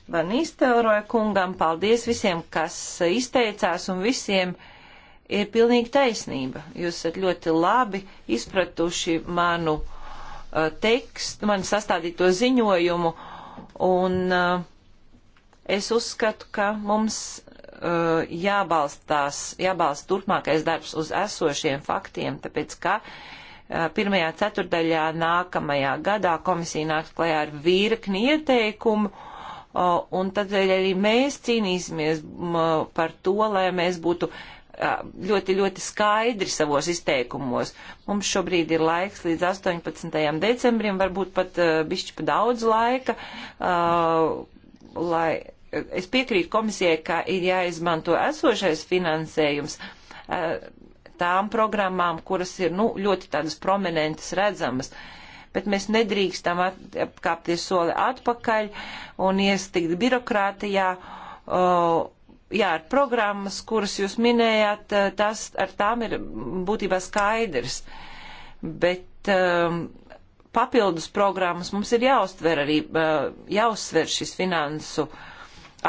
Van Istelroja kungam, paldies visiem, kas izteicās un visiem ir pilnīgi taisnība. Jūs esat ļoti labi izpratuši manu uh, tekstu, manu sastādīto ziņojumu un uh, es uzskatu, ka mums uh, jābalstās, jābalst turpmākais darbs uz esošiem faktiem, tāpēc ka uh, pirmajā ceturdaļā nākamajā gadā komisija nāks klajā ar virkni ieteikumu un tādēļ arī mēs cīnīsimies par to, lai mēs būtu ļoti, ļoti skaidri savos izteikumos. Mums šobrīd ir laiks līdz 18. decembrim, varbūt pat bišķi pa daudz laika, lai es piekrītu komisijai, ka ir jāizmanto esošais finansējums tām programmām, kuras ir nu, ļoti tādas prominentas redzamas. Uh, bet mēs nedrīkstam atkāpties soli atpakaļ un iestikt birokrātijā. Uh, jā, ar programmas, kuras jūs minējāt, e, tas ar tām ir būtībā skaidrs. Bet um, papildus programmas mums ir jāuztver arī, uh, e, jāuztver šis finansu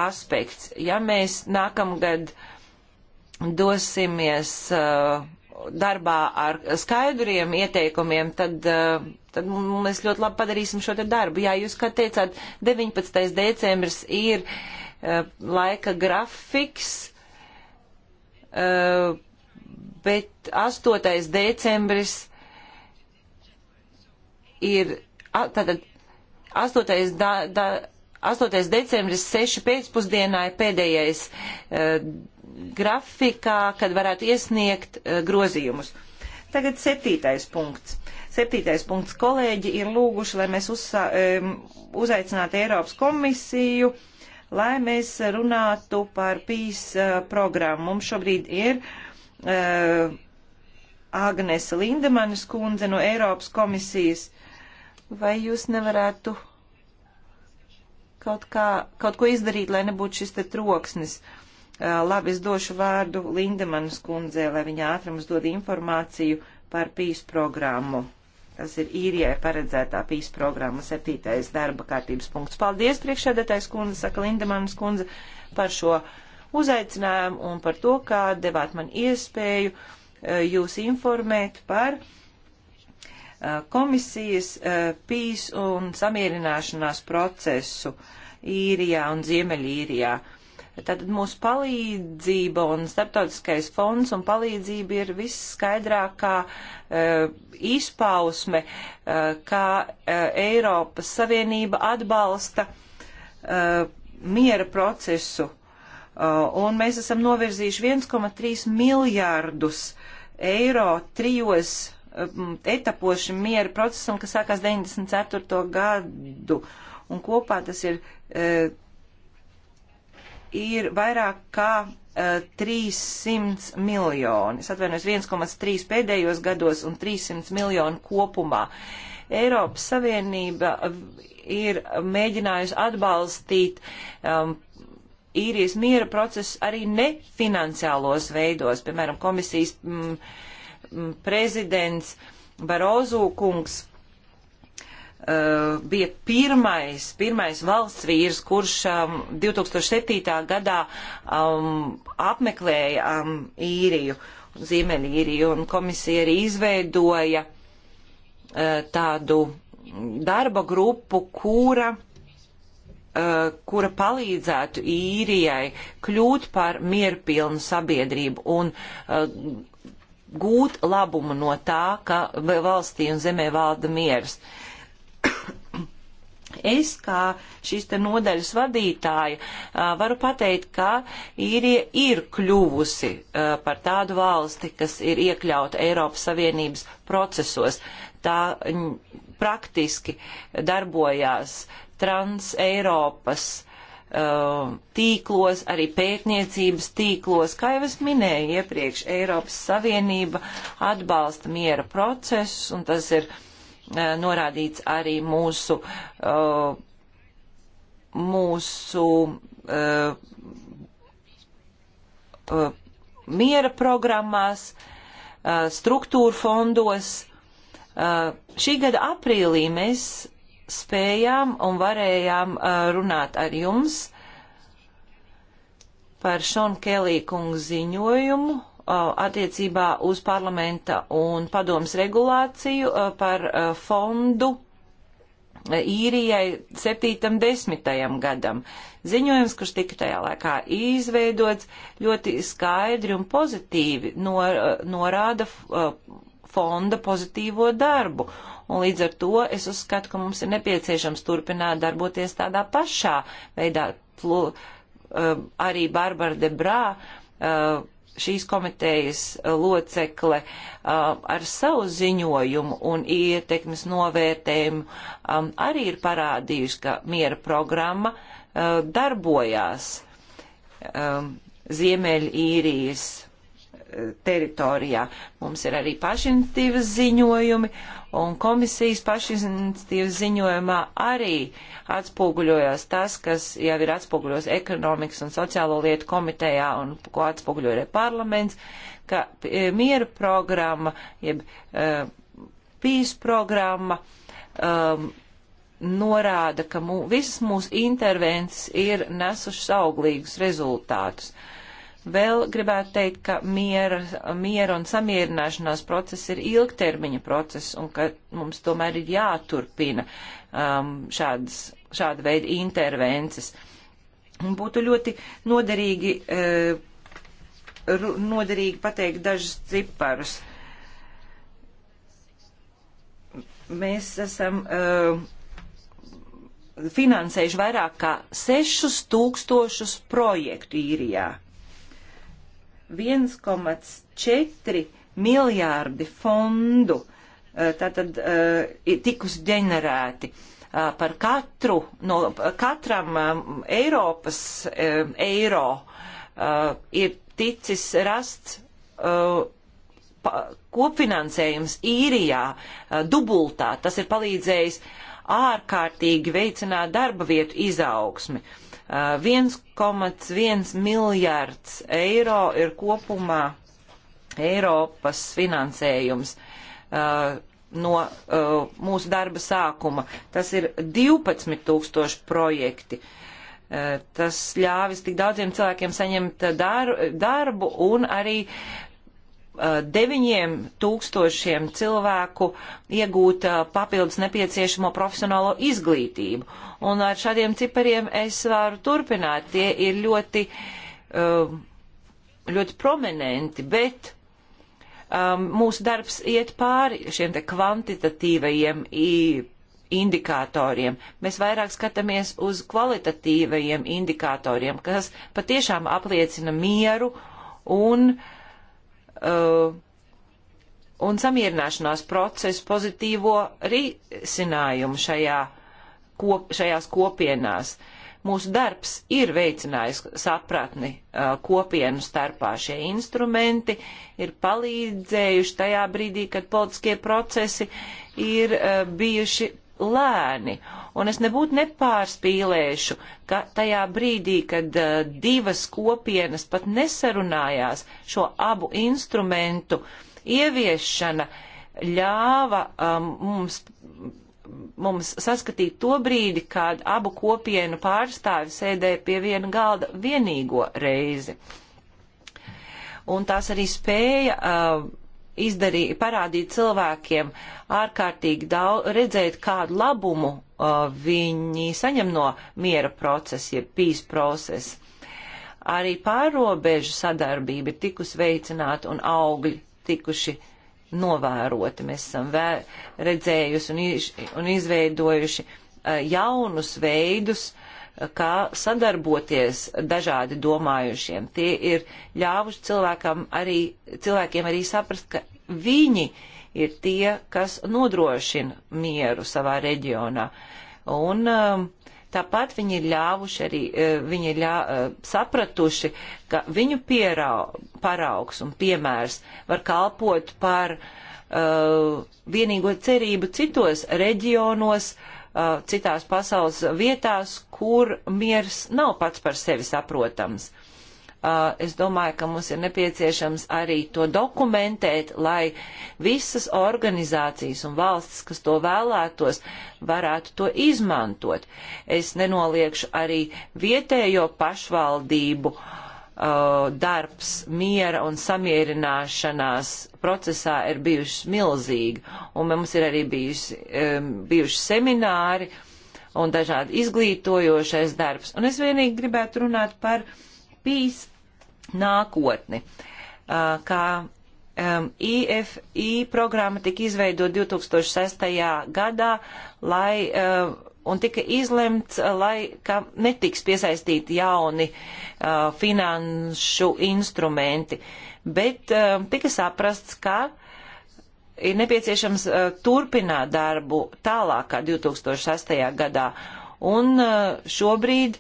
aspekts. Ja mēs nākamgad dosimies uh, darbā ar skaidriem ieteikumiem, tad, eh, tad mēs ļoti labi padarīsim šo te darbu. Jā, jūs kā teicāt, 19. decembris ir eh, laika grafiks, eh, bet 8. decembris ir, tātad 8. Da, da, 8. decembris 6. pēcpusdienā ir pēdējais uh, grafikā, kad varētu iesniegt uh, grozījumus. Tagad septītais punkts. Septītais punkts. Kolēģi ir lūguši, lai mēs uzsā, um, uzaicinātu Eiropas komisiju, lai mēs runātu par PIS uh, programmu. Mums šobrīd ir uh, Agnese Lindemanas kundze no Eiropas komisijas. Vai jūs nevarētu kaut, kā, kaut ko izdarīt, lai nebūtu šis te troksnis? Uh, Eh, labi, es došu vārdu Lindemanas kundzē, lai viņa ātrums dod informāciju par PIS programmu. Tas ir īrijai paredzētā PIS programma septītais darba kārtības punkts. Paldies, priekšsēdētājs kundze, saka Lindemanas kundze, par šo uzaicinājumu un par to, kā devāt man iespēju eh, jūs informēt par eh, komisijas PIS un samierināšanās procesu īrijā un Ziemeļīrijā. Uh, Tātad mūsu palīdzība un starptautiskais fonds un palīdzība ir visskaidrākā uh, izpausme, uh, kā uh, Eiropas Savienība atbalsta uh, miera procesu. Uh, un mēs esam novirzījuši 1,3 miljārdus eiro trijos um, etapos šim miera procesam, kas sākās 94. gadu. Un kopā tas ir. Uh, ir vairāk kā uh, eh, 300 miljoni. Es atvainojos 1,3 pēdējos gados un 300 miljoni kopumā. Eiropas Savienība eh, ir mēģinājusi atbalstīt um, īrijas miera procesu arī nefinanciālos veidos. Piemēram, komisijas m, mm, m, mm, prezidents Barozu kungs uh, bija pirmais, pirmais valsts vīrs, kurš um, 2007. gadā um, apmeklēja um, īriju, Ziemeļīriju, un komisija arī izveidoja uh, tādu darba grupu, kura uh, kura palīdzētu īrijai kļūt par mierpilnu sabiedrību un uh, gūt labumu no tā, ka valstī un zemē valda miers. Uh, Es, kā šīs te nodaļas vadītāja, varu pateikt, ka īrija ir kļuvusi par tādu valsti, kas ir iekļauta Eiropas Savienības procesos. Tā praktiski darbojās Trans-Eiropas tīklos, arī pētniecības tīklos. Kā jau es minēju iepriekš, Eiropas Savienība atbalsta miera procesus, un tas ir uh, Eh, norādīts arī mūsu, eh, mūsu eh, miera programmās, struktūra fondos. Šī gada aprīlī mēs spējām un varējām runāt ar jums par Šona Kelī kungu ziņojumu Uh, attiecībā uz parlamenta un padomas regulāciju uh, par uh, fondu īrijai 7.10. gadam. Ziņojums, kurš tika tajā laikā izveidots, ļoti skaidri un pozitīvi nor, norāda fonda pozitīvo darbu. Un līdz ar to es uzskatu, ka mums ir nepieciešams turpināt darboties tādā pašā veidā. Plu, arī Barbara Debrā šīs komitejas locekle um, ar savu ziņojumu un ietekmes novērtējumu um, arī ir parādījuši, ka miera programma uh, darbojās um, Ziemeļīrijas teritorijā. Mums ir arī pašinicitīvas ziņojumi, un komisijas pašinicitīvas ziņojumā arī atspoguļojās tas, kas jau ir atspoguļos ekonomikas un sociālo lietu komitejā un ko atspoguļo arī parlaments, ka e, miera programma, jeb uh, pīs programma, um, norāda, ka mū, visas mūsu intervences ir nesušas auglīgus rezultātus. Uh, Vēl gribētu teikt, ka miera, miera un samierināšanās process ir ilgtermiņa process un ka mums tomēr ir jāturpina um, šādas, šāda veida intervences. Un būtu ļoti noderīgi, uh, noderīgi pateikt dažus ciparus. Mēs esam. Uh, finansējuši vairāk kā 6000 projektu īrijā. 1,4 miljārdi fondu eh, tātad eh, tikusi ģenerēti eh, par katru, no katram Eiropas eiro ir ticis rasts kopfinansējums īrijā dubultā. Tas ir palīdzējis ārkārtīgi veicināt darba vietu izaugsmi. Uh, 1,1 miljārds eiro ir kopumā Eiropas finansējums uh, no uh, mūsu darba sākuma. Tas ir 12 tūkstoši projekti. Uh, tas ļāvis tik daudziem cilvēkiem saņemt darbu un arī uh, Eh, deviņiem tūkstošiem cilvēku iegūt eh, papildus nepieciešamo profesionālo izglītību. Un ar šādiem cipariem es varu turpināt. Tie ir ļoti, eh, ļoti prominenti, bet ehm, mūsu darbs iet pāri šiem te kvantitatīvajiem indikatoriem. Mēs vairāk skatāmies uz kvalitatīvajiem indikatoriem, kas patiešām apliecina mieru un uh, uh, un samierināšanās procesu pozitīvo risinājumu šajā, kop, šajās kopienās. Mūsu darbs ir veicinājis sapratni uh, kopienu starpā. Šie instrumenti ir palīdzējuši tajā brīdī, kad politiskie procesi ir uh, bijuši lēni. Un es nebūtu nepārspīlējuši, ka tajā brīdī, kad uh, divas kopienas pat nesarunājās šo abu instrumentu ieviešana, ļāva um, mums, mums saskatīt to brīdi, kad abu kopienu pārstāvi sēdēja pie viena galda vienīgo reizi. Un tās arī spēja uh, izdarīt, parādīt cilvēkiem ārkārtīgi daudz, redzēt, kādu labumu uh, viņi saņem no miera procesa, jeb pīs procesa. Arī pārobežu sadarbība ir tikus veicināta un augļi tikuši novēroti. Mēs esam redzējusi un, iz, un izveidojuši uh, jaunus veidus uh, kā sadarboties dažādi domājušiem. Tie ir ļāvuši cilvēkam arī, cilvēkiem arī saprast, ka viņi ir tie, kas nodrošina mieru savā reģionā. Un um, tāpat viņi ir ļāvuši arī, uh, viņi ir ļā, uh, sapratuši, ka viņu pierau, paraugs un piemērs var kalpot par uh, vienīgo cerību citos reģionos, uh, uh, citās pasaules vietās, kur miers nav pats par sevi saprotams. Uh, es domāju, ka mums ir nepieciešams arī to dokumentēt, lai visas organizācijas un valstis, kas to vēlētos, varētu to izmantot. Es nenoliekšu arī vietējo pašvaldību uh, Uh, darbs miera un samierināšanās procesā ir bijušas milzīgi. Un mums ir arī bijuši, um, bijuši semināri un dažādi izglītojošais darbs. Un es vienīgi gribētu runāt par pīs nākotni. Uh, kā IFI um, programma tika izveidota 2006. gadā, lai uh, un tika izlemts, eh, lai, ka netiks piesaistīti jauni uh, finanšu instrumenti, bet uh, tika saprasts, ka ir nepieciešams uh, turpināt darbu tālākā 2008. gadā, un uh, šobrīd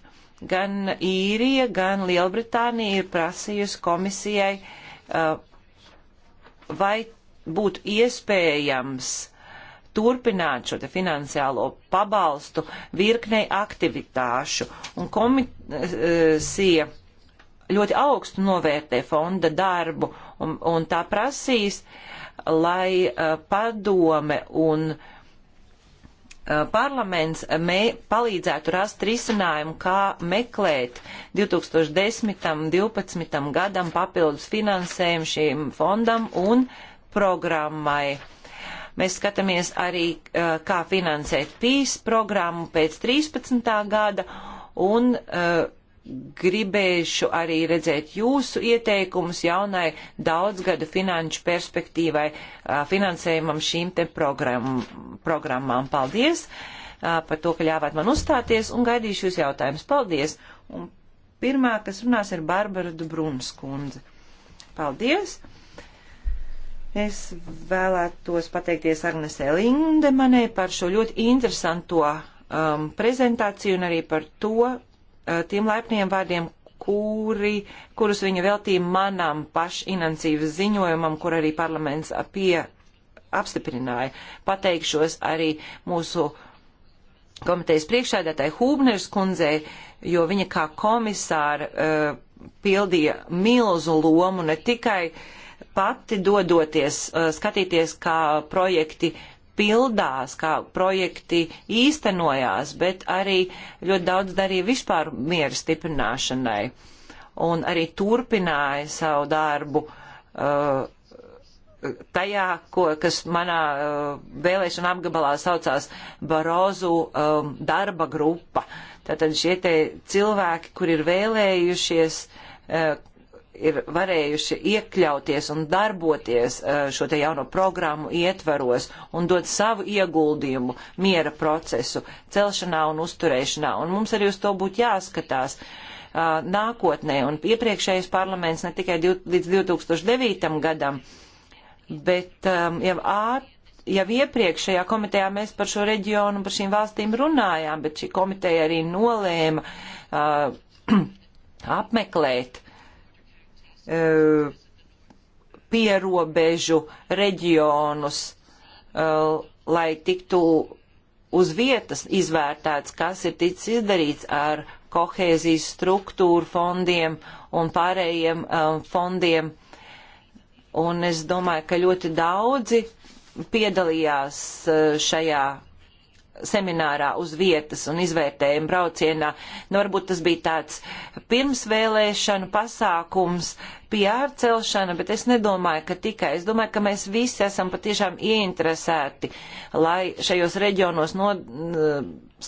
gan īrija, gan Lielbritānija ir prasījusi komisijai, uh, vai būtu iespējams uh, turpināt šo finansiālo pabalstu virknei aktivitāšu. Un komisija ļoti augstu novērtē fonda darbu un, un tā prasīs, lai uh, padome un uh, parlaments me, palīdzētu rast risinājumu, kā meklēt 2010. un 2012. gadam papildus finansējumu šīm fondam un programmai. Uh, Mēs skatāmies arī, eh, kā finansēt PIS programmu pēc 13. gada un eh, gribēšu arī redzēt jūsu ieteikumus jaunai daudzgada finanšu perspektīvai eh, finansējumam šīm te program, programmām. Paldies par to, ka ļāvāt man uzstāties un gaidīšu jūs jautājumus. Paldies! Un pirmā, kas runās, ir Barbara Dubruns kundze. Paldies! Es vēlētos pateikties Agnesē Lindemanē par šo ļoti interesanto um, prezentāciju un arī par to uh, tiem laipniem vārdiem, kuri, kurus viņa veltīja manam pašinansīvas ziņojumam, kur arī parlaments pie apstiprināja. Pateikšos arī mūsu komitejas priekšsēdētāji Hūbners kundzei, jo viņa kā komisāra uh, pildīja milzu lomu ne tikai uh, pati dodoties, uh, skatīties, kā projekti pildās, kā projekti īstenojās, bet arī ļoti daudz darīja vispār miera stiprināšanai un arī turpināja savu darbu uh, tajā, ko, kas manā uh, vēlēšana apgabalā saucās Barozu um, darba grupa. Tātad šie te cilvēki, kur ir vēlējušies ir varējuši iekļauties un darboties eh, šo te jauno programmu ietvaros un dot savu ieguldījumu miera procesu celšanā un uzturēšanā. Un mums arī uz to būtu jāskatās eh, nākotnē. Un iepriekšējais parlaments ne tikai līdz 2009. gadam, bet ehm, jau ātri jau iepriekšējā komitejā mēs par šo reģionu, par šīm valstīm runājām, bet šī komiteja arī nolēma uh, apmeklēt Eh, pierobežu reģionus, eh, lai tiktu uz vietas izvērtēts, kas ir ticis izdarīts ar kohēzijas struktūru fondiem un pārējiem um, fondiem. Un es domāju, ka ļoti daudzi piedalījās uh, šajā seminārā uz vietas un izvērtējuma braucienā. Nu, varbūt tas bija tāds pirmsvēlēšanu pasākums, PR celšana, bet es nedomāju, ka tikai. Es domāju, ka mēs visi esam patiešām ieinteresēti, lai šajos reģionos no,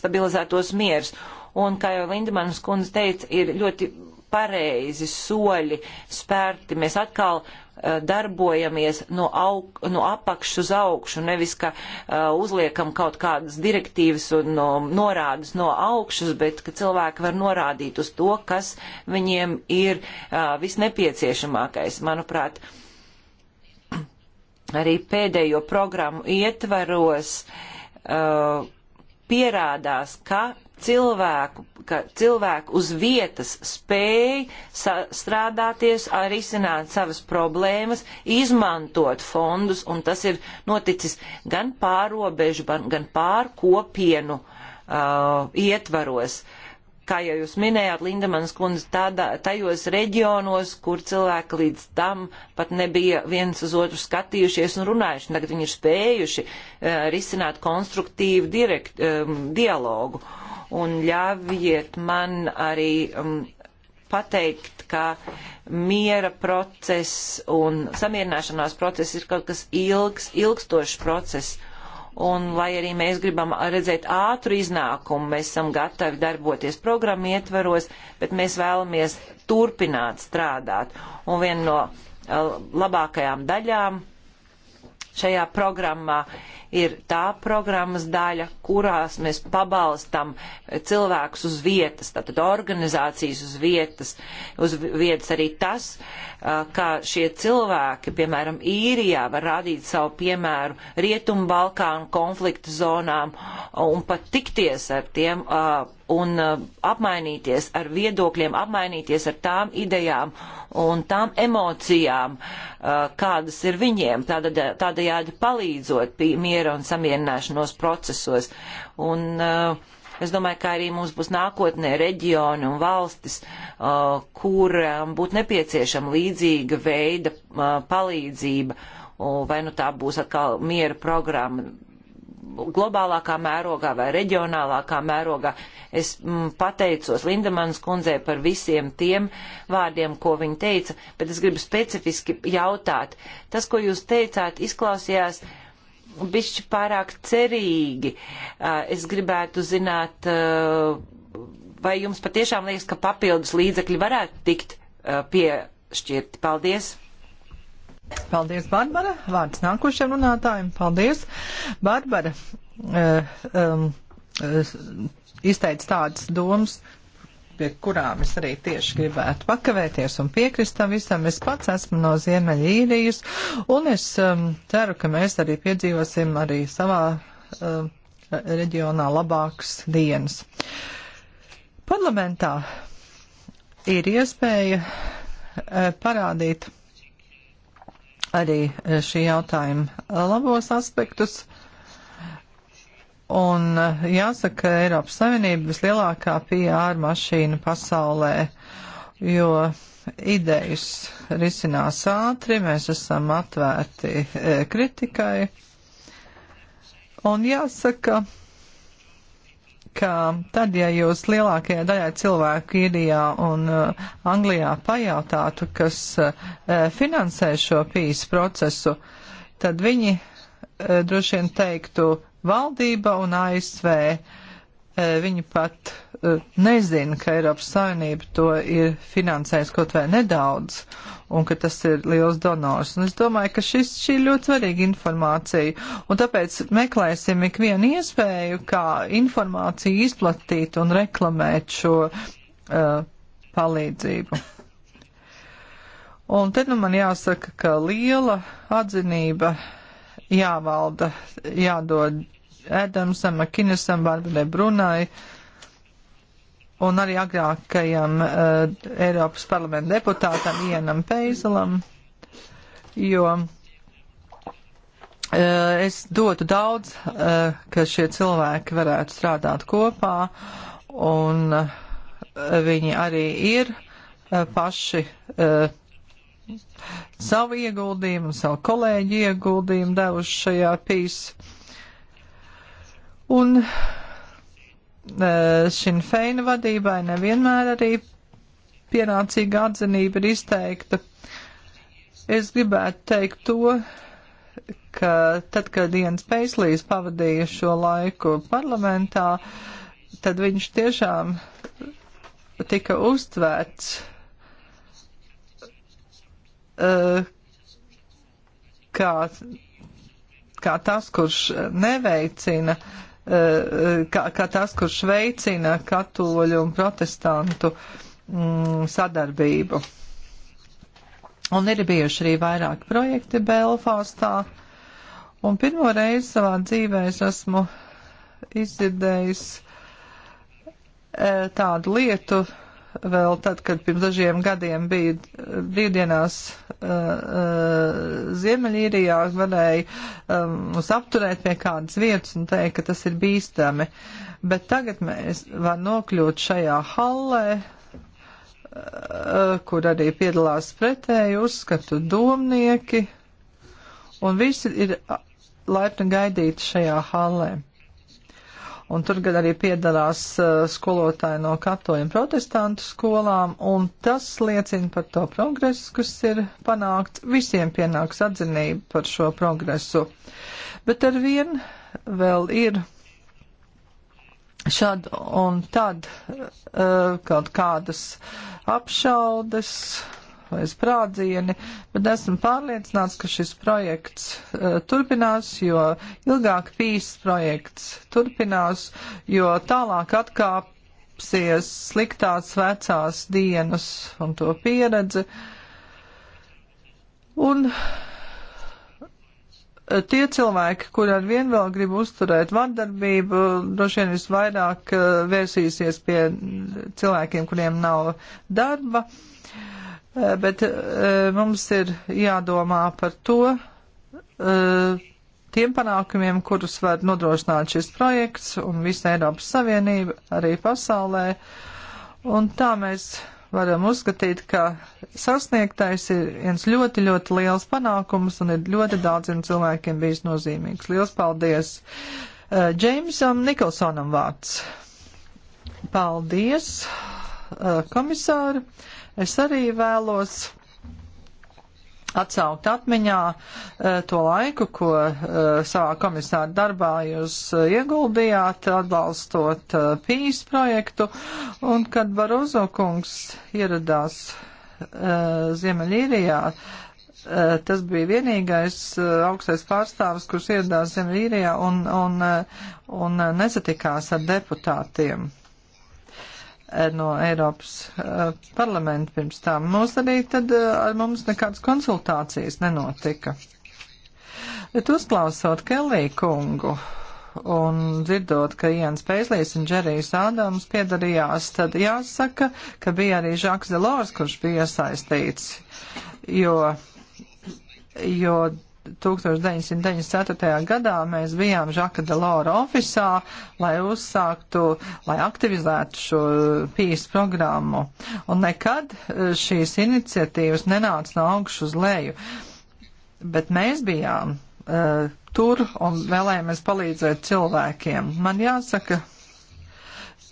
stabilizētos miers. Un, kā jau Lindemans kundze teica, ir ļoti pareizi soļi spērti. Mēs atkal uh, darbojamies no, aug, no apakšas uz augšu, nevis ka uh, uzliekam kaut kādas direktīvas un no, norādes no augšas, bet ka cilvēki var norādīt uz to, kas viņiem ir uh, visnepieciešamākais. Manuprāt, arī pēdējo programmu ietvaros pierādās, ka cilvēku, ka cilvēku uz vietas spēja strādāties, risināt savas problēmas, izmantot fondus, un tas ir noticis gan pārobežu, gan pārkopienu uh, ietvaros. Kā jau jūs minējāt, Lindemans kundze, tādā, tajos reģionos, kur cilvēki līdz tam pat nebija viens uz otru skatījušies un runājuši, tagad viņi ir spējuši uh, risināt konstruktīvu direkt, um, dialogu. Uh, un ļaujiet man arī um, pateikt, ka miera process un samierināšanās process ir kaut kas ilgs, ilgstošs process. Un, lai arī mēs gribam redzēt ātru iznākumu, mēs esam gatavi darboties programmu ietvaros, bet mēs vēlamies turpināt strādāt. Un viena no uh, labākajām daļām šajā programmā ir tā programmas daļa, kurās mēs pabalstam cilvēkus uz vietas, tātad organizācijas uz vietas, uz vietas arī tas, ka šie cilvēki, piemēram, īrijā var rādīt savu piemēru Rietumbalkānu konflikta zonām un pat tikties ar tiem un uh, apmainīties ar viedokļiem, apmainīties ar tām idejām un tām emocijām, uh, kādas ir viņiem, uh, tādējādi palīdzot miera un samierināšanos procesos. Un es domāju, ka arī mums būs nākotnē reģioni un valstis, kur būtu nepieciešama līdzīga veida palīdzība, vai nu tā būs atkal miera programma globālākā mērogā vai reģionālākā mērogā. Es m, mm, pateicos Lindemans kundzei par visiem tiem vārdiem, ko viņa teica, bet es gribu specifiski jautāt. Tas, ko jūs teicāt, izklausījās bišķi pārāk cerīgi. Es gribētu zināt, vai jums patiešām liekas, ka papildus līdzekļi varētu tikt piešķirti. Paldies! Paldies, Barbara. Vārds nākošajam runātājiem. Paldies. Barbara uh, um, eh, izteica tādas domas, pie kurām es arī tieši gribētu pakavēties un piekrist tam visam. Es pats esmu no Ziemeļīrijas, un es um, ceru, ka mēs arī piedzīvosim arī savā um, reģionā labākas dienas. Parlamentā ir iespēja uh, parādīt arī e, šī jautājuma labos aspektus. Un e, jāsaka, Eiropas Savienība vislielākā PR mašīna pasaulē, jo idejas risinās ātri, mēs esam atvērti e, kritikai. Un jāsaka, ka tad, ja jūs lielākajai daļai cilvēku īrijā un uh, Anglijā pajautātu, kas uh, finansē šo pīs procesu, tad viņi uh, droši vien teiktu valdība un ASV. Uh, viņi pat uh, Eh, nezina, ka Eiropas Savienība to ir finansējusi kaut vai nedaudz un ka tas ir liels donors. Un es domāju, ka šis, šī ir ļoti svarīga informācija. Un tāpēc meklēsim ikvienu iespēju, kā informāciju izplatīt un reklamēt šo uh, palīdzību. Un te nu man jāsaka, ka liela atzinība jāvalda, jādod Edamsam, Akinesam, Barbarai Brunai, uh, un arī agrākajam uh, Eiropas parlamenta deputātam Ienam Peizelam, jo uh, es dotu daudz, uh, ka šie cilvēki varētu strādāt kopā, un uh, viņi arī ir uh, paši. Uh, savu ieguldījumu, savu kolēģi ieguldījumu devuši šajā pīs. Un uh, Šinfeina eh, vadībai nevienmēr arī pienācīga atzinība ir izteikta. Es gribētu teikt to, ka tad, kad Jens Peislīs pavadīja šo laiku parlamentā, tad viņš tiešām tika uztvērts, uh, eh, kā, kā tas, kurš neveicina uh, kā, eh, kā tas, kurš veicina katoļu un protestantu mm, sadarbību. Un ir bijuši arī vairāki projekti Belfāstā. Un pirmo reizi savā dzīvē es esmu izdzirdējis e, tādu lietu, vēl tad, kad pirms dažiem gadiem bija brīvdienās uh, uh, Ziemeļīrijā, varēja mūs um, apturēt pie kādas vietas un teikt, ka tas ir bīstami. Bet tagad mēs varam nokļūt šajā hallē, uh, kur arī piedalās pretēju uzskatu domnieki, un visi ir laipni gaidīti šajā hallē. Un tur gan arī piedalās uh, skolotāji no katoļu protestantu skolām, un tas liecina par to progresu, kas ir panākts. Visiem pienāks atzinība par šo progresu. Bet ar vien vēl ir šad un tad uh, kaut kādas apšaudes vai sprādzieni, bet esmu pārliecināts, ka šis projekts uh, turpinās, jo ilgāk pīs projekts turpinās, jo tālāk atkāpsies sliktās vecās dienas un to pieredze. Un e, tie cilvēki, kuri ar vien vēl grib uzturēt vardarbību, droši vien visvairāk e, vērsīsies pie cilvēkiem, kuriem nav darba. Uh, Eh, bet eh, mums ir jādomā par to, eh, tiem panākumiem, kurus var nodrošināt šis projekts un visa Eiropas Savienība arī pasaulē. Un tā mēs varam uzskatīt, ka sasniegtais ir viens ļoti, ļoti liels panākums un ir ļoti daudziem cilvēkiem bijis nozīmīgs. Liels paldies! Džeimsam uh, Nikolsonam vārds. Paldies, uh, komisāri! Uh, Es arī vēlos atsaukt atmiņā eh, to laiku, ko eh, savā komisāra darbā jūs eh, ieguldījāt, atbalstot Pīs projektu, un kad Barozo kungs ieradās Ziemeļīrijā, tas bija vienīgais augstais pārstāvis, kurš ieradās Ziemeļīrijā un, un, un nesatikās ar deputātiem. Eh, no Eiropas uh, parlamenta pirms tam. Mums arī tad uh, ar mums nekādas konsultācijas nenotika. Bet uzklausot Kelī kungu un dzirdot, ka Ians Pēslīs un Džerijs Ādams piedarījās, tad jāsaka, ka bija arī Žaks Delors, kurš bija iesaistīts, jo, jo 1994. gadā mēs bijām Žaka Delora ofisā, lai uzsāktu, lai aktivizētu šo pīs programmu. Un nekad e, šīs iniciatīvas nenāca no augšu uz leju. Bet mēs bijām uh, tur un vēlējāmies palīdzēt cilvēkiem. Man jāsaka,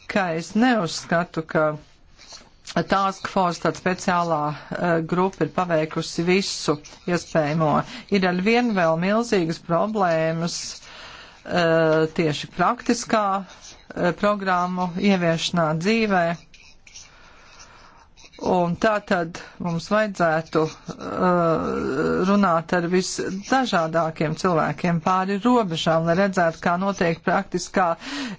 ka es neuzskatu, ka Task Force, tāda speciālā uh, grupa, ir paveikusi visu iespējamo. Ir ar vien vēl milzīgas problēmas uh, tieši praktiskā uh, programmu ieviešanā dzīvē. Un tā tad mums vajadzētu uh, runāt ar visdažādākiem cilvēkiem pāri robežām, lai redzētu, kā notiek praktiskā uh,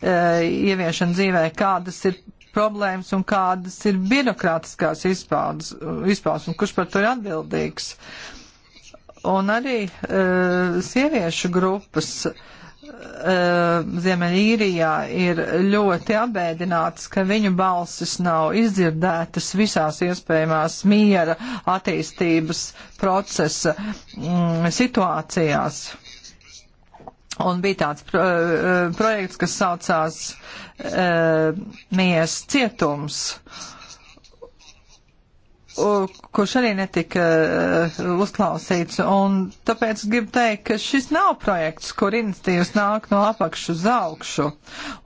ieviešana dzīvē, kādas ir problēmas un kādas ir birokrātiskās izpaudas, izpaudas un kurš par to ir atbildīgs. Un arī uh, sieviešu grupas uh, Ziemeļīrijā ir ļoti apbēdināts, ka viņu balsis nav izdzirdētas visās iespējamās miera attīstības procesa mm, situācijās. Un bija tāds pro, eh, projekts, kas saucās uh, eh, Mies cietums. Uh, kurš arī netika e, uzklausīts. Un tāpēc gribu teikt, ka šis nav projekts, kur iniciatīvas nāk no apakšu uz augšu.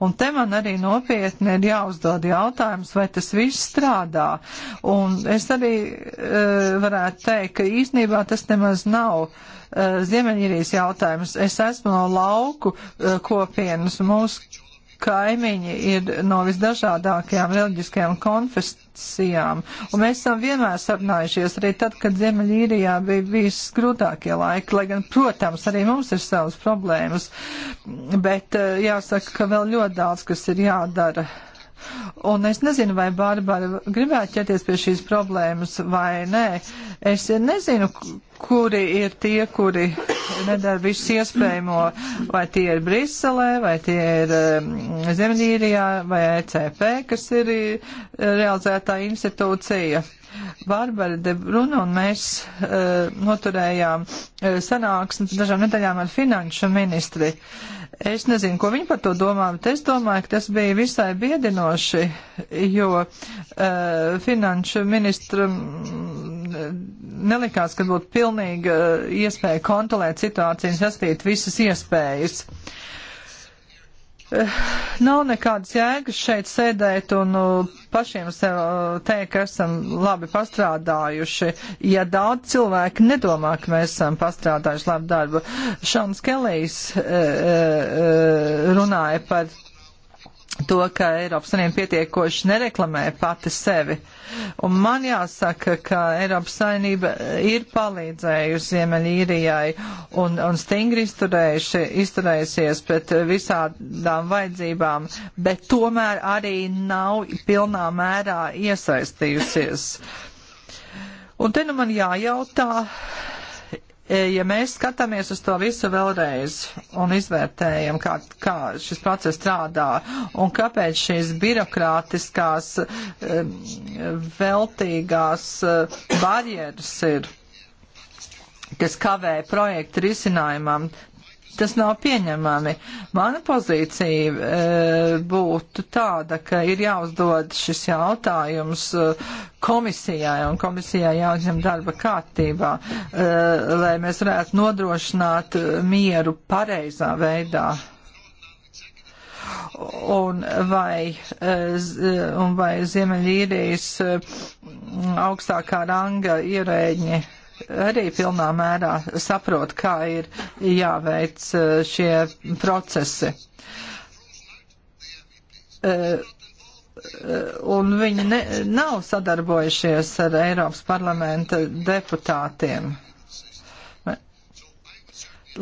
Un te man arī nopietni ir jāuzdod jautājums, vai tas viss strādā. Un es arī e, varētu teikt, ka īstenībā tas nemaz nav. E, Ziemeņīrijas jautājums. Es esmu no lauku kopienas. Mūsu kaimiņi ir no visdažādākajām reliģiskajām konfesijām. Un mēs esam vienmēr sarunājušies, arī tad, kad Ziemeļīrijā bija bijis grūtākie laiki, lai gan, protams, arī mums ir savas problēmas. Bet eh, jāsaka, ka vēl ļoti daudz, kas ir jādara. Un es nezinu, vai Bārbara gribētu ķerties pie šīs problēmas vai nē. Es nezinu, kuri ir tie, kuri nedara visu iespējamo, vai tie ir Briselē, vai tie ir um, Zemļīrijā, vai ECP, kas ir eh, realizētā institūcija. Bārbara de Bruno un mēs uh, noturējām uh, sanāksmi dažām nedēļām ar finanšu ministri. Es nezinu, ko viņi par to domā, bet es domāju, ka tas bija visai biedinoši, jo uh, finanšu ministram mm, nelikās, ka būtu pilnīga iespēja kontrolēt situāciju un sastīt visas iespējas. Uh, Eh, nav nekādas jēgas šeit sēdēt un nu, pašiem sev eh, teikt, ka esam labi pastrādājuši, ja daudz cilvēku nedomā, ka mēs esam pastrādājuši labu darbu. Šāns Kelijs eh, runāja par to, ka Eiropas Savienība pietiekoši nereklamē pati sevi. Un man jāsaka, ka Eiropas Savienība ir palīdzējusi Ziemeļīrijai un, un stingri izturējusies pret visādām vajadzībām, bet tomēr arī nav pilnā mērā iesaistījusies. Un te nu man jājautā, E, ja mēs skatāmies uz to visu vēlreiz un izvērtējam, kā, kā šis process strādā un kāpēc šīs birokrātiskās e, veltīgās e, barjeras ir kas kavē projektu risinājumam, Tas nav pieņemami. Mana pozīcija e, būtu tāda, ka ir jāuzdod šis jautājums e, komisijai un komisijai jāuzņem darba kārtībā, e, lai mēs varētu nodrošināt mieru pareizā veidā. Un vai, e, un vai Ziemeļīrijas e, augstākā ranga ierēģi arī pilnā mērā saprot, kā ir jāveic eh, šie procesi. Eh, eh, un viņi ne, nav sadarbojušies ar Eiropas parlamenta deputātiem.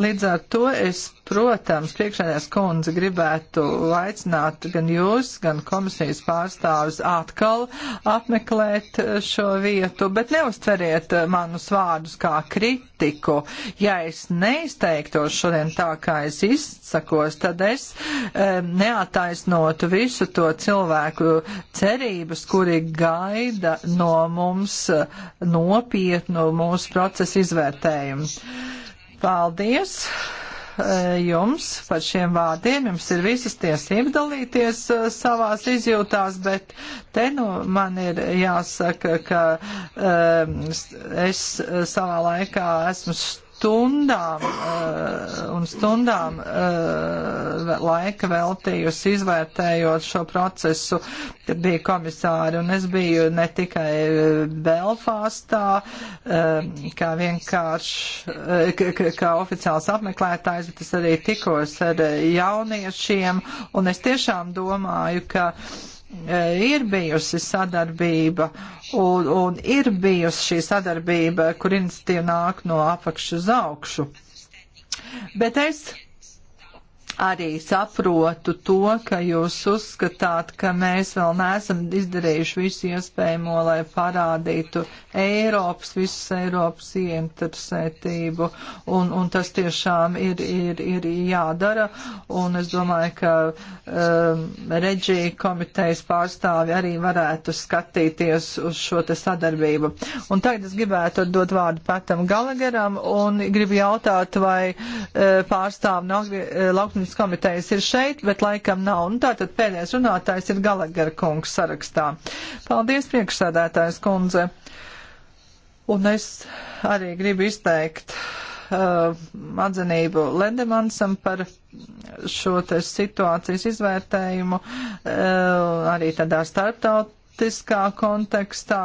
Līdz ar to es, protams, priekšējās kundze gribētu aicināt gan jūs, gan komisijas pārstāvis atkal apmeklēt eh, šo vietu, bet neuztveriet eh, manus vārdus kā kritiku. Ja es neizteiktos šodien tā, kā es izsakos, tad es e, neataisnotu visu to cilvēku cerības, kuri gaida no mums nopietnu mūsu procesu izvērtējumu. Paldies! Eh, jums par šiem vārdiem. Jums ir visas tiesības dalīties eh, savās izjūtās, bet te nu man ir jāsaka, ka um, es savā laikā esmu stundām uh, un stundām uh, laika veltījusi izvērtējot šo procesu, kad bija komisāri. Un es biju ne tikai eh, Belfāstā, uh, kā vienkārši, uh, kā oficiāls apmeklētājs, bet es arī tikos ar jauniešiem. Un es tiešām domāju, ka uh, E, ir bijusi sadarbība un, un ir bijusi šī sadarbība, kur iniciatīva nāk no apakšu uz augšu. Bet es arī saprotu to, ka jūs uzskatāt, ka mēs vēl neesam izdarījuši visu iespējamo, lai parādītu Eiropas, visas Eiropas ieinteresētību, un, un tas tiešām ir, ir, ir jādara, un es domāju, ka um, reģija komitejas pārstāvi arī varētu skatīties uz šo te sadarbību. Un tagad es gribētu dot vārdu Patam Galagaram, un gribu jautāt, vai uh, eh, pārstāvi nav uh, eh, laukuma izaugsmas komitejas ir šeit, bet laikam nav. Un nu, tātad pēdējais runātājs ir Galagara kungs sarakstā. Paldies, priekšsēdētājs kundze. Un es arī gribu izteikt uh, atzinību Lendemansam par šo te situācijas izvērtējumu uh, arī tādā starptautiskā kontekstā.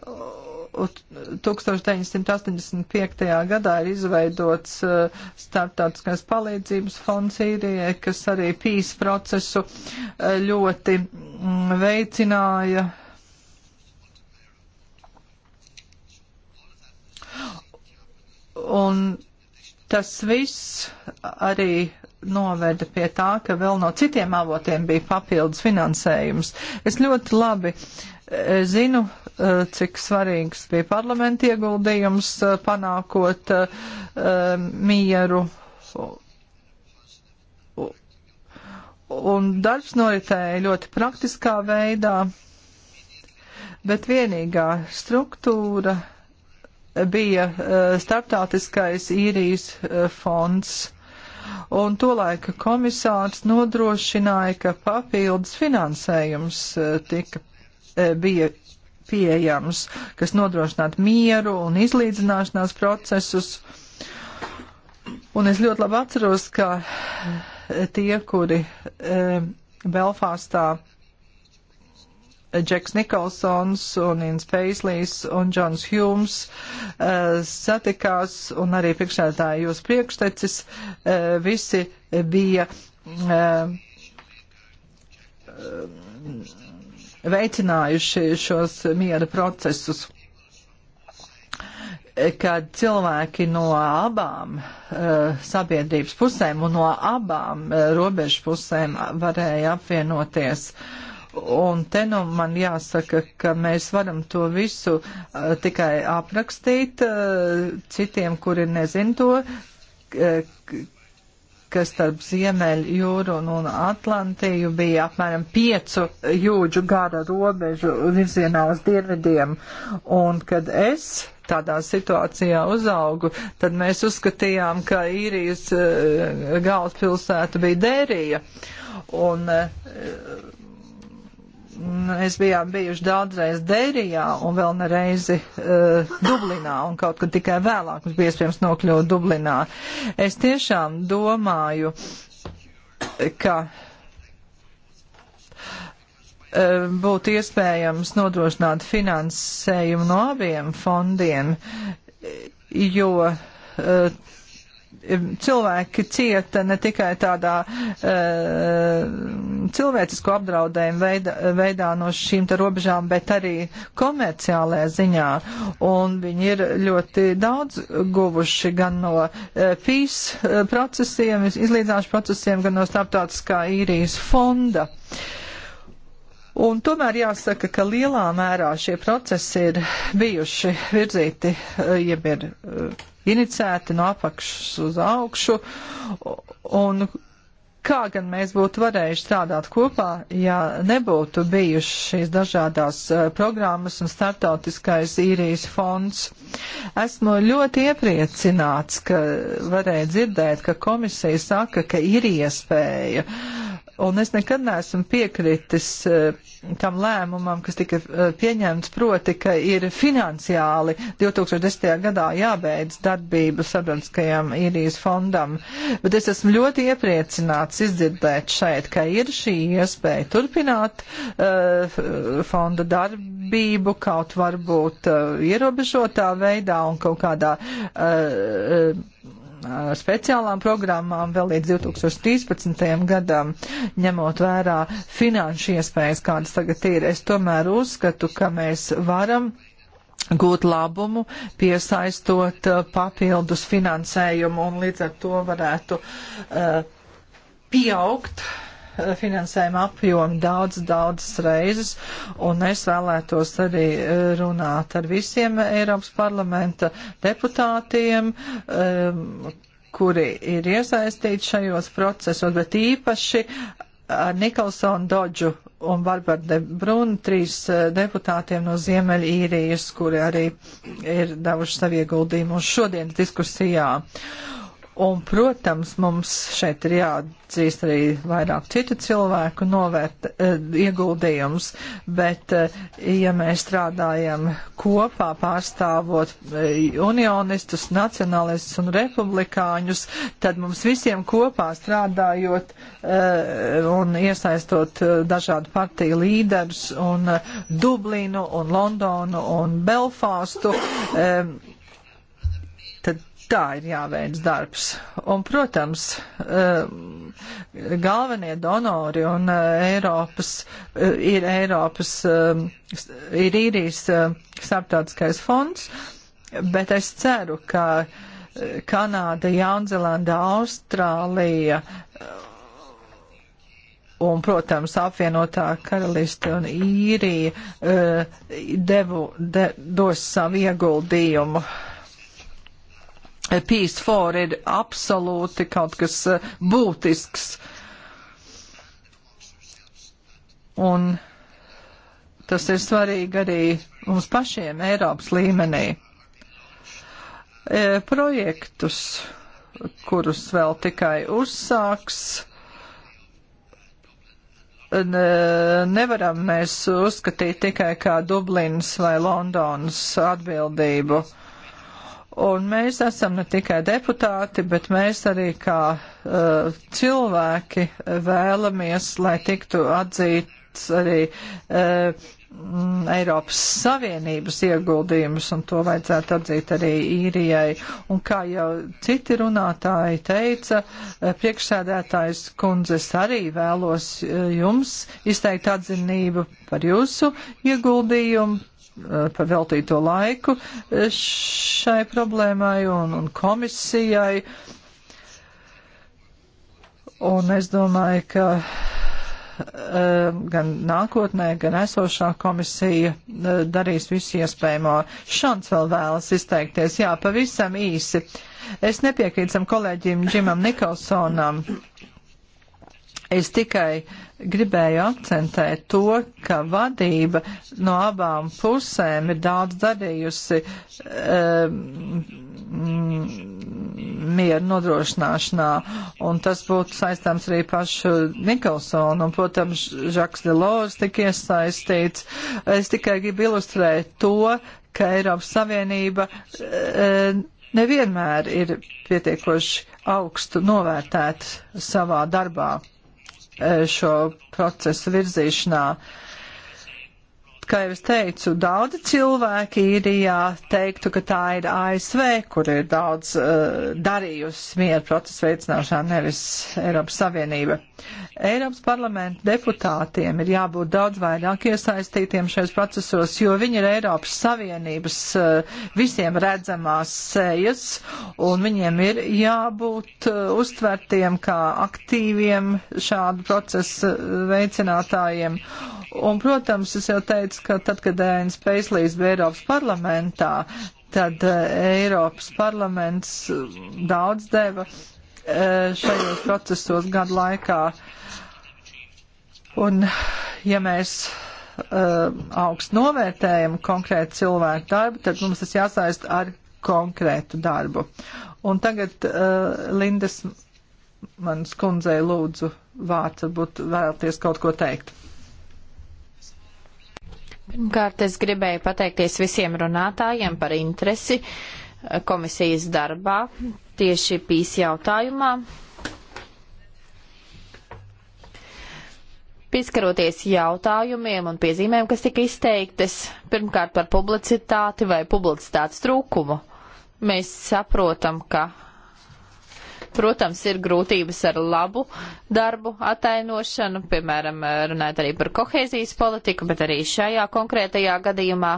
Uh, 1985. gadā ir izveidots uh, starptautiskais palīdzības fonds Sīrijai, kas arī pīs procesu uh, ļoti mm, veicināja. Un tas viss arī noveda pie tā, ka vēl no citiem avotiem bija papildus finansējums. Es ļoti labi uh, Zinu, eh, cik svarīgs bija parlamenta ieguldījums eh, panākot eh, mieru. Un darbs noritēja ļoti praktiskā veidā, bet vienīgā struktūra bija starptautiskais īrijas fonds un tolaika komisārs nodrošināja, ka papildus finansējums tika E, bija pieejams, kas nodrošinātu mieru un izlīdzināšanās procesus. Un es ļoti labi atceros, ka e, tie, kuri e, Belfāstā Džeks Nikolsons un Ins Peislīs un Džons Hjūms e, satikās un arī priekšētāji jūs priekštecis, e, visi bija e, veicinājuši šos miera procesus, kad cilvēki no abām eh, sabiedrības pusēm un no abām eh, robežu pusēm varēja apvienoties. Un te nu man jāsaka, ka mēs varam to visu uh, tikai aprakstīt uh, citiem, kuri nezin to, uh, ka starp Ziemeļu jūru un, un Atlantiju bija apmēram piecu jūdžu gara robežu virzienā uz dienvidiem. Un kad es tādā situācijā uzaugu, tad mēs uzskatījām, ka īrijas eh, galvaspilsēta bija Dērija. Un, eh, Mēs bijām bijuši daudzreiz Dērijā un vēl nereizi uh, Dublinā, un kaut kad tikai vēlāk mums bija iespējams nokļūt Dublinā. Es tiešām domāju, ka eh, būtu iespējams nodrošināt finansējumu no abiem fondiem, jo eh, cilvēki cieta ne tikai tādā uh, cilvēcisko apdraudējumu veidā, veidā no šīm te robežām, bet arī komerciālajā ziņā. Un viņi ir ļoti daudz guvuši gan no uh, e, PIS e, procesiem, izlīdzināšu procesiem, gan no starptautiskā īrijas fonda. Un tomēr jāsaka, ka lielā mērā šie procesi ir bijuši virzīti, jeb ir uh, inicēti no apakšas uz augšu, un kā gan mēs būtu varējuši strādāt kopā, ja nebūtu bijuši šīs dažādās eh, programmas un startautiskais īrijas fonds. Esmu ļoti iepriecināts, ka varēju dzirdēt, ka komisija saka, ka ir iespēja uh, Un es nekad neesmu piekritis eh, tam lēmumam, kas tika eh, pieņemts, proti, ka ir finansiāli 2010. gadā jābeidz darbība sabiedriskajam īrijas fondam. Bet es esmu ļoti iepriecināts izdzirdēt šeit, ka ir šī iespēja turpināt uh, fonda darbību kaut varbūt uh, ierobežotā veidā un kaut kādā. Uh, uh, ar speciālām programmām vēl līdz 2013. gadam, ņemot vērā finanšu iespējas, kādas tagad ir. Es tomēr uzskatu, ka mēs varam gūt labumu, piesaistot uh, papildus finansējumu un līdz ar to varētu uh, pieaugt uh, finansējuma apjomu daudz, daudzas reizes, un es vēlētos arī e, runāt ar visiem Eiropas parlamenta deputātiem, e, kuri ir iesaistīti šajos procesos, bet īpaši ar Nikolsonu Dodžu un Barbaru de Brunu, trīs e, deputātiem no Ziemeļīrijas, kuri arī ir devuši savu ieguldījumu šodienas diskusijā. Uh, Un, protams, mums šeit ir jāatzīst arī vairāk citu cilvēku novērt e, ieguldījums, bet, e, ja mēs strādājam kopā pārstāvot e, unionistus, nacionalistus un republikāņus, tad mums visiem kopā strādājot un iesaistot dažādu partiju līderus un Dublinu un Londonu un Belfāstu, tā ir jāveic darbs. Un, protams, eh, galvenie donori un eh, Eiropas, eh, ir Eiropas, ir īrijas starptautiskais fonds, bet es ceru, ka Kanāda, Jaunzelanda, Austrālija un, protams, apvienotā karaliste un īrija devu, de, dos savu ieguldījumu Peace for ir absolūti kaut kas eh, būtisks. Un tas ir svarīgi arī mums pašiem Eiropas līmenī. E, projektus, kurus vēl tikai uzsāks, eh, nevaram mēs uzskatīt tikai kā Dublinas vai Londonas atbildību. Uh, Un mēs esam ne tikai deputāti, bet mēs arī kā uh, cilvēki vēlamies, lai tiktu atzīts arī uh, Eiropas Savienības ieguldījumus, un to vajadzētu atzīt arī īrijai. Un kā jau citi runātāji teica, uh, priekšsēdētājs kundzes arī vēlos uh, jums izteikt atzinību par jūsu ieguldījumu, Eh, paveltīto laiku eh, šai problēmai un, un komisijai. Un es domāju, ka eh, gan nākotnē, gan esošā komisija darīs visu iespējamo. Šants vēl vēlas izteikties. Jā, pavisam īsi. Es nepiekrītu sam kolēģim Džimam Nikolsonam. Es tikai uh, gribēju akcentēt to, ka vadība no abām pusēm ir daudz darījusi um, mieru nodrošināšanā, un tas būtu saistāms arī pašu Nikolsonu, un, protams, Žaks Delors tik iesaistīts. Es tikai gribu ilustrēt to, ka Eiropas Savienība um, nevienmēr ir pietiekoši augstu novērtēta savā darbā. Eh, šo procesu virzīšanā. Uh, kā jau es teicu, daudzi cilvēki īrijā teiktu, ka tā ir ASV, kur ir daudz uh, darījusi mieru procesu veicināšanā, nevis Eiropas Savienība. Eiropas parlamenta deputātiem ir jābūt daudz vairāk iesaistītiem šajos procesos, jo viņi ir Eiropas Savienības uh, visiem redzamās sejas, un viņiem ir jābūt uh, uztvertiem kā aktīviem šādu procesu uh, veicinātājiem. Uh, Un, protams, es jau teicu, ka tad, kad Ēns Peislīs bija Eiropas parlamentā, tad eh, Eiropas parlaments eh, daudz deva eh, šajos procesos gadu laikā. Un, ja mēs augstu novērtējam konkrētu cilvēku darbu, tad mums tas jāsaist ar konkrētu darbu. Un tagad uh, Lindas manas kundzei lūdzu vārds, varbūt vēlties kaut ko teikt. Pirmkārt, es gribēju pateikties visiem runātājiem par interesi eh, komisijas darbā tieši pīs jautājumā. Pieskaroties jautājumiem un piezīmēm, kas tika izteiktas, pirmkārt par publicitāti vai publicitātes trūkumu, mēs saprotam, ka Protams, ir grūtības ar labu darbu atainošanu, piemēram, runājot arī par kohēzijas politiku, bet arī šajā konkrētajā gadījumā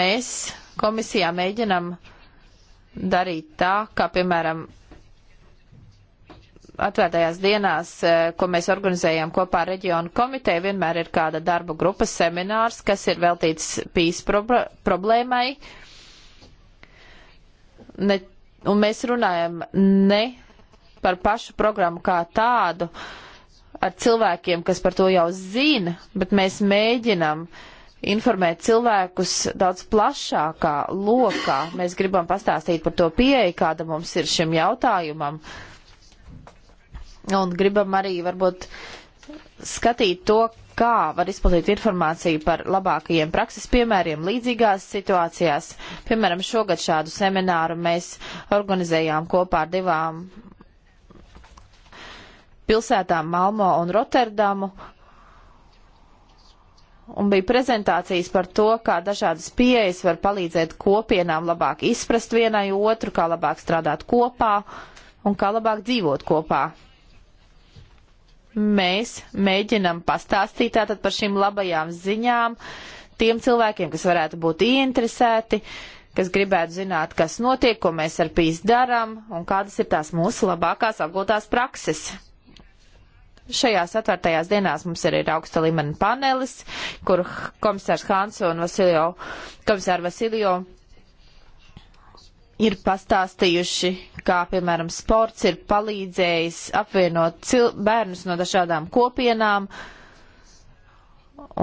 mēs komisijā mēģinam darīt tā, kā, piemēram, atvērtajās dienās, eh, ko mēs organizējam kopā ar reģionu komiteju, vienmēr ir kāda darba grupas seminārs, kas ir veltīts pīs problēmai. Uh, ne, un mēs runājam ne par pašu programmu kā tādu ar cilvēkiem, kas par to jau zina, bet mēs mēģinam informēt cilvēkus daudz plašākā lokā. Mēs gribam pastāstīt par to pieeju, kāda mums ir šim jautājumam. Un gribam arī varbūt skatīt to, kā var izplatīt informāciju par labākajiem prakses piemēriem līdzīgās situācijās. Piemēram, šogad šādu semināru mēs organizējām kopā ar divām pilsētām Malmo un Rotterdamu. Un bija prezentācijas par to, kā dažādas pieejas var palīdzēt kopienām labāk izprast vienai otru, kā labāk strādāt kopā un kā labāk dzīvot kopā mēs mēģinam pastāstīt tātad par šīm labajām ziņām tiem cilvēkiem, kas varētu būt ieinteresēti, kas gribētu zināt, kas notiek, ko mēs ar PIS darām un kādas ir tās mūsu labākās apgūtās prakses. Šajās atvērtajās dienās mums arī ir augsta līmeņa panelis, kur komisārs Hans un Vasiljo, komisāri Vasiljo ir pastāstījuši, kā piemēram sports ir palīdzējis apvienot bērnus no dažādām kopienām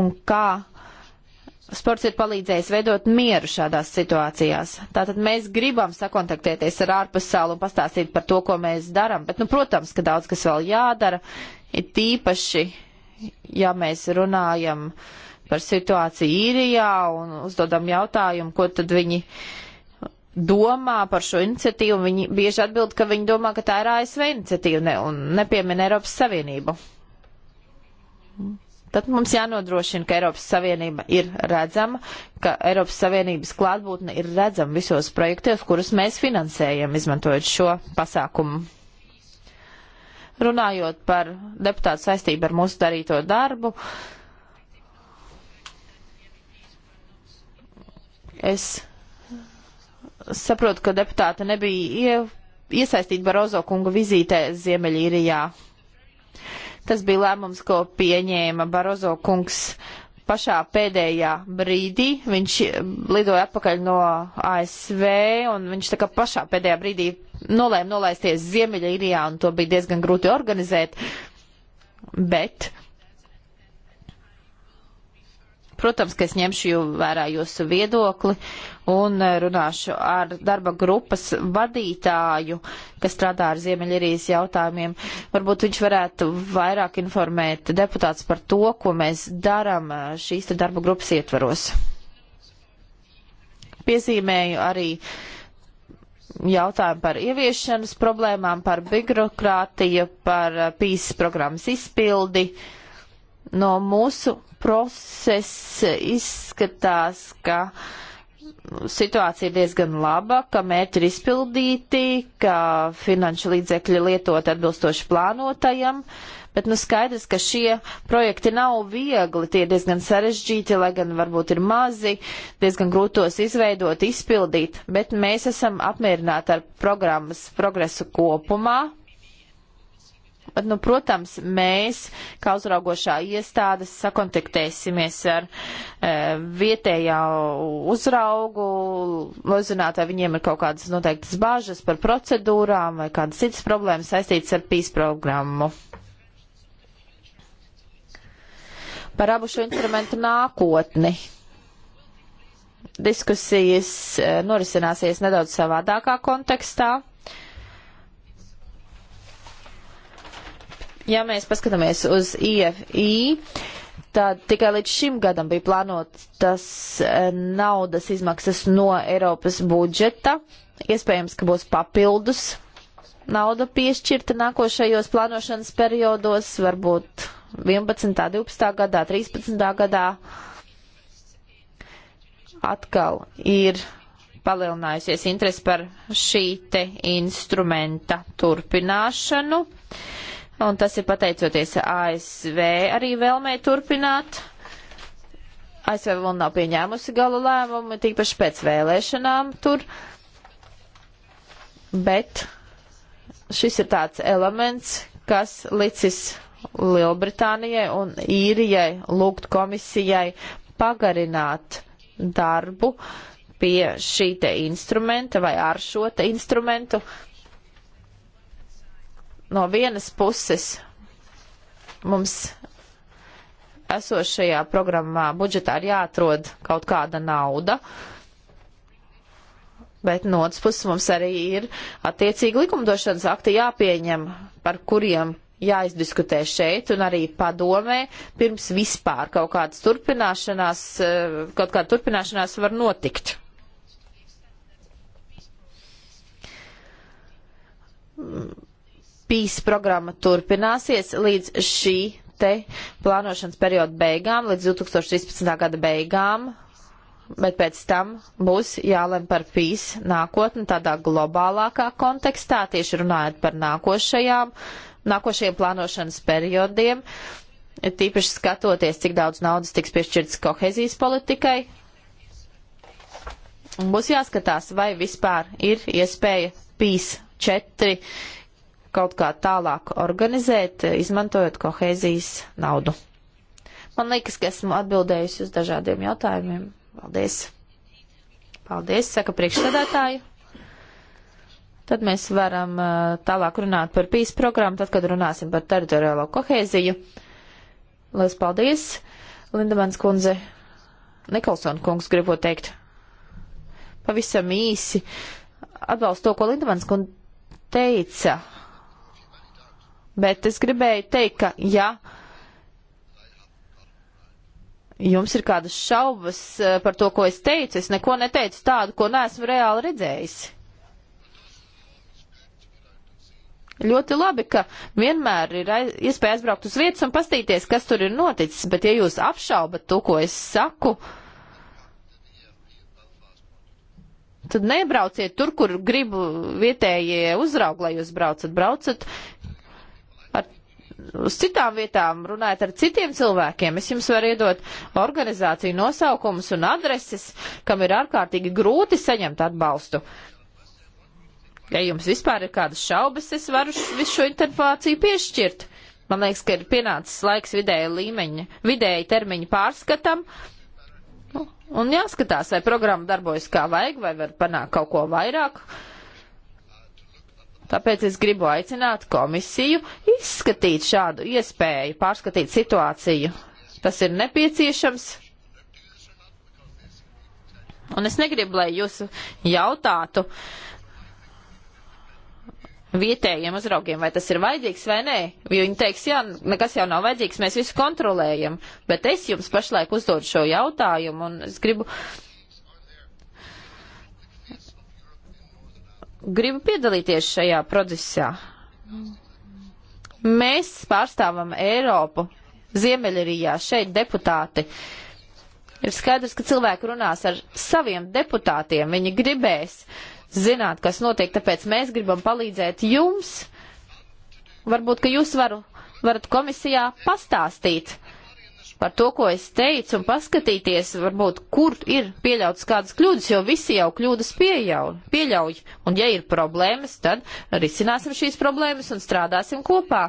un kā sports ir palīdzējis veidot mieru šādās situācijās. Tātad mēs gribam sakontaktēties ar ārpasauli un pastāstīt par to, ko mēs darām, bet, nu, protams, ka daudz kas vēl jādara, ir tīpaši, ja mēs runājam par situāciju īrijā un uzdodam jautājumu, ko tad viņi uh, domā par šo iniciatīvu, viņi bieži atbild, ka viņi domā, ka tā ir ASV iniciatīva ne, un nepiemina Eiropas Savienību. Tad mums jānodrošina, ka Eiropas Savienība ir redzama, ka Eiropas Savienības klātbūtne ir redzama visos projektos, kurus mēs finansējam, izmantojot šo pasākumu. Runājot par deputātu saistību ar mūsu darīto darbu, es saprotu, ka deputāta nebija iesaistīta Barozo kunga vizītē Ziemeļīrijā. Tas bija lēmums, ko pieņēma Barozo kungs pašā pēdējā brīdī. Viņš lidoja atpakaļ no ASV un viņš tā kā pašā pēdējā brīdī nolēma nolaisties Ziemeļīrijā un to bija diezgan grūti organizēt. Bet Protams, ka es ņemšu jau vērā jūsu viedokli un eh, runāšu ar darba grupas vadītāju, kas strādā ar Ziemeļirijas jautājumiem. Varbūt viņš varētu vairāk informēt deputāts par to, ko mēs daram eh, šīs darba grupas ietvaros. Piezīmēju arī jautājumu par ieviešanas problēmām, par birokrātiju, par eh, PIS programmas izpildi. No mūsu process izskatās, ka situācija ir diezgan laba, ka mērķi ir izpildīti, ka finanšu līdzekļi lietot atbilstoši plānotajam, bet nu skaidrs, ka šie projekti nav viegli, tie diezgan sarežģīti, lai gan varbūt ir mazi, diezgan grūtos izveidot, izpildīt, bet mēs esam apmierināti ar programmas progresu kopumā. Bet, nu, protams, mēs, kā uzraugošā iestāde, sakontaktēsimies ar e, vietējā uzraugu, lai zinātu, vai viņiem ir kaut kādas noteiktas bāžas par procedūrām vai kādas citas problēmas saistītas ar PIS programmu. Par abu šo instrumentu nākotni diskusijas e, norisināsies nedaudz savādākā kontekstā. Ja mēs paskatāmies uz IFI, tad tikai līdz šim gadam bija plānotas eh, naudas izmaksas no Eiropas budžeta. Iespējams, ka būs papildus nauda piešķirta nākošajos plānošanas periodos, varbūt 11., 12. gadā, 13. gadā. Atkal ir palielinājusies interesi par šī te instrumenta turpināšanu. Uh, un tas ir pateicoties ASV arī vēlmē turpināt. ASV vēl nav pieņēmusi galu lēmumu, tīpaši pēc vēlēšanām tur, bet šis ir tāds elements, kas licis Lielbritānijai un īrijai lūgt komisijai pagarināt darbu pie šī te instrumenta vai ar šo te instrumentu, no vienas puses mums esošajā programmā budžetā ir jāatrod kaut kāda nauda, bet no otras puses mums arī ir attiecīgi likumdošanas akti jāpieņem, par kuriem jāizdiskutē šeit un arī padomē, pirms vispār kaut kādas turpināšanās, eh, kaut kāda turpināšanās var notikt. Mm PIS programma turpināsies līdz šī te plānošanas perioda beigām, līdz 2013. gada beigām, bet pēc tam būs jālem par PIS nākotni tādā globālākā kontekstā, tieši runājot par nākošajām, nākošajiem plānošanas periodiem, tīpaši skatoties, cik daudz naudas tiks piešķirts kohezijas politikai, būs jāskatās, vai vispār ir iespēja PIS 4 kaut kā tālāk organizēt, izmantojot kohēzijas naudu. Man liekas, ka esmu atbildējusi uz dažādiem jautājumiem. Paldies! Paldies, saka priekšsēdētāji. Tad mēs varam uh, tālāk runāt par PIS programmu, tad, kad runāsim par teritoriālo kohēziju. Lielas paldies, Lindemans kundze, Nikolson kungs, gribu teikt. Pavisam īsi atbalstu to, ko Lindemans kundze teica. Bet es gribēju teikt, ka ja jums ir kādas šaubas eh, par to, ko es teicu, es neko neteicu tādu, ko neesmu reāli redzējis. Ļoti labi, ka vienmēr ir aiz, iespēja aizbraukt uz vietas un pastīties, kas tur ir noticis, bet ja jūs apšaubat to, ko es saku, tad nebrauciet tur, kur gribu vietējie uzraug, lai jūs braucat. Braucat uz citām vietām, runājat ar citiem cilvēkiem. Es jums varu iedot organizāciju nosaukumus un adreses, kam ir ārkārtīgi grūti saņemt atbalstu. Ja jums vispār ir kādas šaubas, es varu visu šo intervāciju piešķirt. Man liekas, ka ir pienācis laiks vidēja līmeņa, vidēja termiņa pārskatam. Nu, un jāskatās, vai programma darbojas kā vajag, vai var panākt kaut ko vairāk. Uh, Tāpēc es gribu aicināt komisiju izskatīt šādu iespēju, pārskatīt situāciju. Tas ir nepieciešams. Un es negribu, lai jūs jautātu vietējiem uzraugiem, vai tas ir vajadzīgs vai nē. Jo viņi teiks, jā, nekas jau nav vajadzīgs, mēs visu kontrolējam. Bet es jums pašlaik uzdodu šo jautājumu un es gribu gribu piedalīties šajā procesā. Mēs pārstāvam Eiropu, Ziemeļirijā, šeit deputāti. Ir skaidrs, ka cilvēki runās ar saviem deputātiem, viņi gribēs zināt, kas notiek, tāpēc mēs gribam palīdzēt jums. Varbūt, ka jūs varu, varat komisijā pastāstīt, par to, ko es teicu, un paskatīties, varbūt, kur ir pieļautas kādas kļūdas, jo visi jau kļūdas pieļauj. pieļauj. Un ja ir problēmas, tad risināsim šīs problēmas un strādāsim kopā.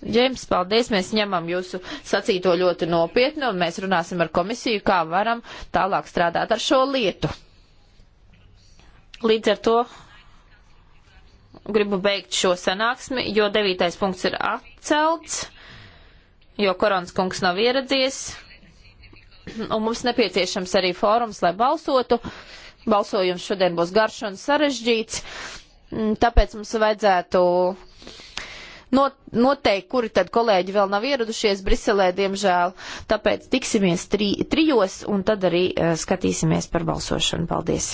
Džeims, paldies, mēs ņemam jūsu sacīto ļoti nopietni, un mēs runāsim ar komisiju, kā varam tālāk strādāt ar šo lietu. Līdz ar to gribu beigt šo sanāksmi, jo devītais punkts ir atcelts jo Korons kungs nav ieradies, un mums nepieciešams arī fórums, lai balsotu. Balsojums šodien būs garš un sarežģīts, mm, tāpēc mums vajadzētu noteikt, kuri tad kolēģi vēl nav ieradušies Briselē, diemžēl. Tāpēc tiksimies tri, trijos un tad arī eh, skatīsimies par balsošanu. Paldies!